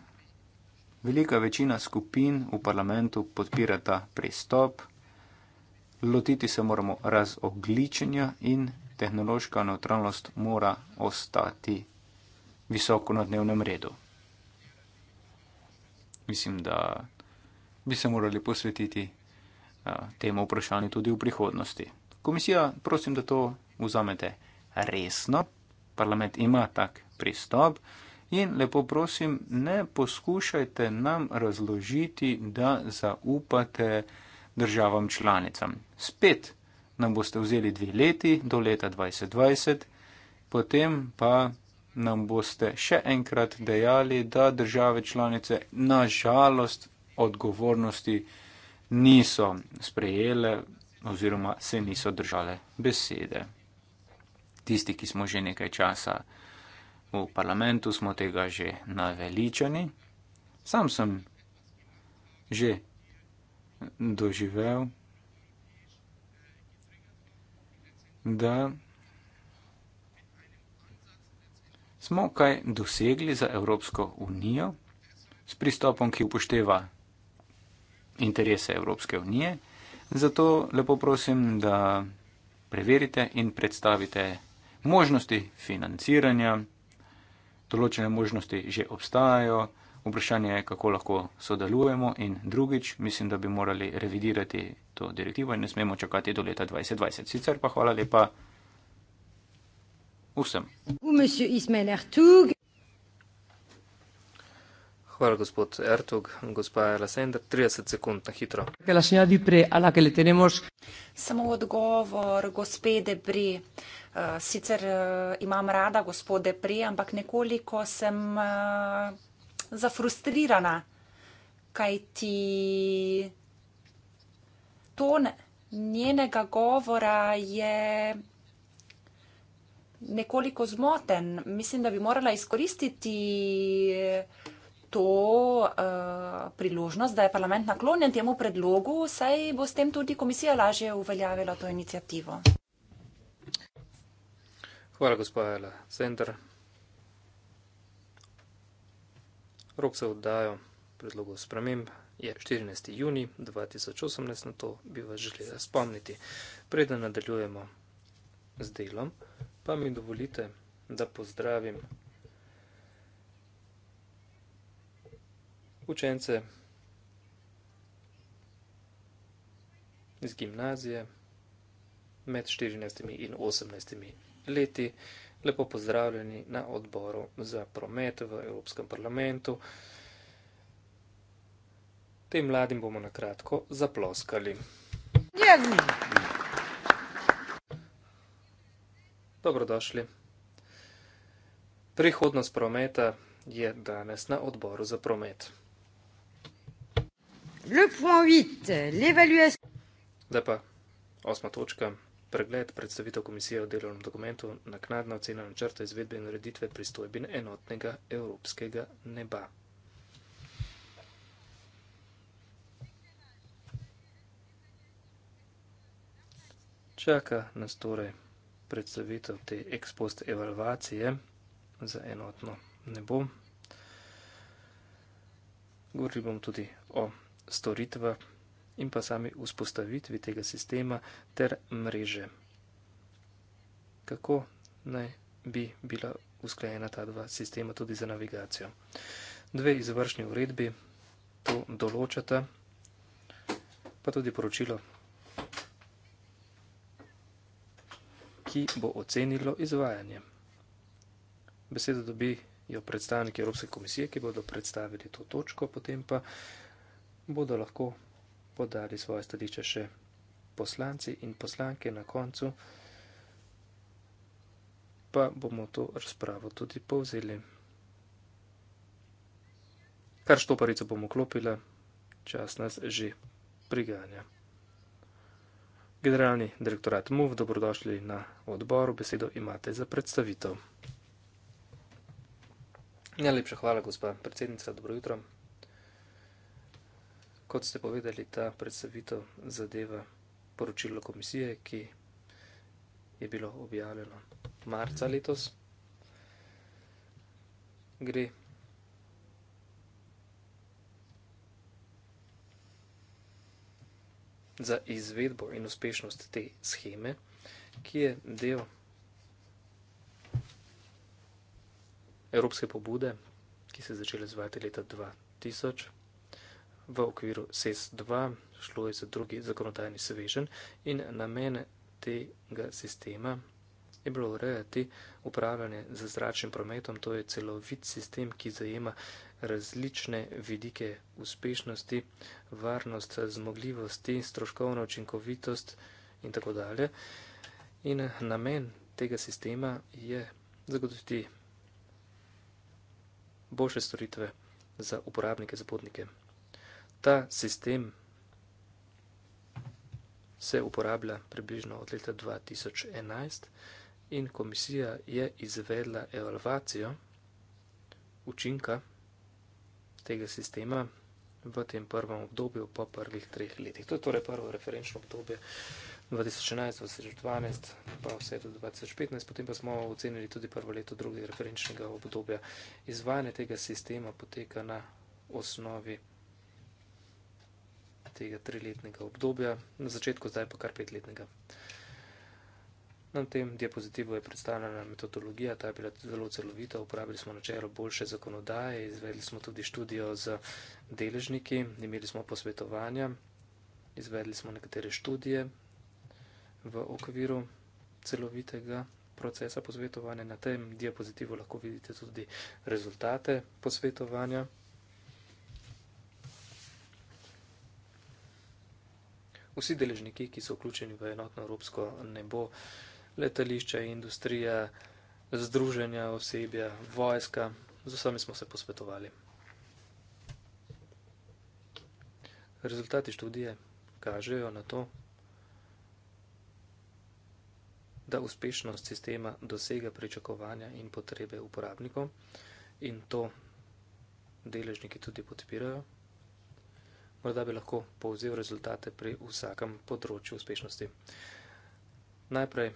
Velika večina skupin v parlamentu podpira ta pristop. Lotiti se moramo razogličenja in tehnološka neutralnost mora ostati visoko na dnevnem redu. Mislim, da bi se morali posvetiti Eh, temu vprašanju tudi v prihodnosti. Komisija, prosim, da to vzamete resno, parlament ima tak pristop in lepo prosim, ne poskušajte nam razložiti, da zaupate državam članicam. Spet nam boste vzeli dve leti do leta 2020, potem pa nam boste še enkrat dejali, da države članice na žalost odgovornosti niso sprejele oziroma se niso držale besede. Tisti, ki smo že nekaj časa v parlamentu, smo tega že naveličani. Sam sem že doživel, da smo kaj dosegli za Evropsko unijo s pristopom, ki upošteva interese Evropske unije. Zato lepo prosim, da preverite in predstavite možnosti financiranja. Določene možnosti že obstajajo. Vprašanje je, kako lahko sodelujemo in drugič, mislim, da bi morali revidirati to direktivo in ne smemo čakati do leta 2020. Sicer pa hvala lepa vsem. Hvala, gospod Ertug. Gospa Lasender, 30 sekund na hitro. Samo odgovor, gospode Bri. Eh, sicer eh, imam rada gospode Bri, ampak nekoliko sem eh, zafrustrirana, kaj ti ton njenega govora je nekoliko zmoten. Mislim, da bi morala izkoristiti to uh, priložnost, da je parlament naklonjen temu predlogu, saj bo s tem tudi komisija lažje uveljavila to inicijativo. Hvala, gospod Ela. Center. Rok se oddajo predlogu sprememb je 14. juni 2018, na to bi vas želela spomniti. Preden nadaljujemo z delom, pa mi dovolite, da pozdravim učence iz gimnazije med 14 in 18 leti. Lepo pozdravljeni na odboru za promet v Evropskem parlamentu. Tem mladim bomo nakratko zaploskali. Jezni! Dobrodošli. Prihodnost prometa je danes na odboru za promet. Le point 8, l'évaluation. Zdaj pa osma točka, pregled predstavitev komisije o delovnem dokumentu, naknadna ocena načrta izvedbe in ureditve pristojbin enotnega evropskega neba. Čaka nas torej predstavitev te ex post evalvacije za enotno nebo. Govorili bomo tudi o storitvah in pa sami vzpostavitvi tega sistema ter mreže. Kako naj bi bila usklajena ta dva sistema tudi za navigacijo? Dve izvršni uredbi to določata, pa tudi poročilo, ki bo ocenilo izvajanje. Besedo dobijo predstavniki Evropske komisije, ki bodo predstavili to točko, potem pa bodo lahko podali svoje stališče še poslanci in poslanke na koncu, pa bomo to razpravo tudi povzeli. Kar štoparico bomo klopila, čas nas že priganja. Generalni direktorat MUV, dobrodošli na odboru, besedo imate za predstavitev. Najlepša hvala, gospa predsednica, dobro jutro kot ste povedali, ta predstavitev zadeva poročilo komisije, ki je bilo objavljeno marca letos. Gre. Za izvedbo in uspešnost te scheme, ki je del Evropske pobude, ki se je začela izvajati leta 2000 v okviru SES-2, šlo je za drugi zakonodajni svežen in namen tega sistema je bilo urejati upravljanje z zračnim prometom, to je celovit sistem, ki zajema različne vidike uspešnosti, varnost, zmogljivosti, stroškovno učinkovitost in tako dalje. In namen tega sistema je zagotoviti boljše storitve za uporabnike, za potnike ta sistem se uporablja približno od leta 2011 in komisija je izvedla evalvacijo učinka tega sistema v tem prvem obdobju po prvih treh letih. To je torej prvo referenčno obdobje 2011, 2012, pa vse do 2015. Potem pa smo ocenili tudi prvo leto drugega referenčnega obdobja. Izvajanje tega sistema poteka na osnovi tega triletnega obdobja, na začetku zdaj pa kar petletnega. Na tem diapozitivu je predstavljena metodologija, ta je bila zelo celovita, uporabili smo načelo boljše zakonodaje, izvedli smo tudi študijo z deležniki, imeli smo posvetovanja, izvedli smo nekatere študije v okviru celovitega procesa posvetovanja. Na tem diapozitivu lahko vidite tudi rezultate posvetovanja. vsi deležniki, ki so vključeni v enotno evropsko nebo, letališče, industrija, združenja osebja, vojska, z vsemi smo se posvetovali. Rezultati študije kažejo na to, da uspešnost sistema dosega pričakovanja in potrebe uporabnikov in to deležniki tudi podpirajo morda bi lahko povzel rezultate pri vsakem področju uspešnosti. Najprej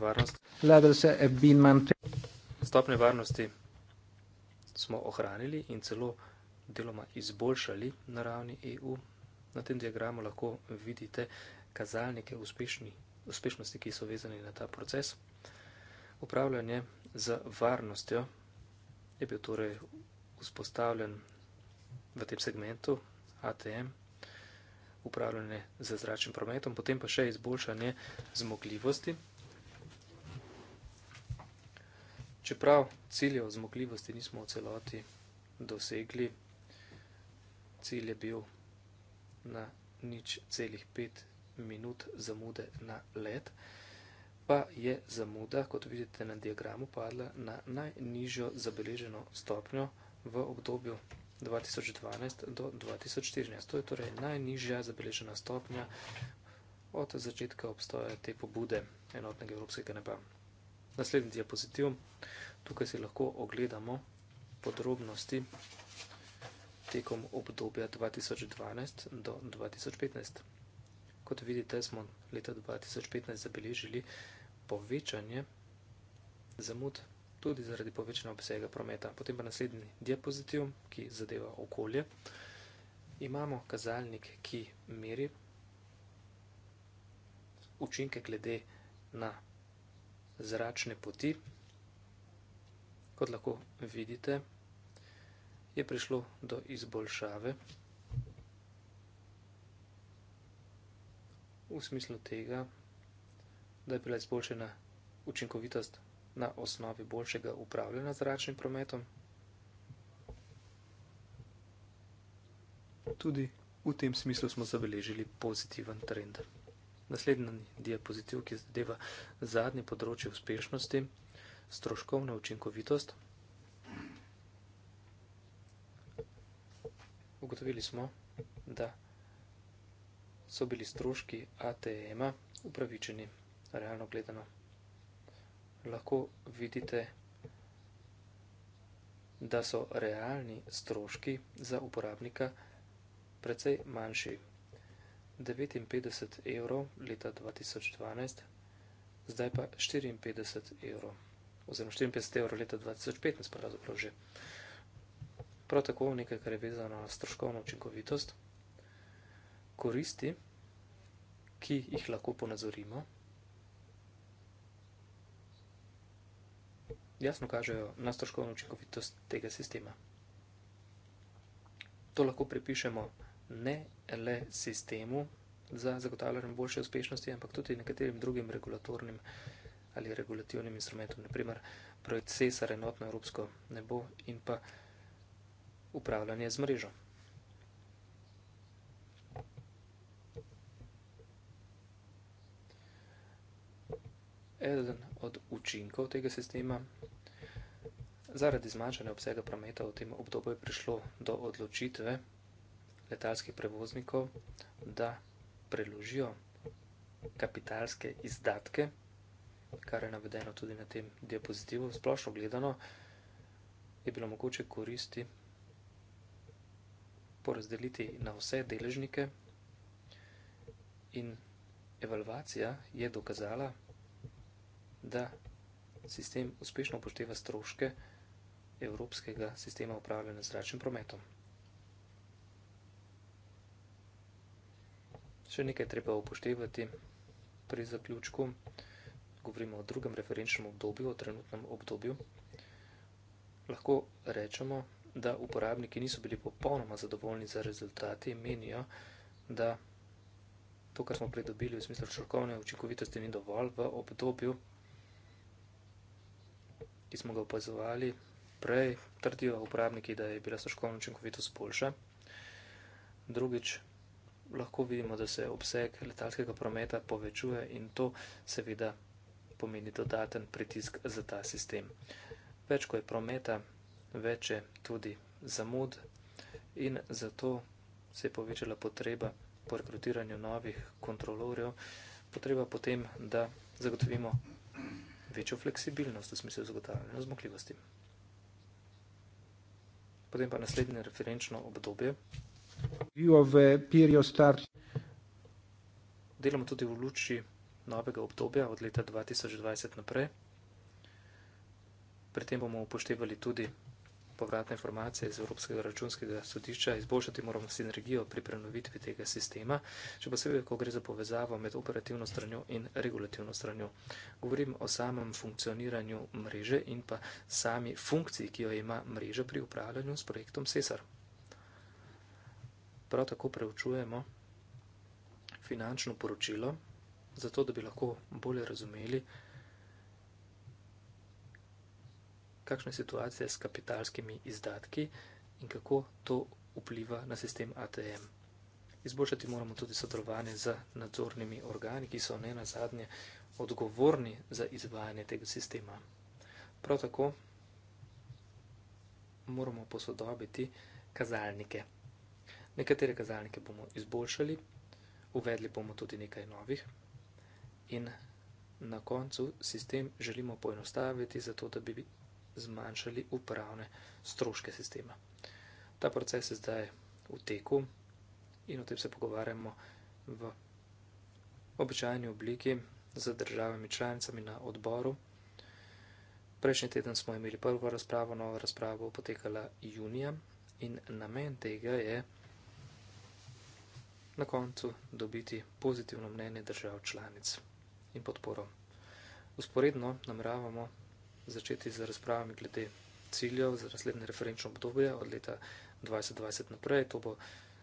varnost. Stopne varnosti smo ohranili in celo deloma izboljšali na ravni EU. Na tem diagramu lahko vidite kazalnike uspešni, uspešnosti, ki so vezani na ta proces. Upravljanje z varnostjo je bil torej vzpostavljen v tem segmentu ATM, upravljanje z zračnim prometom, potem pa še izboljšanje zmogljivosti. Čeprav ciljev zmogljivosti nismo v celoti dosegli, cilj je bil na nič celih pet minut zamude na let, pa je zamuda, kot vidite na diagramu, padla na najnižjo zabeleženo stopnjo v obdobju 2012 do 2014. To je torej najnižja zabeležena stopnja od začetka obstoja te pobude enotnega evropskega neba. Naslednji diapozitiv, tukaj si lahko ogledamo podrobnosti tekom obdobja 2012 do 2015. Kot vidite, smo leta 2015 zabeležili povečanje zamud tudi zaradi povečanja obsega prometa. Potem pa naslednji diapozitiv, ki zadeva okolje. Imamo kazalnik, ki meri učinke glede na zračne poti. Kot lahko vidite, je prišlo do izboljšave v smislu tega, da je bila izboljšena učinkovitost na osnovi boljšega upravljanja zračnim prometom? Tudi v tem smislu smo zabeležili pozitiven trend. Naslednji diapozitiv, ki zadeva zadnje področje uspešnosti, stroškovna učinkovitost. Ugotovili smo, da so bili stroški ATM-a e upravičeni, realno gledano, lahko vidite, da so realni stroški za uporabnika precej manjši. 59 evrov leta 2012, zdaj pa 54 evrov, oziroma 54 evrov leta 2015, pravzaprav že. Prav tako nekaj, kar je vezano na stroškovno učinkovitost, koristi, ki jih lahko ponazorimo. jasno kažejo na stroškovno učinkovitost tega sistema. To lahko prepišemo ne le sistemu za zagotavljanje boljše uspešnosti, ampak tudi nekaterim drugim regulatornim ali regulativnim instrumentom, naprimer procesar enotno evropsko nebo in pa upravljanje z mrežo. Eden od učinkov tega sistema. Zaradi zmanjšanja obsega prometa v tem obdobju je prišlo do odločitve letalskih prevoznikov, da preložijo kapitalske izdatke, kar je navedeno tudi na tem diapozitivu. Splošno gledano je bilo mogoče koristi porazdeliti na vse deležnike in evalvacija je dokazala, da sistem uspešno upošteva stroške evropskega sistema upravljanja zračnim prometom. Še nekaj treba upoštevati pri zaključku. Govorimo o drugem referenčnem obdobju, o trenutnem obdobju. Lahko rečemo, da uporabniki niso bili popolnoma zadovoljni za rezultati in menijo, da to, kar smo pridobili v smislu črkovne učinkovitosti, ni dovolj v obdobju ki smo ga opazovali prej, trdijo uporabniki, da je bila stroškovna učinkovitost boljša. Drugič, lahko vidimo, da se obseg letalskega prometa povečuje in to seveda pomeni dodaten pritisk za ta sistem. Več ko je prometa, več je tudi zamud in zato se je povečala potreba po rekrutiranju novih kontrolorjev, potreba potem, da zagotovimo večjo fleksibilnost v smislu zagotavljanja zmogljivosti. Potem pa naslednje referenčno obdobje. Delamo tudi v luči novega obdobja od leta 2020 naprej. Pri tem bomo upoštevali tudi povratne informacije iz Evropskega računskega sodišča, izboljšati moramo sinergijo pri prenovitvi tega sistema, še posebej, ko gre za povezavo med operativno stranjo in regulativno stranjo. Govorim o samem funkcioniranju mreže in pa sami funkciji, ki jo ima mreža pri upravljanju s projektom SESAR. Prav tako preučujemo finančno poročilo, zato da bi lahko bolje razumeli, kakšna je situacija s kapitalskimi izdatki in kako to vpliva na sistem ATM. Izboljšati moramo tudi sodelovanje z nadzornimi organi, ki so ne na zadnje odgovorni za izvajanje tega sistema. Prav tako moramo posodobiti kazalnike. Nekatere kazalnike bomo izboljšali, uvedli bomo tudi nekaj novih in na koncu sistem želimo poenostaviti, zato da bi zmanjšali upravne stroške sistema. Ta proces je zdaj v teku in o tem se pogovarjamo v običajni obliki z državami članicami na odboru. Prejšnji teden smo imeli prvo razpravo, nova razprava bo potekala junija in namen tega je na koncu dobiti pozitivno mnenje držav članic in podporo. Usporedno nameravamo začeti z razpravami glede ciljev za naslednje referenčno obdobje od leta 2020 naprej. To bo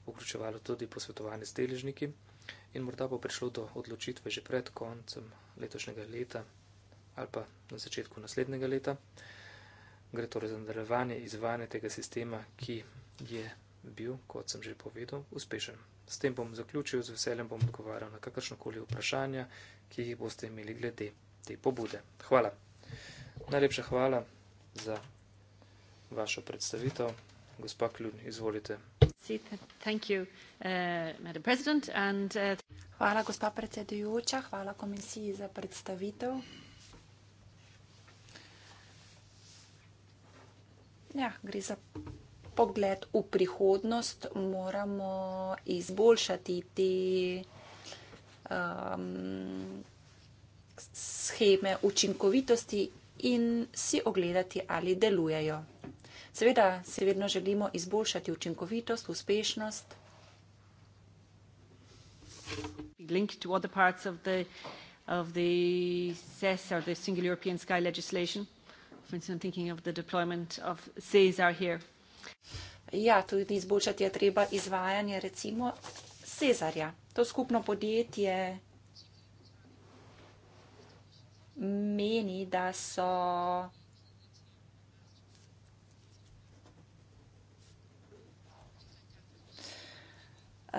vključevalo tudi posvetovanje s deležniki in morda bo prišlo do odločitve že pred koncem letošnjega leta ali pa na začetku naslednjega leta. Gre torej za nadaljevanje izvajanja tega sistema, ki je bil, kot sem že povedal, uspešen. S tem bom zaključil, z veseljem bom odgovarjal na kakršnokoli vprašanja, ki jih boste imeli glede te pobude. Hvala. Najlepša hvala za vašo predstavitev. Gospa Kljun, izvolite. Uh, uh, hvala, gospa predsedujoča, hvala komisiji za predstavitev. Ja, gre za pogled v prihodnost. Moramo izboljšati te um, scheme učinkovitosti, in si ogledati, ali delujejo. Seveda se vedno želimo izboljšati učinkovitost, uspešnost. Link to other parts of the, of the CES or the Single European Sky Legislation. For instance, I'm thinking of the deployment of CESAR here. Ja, tudi izboljšati je treba izvajanje recimo CESARja. To skupno podjetje meni, da so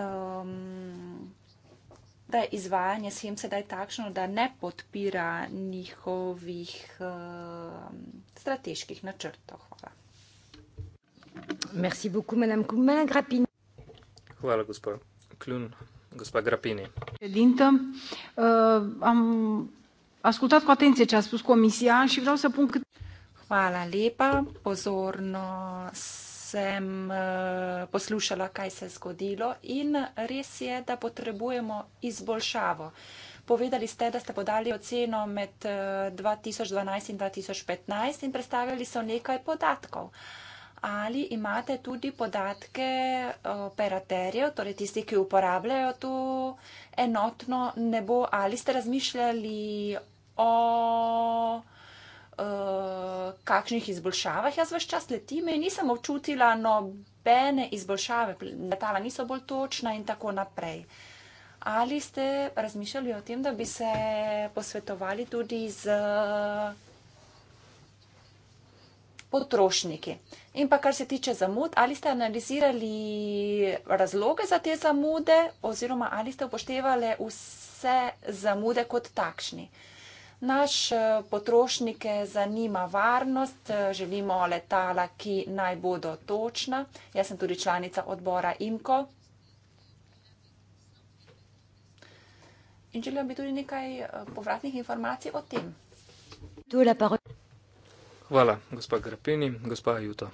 um, da je izvajanje shem sedaj takšno, da ne podpira njihovih um, strateških načrtov. Hvala. Merci beaucoup, madame Kumena Grapini. Hvala, gospod Klun, gospod Grapini. Linto, uh, eh, um, ascultat cu atenție ce a spus Comisia și vreau să pun cât... Hvala lepa, pozorno sem eh, poslušala, kaj se je zgodilo in res je, da potrebujemo izboljšavo. Povedali ste, da ste podali oceno med 2012 eh, in 2015 in predstavili so nekaj podatkov. Ali imate tudi podatke eh, operaterjev, torej tisti, ki uporabljajo to enotno nebo, ali ste razmišljali o uh, kakšnih izboljšavah jaz veš čas letim in nisem občutila nobene izboljšave, letala niso bolj točna in tako naprej. Ali ste razmišljali o tem, da bi se posvetovali tudi z eh, potrošniki? In pa kar se tiče zamud, ali ste analizirali razloge za te zamude oziroma ali ste upoštevali vse zamude kot takšni? Uh, Naš eh, potrošnike zanima varnost, eh, želimo letala, ki naj bodo točna. Jaz sem tudi članica odbora IMKO. In želim bi tudi nekaj eh, povratnih informacij o tem. Hvala, gospa Grapini, gospa Juto.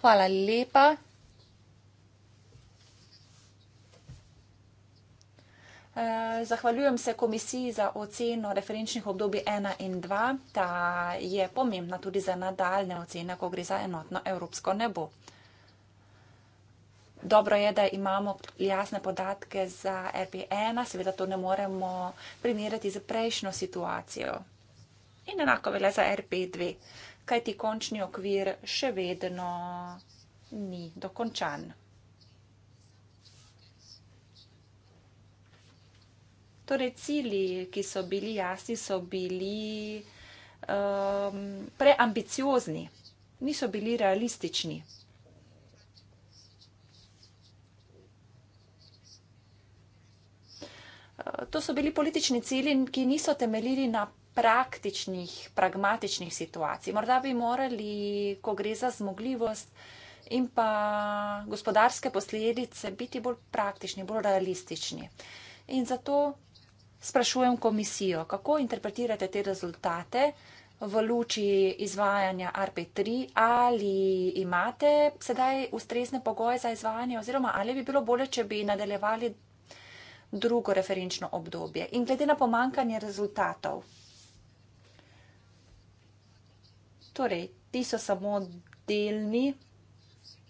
Hvala lepa Zahvaljujem se komisiji za oceno referenčnih obdobij 1 in 2. Ta je pomembna tudi za nadaljne ocene, ko gre za enotno evropsko nebo. Dobro je, da imamo jasne podatke za RP1, seveda to ne moremo primerjati z prejšnjo situacijo. In enako velja za RP2, kajti končni okvir še vedno ni dokončan. Torej, cilji, ki so bili jasni, so bili um, preambiciozni, niso bili realistični. Uh, to so bili politični cilji, ki niso temeljili na praktičnih, pragmatičnih situacij. Morda bi morali, ko gre za zmogljivost in pa gospodarske posledice, biti bolj praktični, bolj realistični. In zato sprašujem komisijo, kako interpretirate te rezultate v luči izvajanja RP3, ali imate sedaj ustrezne pogoje za izvajanje oziroma ali bi bilo bolje, če bi nadaljevali drugo referenčno obdobje. In glede na pomankanje rezultatov, torej, ti so samo delni,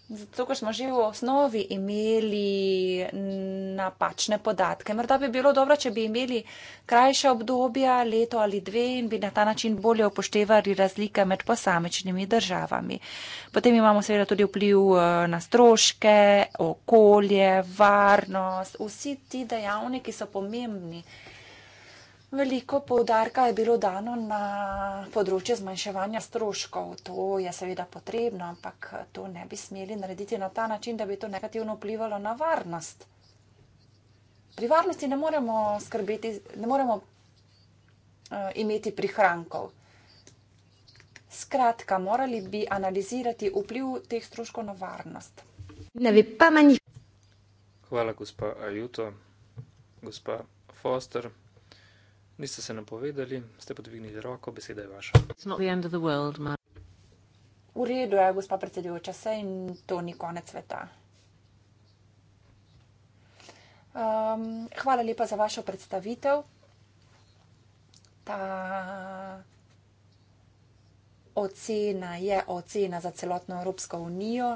zato ker smo že v osnovi imeli. N, napačne podatke. Morda bi bilo dobro, če bi imeli krajše obdobja, leto ali dve in bi na ta način bolje upoštevali razlike med posamečnimi državami. Potem imamo seveda tudi vpliv eh, na stroške, okolje, varnost, vsi ti dejavniki so pomembni. Veliko povdarka je bilo dano na področje zmanjševanja stroškov. To je seveda potrebno, ampak to ne bi smeli narediti na ta način, da bi to negativno vplivalo na varnost pri varnosti ne moremo skrbeti, ne moremo uh, imeti prihrankov. Skratka, morali bi analizirati vpliv teh stroškov na varnost. Ne bi pa manj. Hvala, gospa Ajuto, gospa Foster. Niste se napovedali, ste podvignili roko, beseda je vaša. World, v redu je, ja, gospa predsedujoča, saj to ni konec sveta. Um, hvala lepa za vašo predstavitev. Ta ocena je ocena za celotno Evropsko unijo.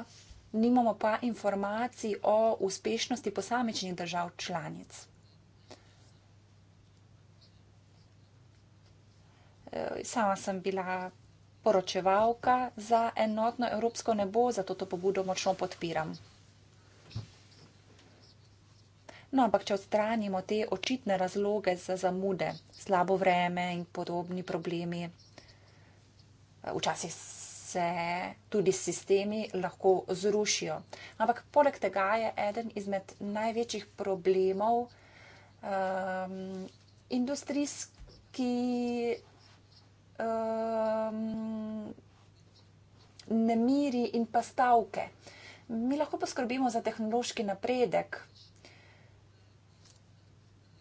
Nimamo pa informacij o uspešnosti posamečnih držav članic. Eh, sama sem bila poročevalka za enotno evropsko nebo, zato to pobudo močno podpiram. No, ampak če odstranimo te očitne razloge za zamude, slabo vreme in podobni problemi, eh, včasih se tudi sistemi lahko zrušijo. Ampak poleg tega je eden izmed največjih problemov um, industrijski um, nemiri in pa stavke. Mi lahko poskrbimo za tehnološki napredek,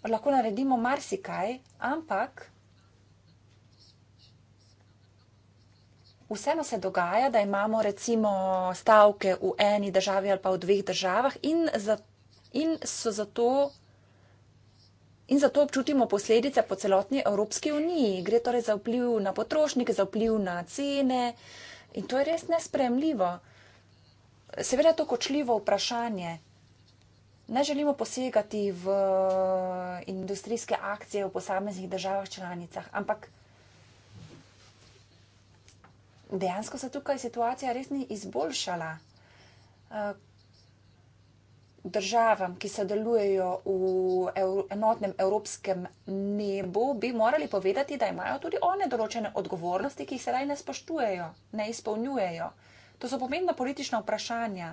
lahko naredimo marsikaj, ampak vseeno se dogaja, da imamo recimo stavke v eni državi ali pa v dveh državah in, za, in so zato. In zato občutimo posledice po celotni Evropski uniji. Gre torej za vpliv na potrošnike, za vpliv na cene in to je res nespremljivo. Seveda je to kočljivo vprašanje, ne želimo posegati v eh, industrijske akcije v posameznih državah članicah, ampak dejansko se tukaj situacija res ni izboljšala. Eh, državam, ki sodelujejo v enotnem evropskem nebu, bi morali povedati, da imajo tudi one določene odgovornosti, ki jih sedaj ne spoštujejo, ne izpolnjujejo. To so pomembna politična vprašanja.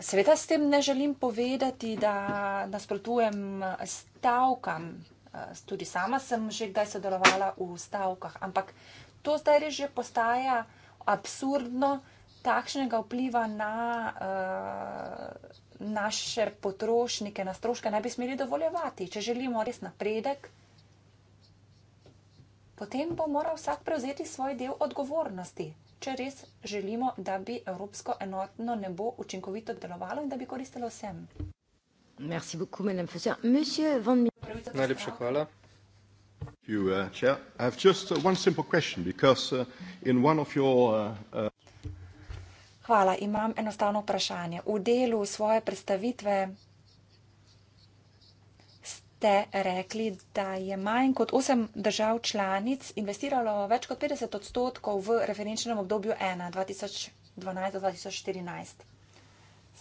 Sveda s tem ne želim povedati, da nasprotujem stavkam. Tudi sama sem že kdaj sodelovala v stavkah, ampak to zdaj res že postaja absurdno takšnega vpliva na uh, naše potrošnike, na stroške ne bi smeli dovoljevati. Če želimo res napredek, uh, potem bo moral vsak prevzeti svoj del odgovornosti, če res želimo, da bi evropsko enotno nebo učinkovito delovalo in da bi koristilo vsem. Najlepša hvala. You, uh, chair. I have just uh, one simple question because uh, in one of your. Uh, uh... Hvala, imam enostavno vprašanje. V delu svoje predstavitve ste rekli, da je manj kot osem držav članic investiralo več kot 50 odstotkov v referenčnem obdobju 1, 2012-2014.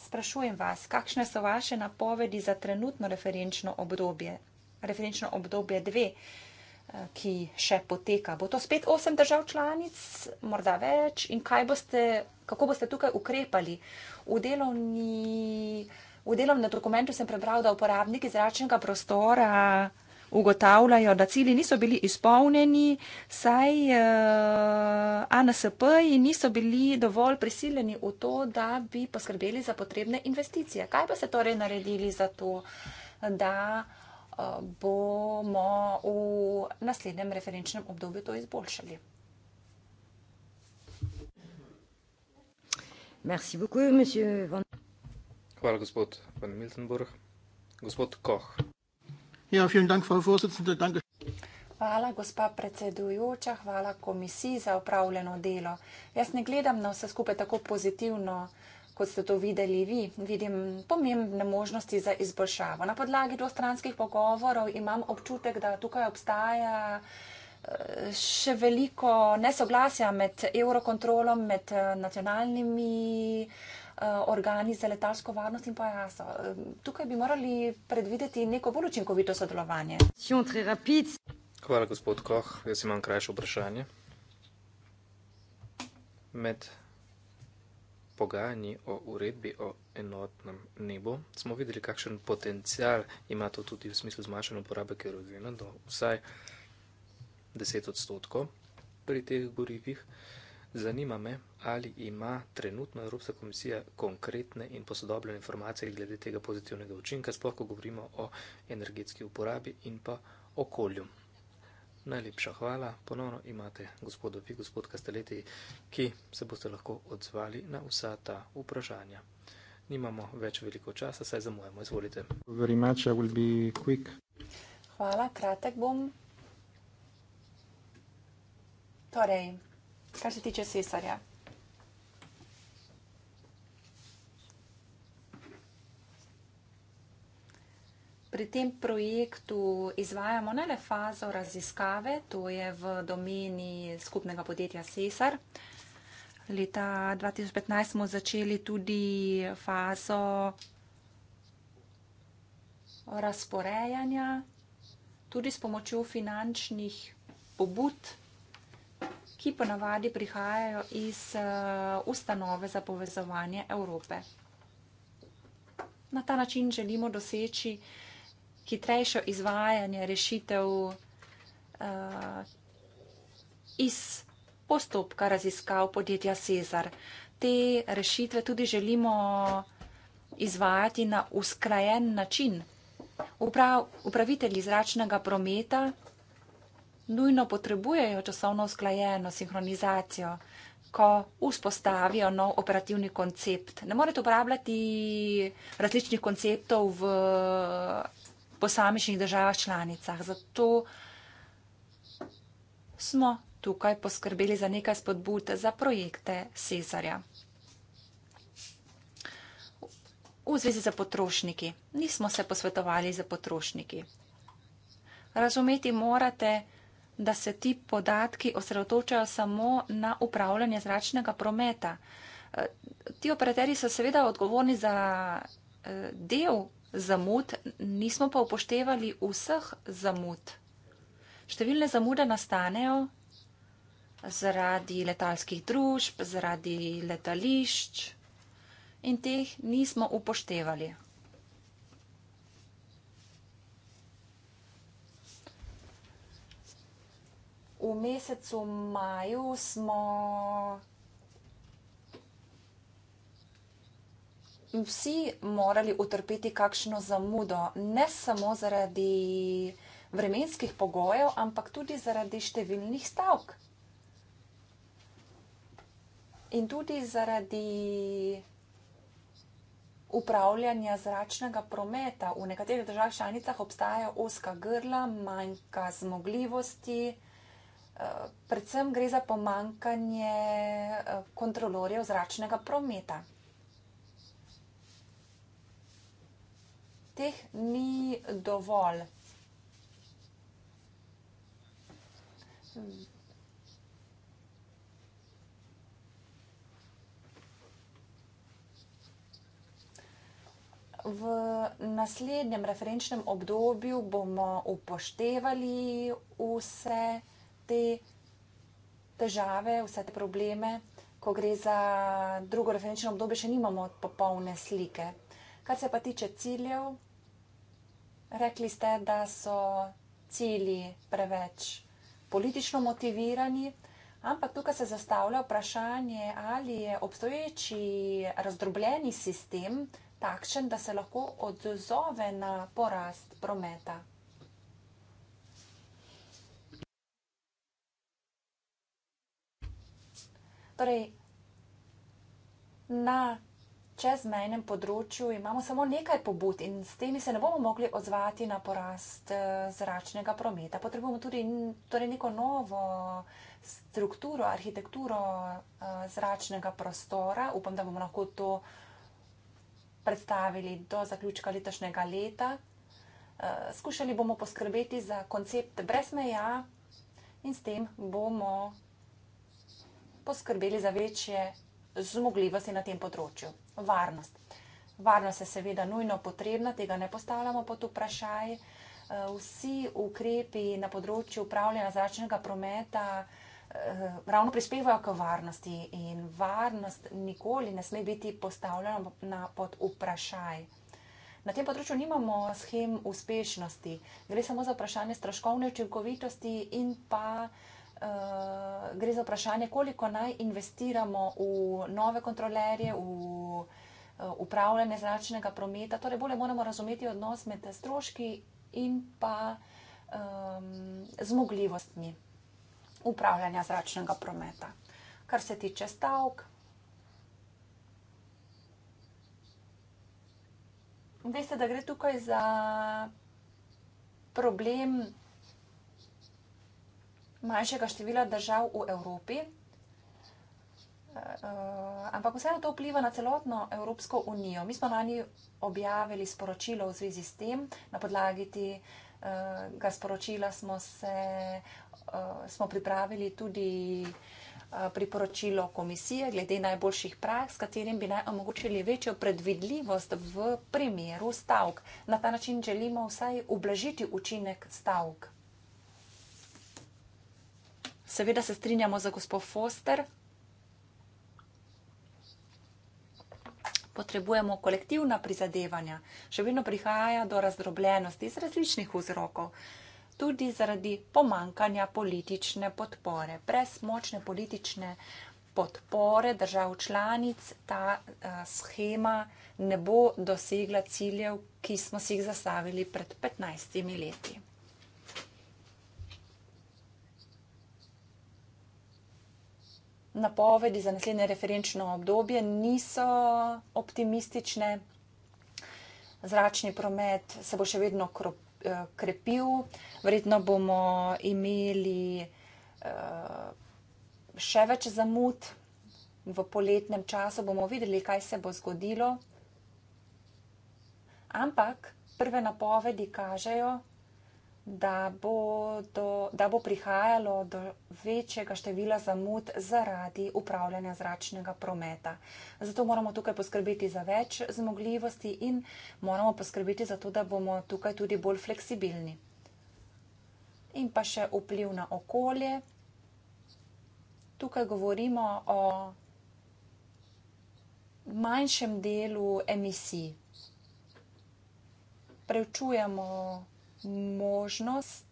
Sprašujem vas, kakšne so vaše napovedi za trenutno referenčno obdobje, referenčno obdobje 2, eh, ki še poteka? Bo to spet osem držav članic, morda več? In boste, kako boste tukaj ukrepali v delovni. V delovnem dokumentu sem prebral, da uporabniki zračnega prostora eh, ugotavljajo, da cilji niso bili izpolnjeni, saj uh, eh, ANSP-ji niso bili dovolj prisiljeni v to, da bi poskrbeli za potrebne investicije. Kaj pa se torej naredili za to, da uh, bomo v naslednjem referenčnem obdobju to izboljšali? Merci beaucoup, monsieur Van Hvala, gospod van Miltenburg. Gospod Koch. Ja, vielen Dank, Frau Vorsitzende. Danke. Hvala, gospa predsedujoča, hvala komisiji za upravljeno delo. Jaz ne gledam na vse skupaj tako pozitivno, kot ste to videli vi. Vidim pomembne možnosti za izboljšavo. Na podlagi dvostranskih pogovorov imam občutek, da tukaj obstaja eh, še veliko nesoglasja med eurokontrolom, med eh, nacionalnimi uh, Eh, organi za letalsko varnost in pa jaso. Eh, tukaj bi morali predvideti neko bolj učinkovito sodelovanje. Hvala, gospod Koh. Jaz imam krajše vprašanje. Med pogajanji o uredbi o enotnem nebu smo videli, kakšen potencial ima to tudi v smislu zmanjšanja uporabe kerozina do vsaj 10 odstotkov pri teh gorivih. Zanima me, ali ima trenutno Evropska komisija konkretne in posodobljene informacije glede tega pozitivnega učinka, sploh ko govorimo o energetski uporabi in pa okolju. Najlepša hvala. Ponovno imate gospodo vi, gospod Kasteleti, ki se boste lahko odzvali na vsa ta vprašanja. Nimamo več veliko časa, saj zamujemo. Izvolite. Much, hvala, kratek bom. Torej, kar se tiče cesarja. Pri tem projektu izvajamo ne le fazo raziskave, to je v domeni skupnega podjetja Cesar. Leta 2015 smo začeli tudi fazo razporejanja, tudi s pomočjo finančnih pobud ki ponavadi prihajajo iz uh, ustanove za povezovanje Evrope. Na ta način želimo doseči hitrejšo izvajanje rešitev uh, iz postopka raziskav podjetja Cezar. Te rešitve tudi želimo izvajati na uskrajen način. Uprav, upravitelji zračnega prometa nujno potrebujejo časovno usklajeno sinhronizacijo, ko vzpostavijo nov operativni koncept. Ne morete uporabljati različnih konceptov v posamičnih državah članicah. Zato smo tukaj poskrbeli za nekaj spodbud za projekte Cezarja. V zvezi za potrošniki. Nismo se posvetovali za potrošniki. Razumeti morate, da da se ti podatki osredotočajo samo na upravljanje zračnega prometa. E, ti operaterji so seveda odgovorni za e, del zamud, nismo pa upoštevali vseh zamud. Številne zamude nastanejo zaradi letalskih družb, zaradi letališč in teh nismo upoštevali. v mesecu maju smo vsi morali utrpeti kakšno zamudo, ne samo zaradi vremenskih pogojev, ampak tudi zaradi številnih stavk. In tudi zaradi upravljanja zračnega prometa. V nekaterih državah članicah obstajajo oska grla, manjka zmogljivosti predvsem gre za pomankanje eh, kontrolorjev zračnega prometa. Teh ni dovolj. V naslednjem referenčnem obdobju bomo upoštevali vse te težave, vse te probleme, ko gre za drugo referenčno obdobje, še nimamo popolne slike. Kar se pa tiče ciljev, rekli ste, da so cilji preveč politično motivirani, ampak tukaj se zastavlja vprašanje, ali je obstoječi razdrobljeni sistem takšen, da se lahko odzove na porast prometa. Torej, na čezmejnem področju imamo samo nekaj pobud in s temi se ne bomo mogli odzvati na porast eh, zračnega prometa. Potrebujemo tudi torej neko novo strukturo, arhitekturo eh, zračnega prostora. Upam, da bomo lahko to predstavili do zaključka letošnjega leta. Eh, skušali bomo poskrbeti za koncept brez meja in s tem bomo poskrbeli za večje zmogljivosti na tem področju. Varnost. Varnost je seveda nujno potrebna, tega ne postavljamo pod vprašaj. Eh, vsi ukrepi na področju upravljanja zračnega prometa eh, ravno prispevajo k varnosti in varnost nikoli ne sme biti postavljena pod vprašaj. Na tem področju nimamo schem uspešnosti, gre samo za vprašanje stroškovne učinkovitosti in pa Eh, gre za vprašanje, koliko naj investiramo v nove kontrolerje, v eh, upravljanje zračnega prometa. Torej, bolje moramo razumeti odnos med stroški in pa ehm, zmogljivostmi upravljanja zračnega prometa. Kar se tiče stavk, veste, da gre tukaj za problem zračnega prometa, manjšega števila držav v Evropi. Eh, eh, ampak vseeno to vpliva na celotno Evropsko unijo. Mi smo lani objavili sporočilo v zvezi s tem, na podlagi tega eh, sporočila smo, se, smo pripravili tudi priporočilo komisije glede najboljših prak, s katerim bi naj omogočili večjo predvidljivost v primeru stavk. Na ta način želimo vsaj ublažiti učinek stavk. Seveda se strinjamo za gospod Foster. Potrebujemo kolektivna prizadevanja. Še vedno prihaja do razdrobljenosti iz različnih vzrokov. Tudi zaradi pomankanja politične podpore. Brez močne politične podpore držav članic ta eh, schema ne bo dosegla ciljev, ki smo si jih zastavili pred 15 leti. napovedi za naslednje referenčno obdobje niso optimistične. Zračni promet se bo še vedno eh, krepil, verjetno bomo imeli eh, še več zamud v poletnem času, bomo videli, kaj se bo zgodilo. Ampak prve napovedi kažejo, da bo, do, da bo prihajalo do večjega števila zamud zaradi upravljanja zračnega prometa. Zato moramo tukaj poskrbeti za več zmogljivosti in moramo poskrbeti za to, da bomo tukaj tudi bolj fleksibilni. In pa še vpliv na okolje. Tukaj govorimo o manjšem delu emisij. Preučujemo možnost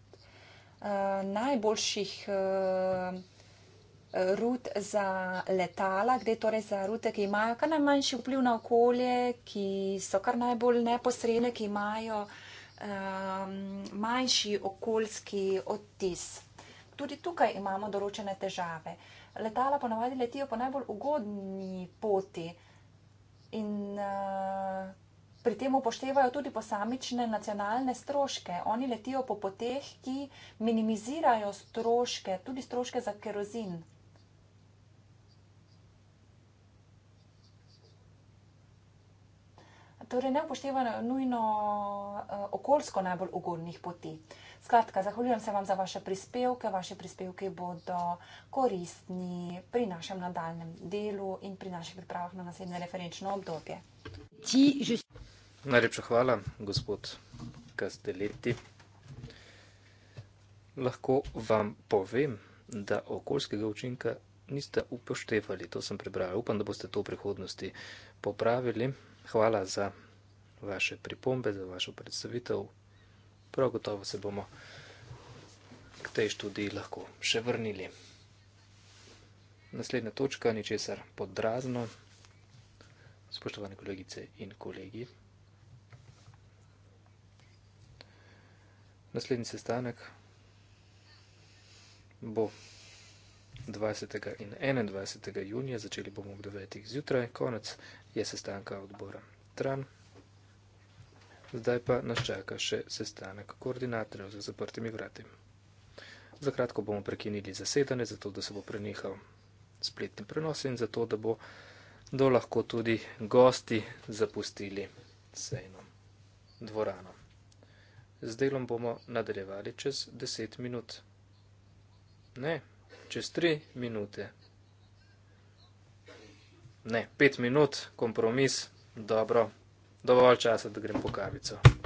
uh, najboljših uh, rut za letala, gre torej za rute, ki imajo kar najmanjši vpliv na okolje, ki so kar najbolj neposredne, ki imajo um, manjši okoljski odtis. Tudi tukaj imamo določene težave. Letala ponavadi letijo po najbolj ugodni poti in uh, pri tem upoštevajo tudi posamične nacionalne stroške. Oni letijo po poteh, ki minimizirajo stroške, tudi stroške za kerozin. Torej, ne upoštevajo nujno eh, okoljsko najbolj ugodnih poti. Skratka, zahvaljujem se vam za vaše prispevke. Vaše prispevke bodo koristni pri našem nadaljem delu in pri naših pripravah na naslednje referenčno obdobje. Najlepša hvala, gospod Kasteleti. Lahko vam povem, da okoljskega učinka niste upoštevali. To sem prebrala. Upam, da boste to v prihodnosti popravili. Hvala za vaše pripombe, za vašo predstavitev. Prav gotovo se bomo k tej študiji lahko še vrnili. Naslednja točka, ničesar podrazno spoštovane kolegice in kolegi. Naslednji sestanek bo 20. in 21. junija, začeli bomo ob 9. zjutraj, konec je sestanka odbora Tran. Zdaj pa nas čaka še sestanek koordinatorjev za zaprtimi vrati. Zakratko bomo prekinili zasedanje, zato da se bo prenehal spletni prenos in zato da bo prenehal do lahko tudi gosti zapustili sejno dvorano. Z delom bomo nadaljevali čez 10 minut. Ne, čez 3 minute. Ne, 5 minut, kompromis, dobro, dovolj časa, da grem po kavico.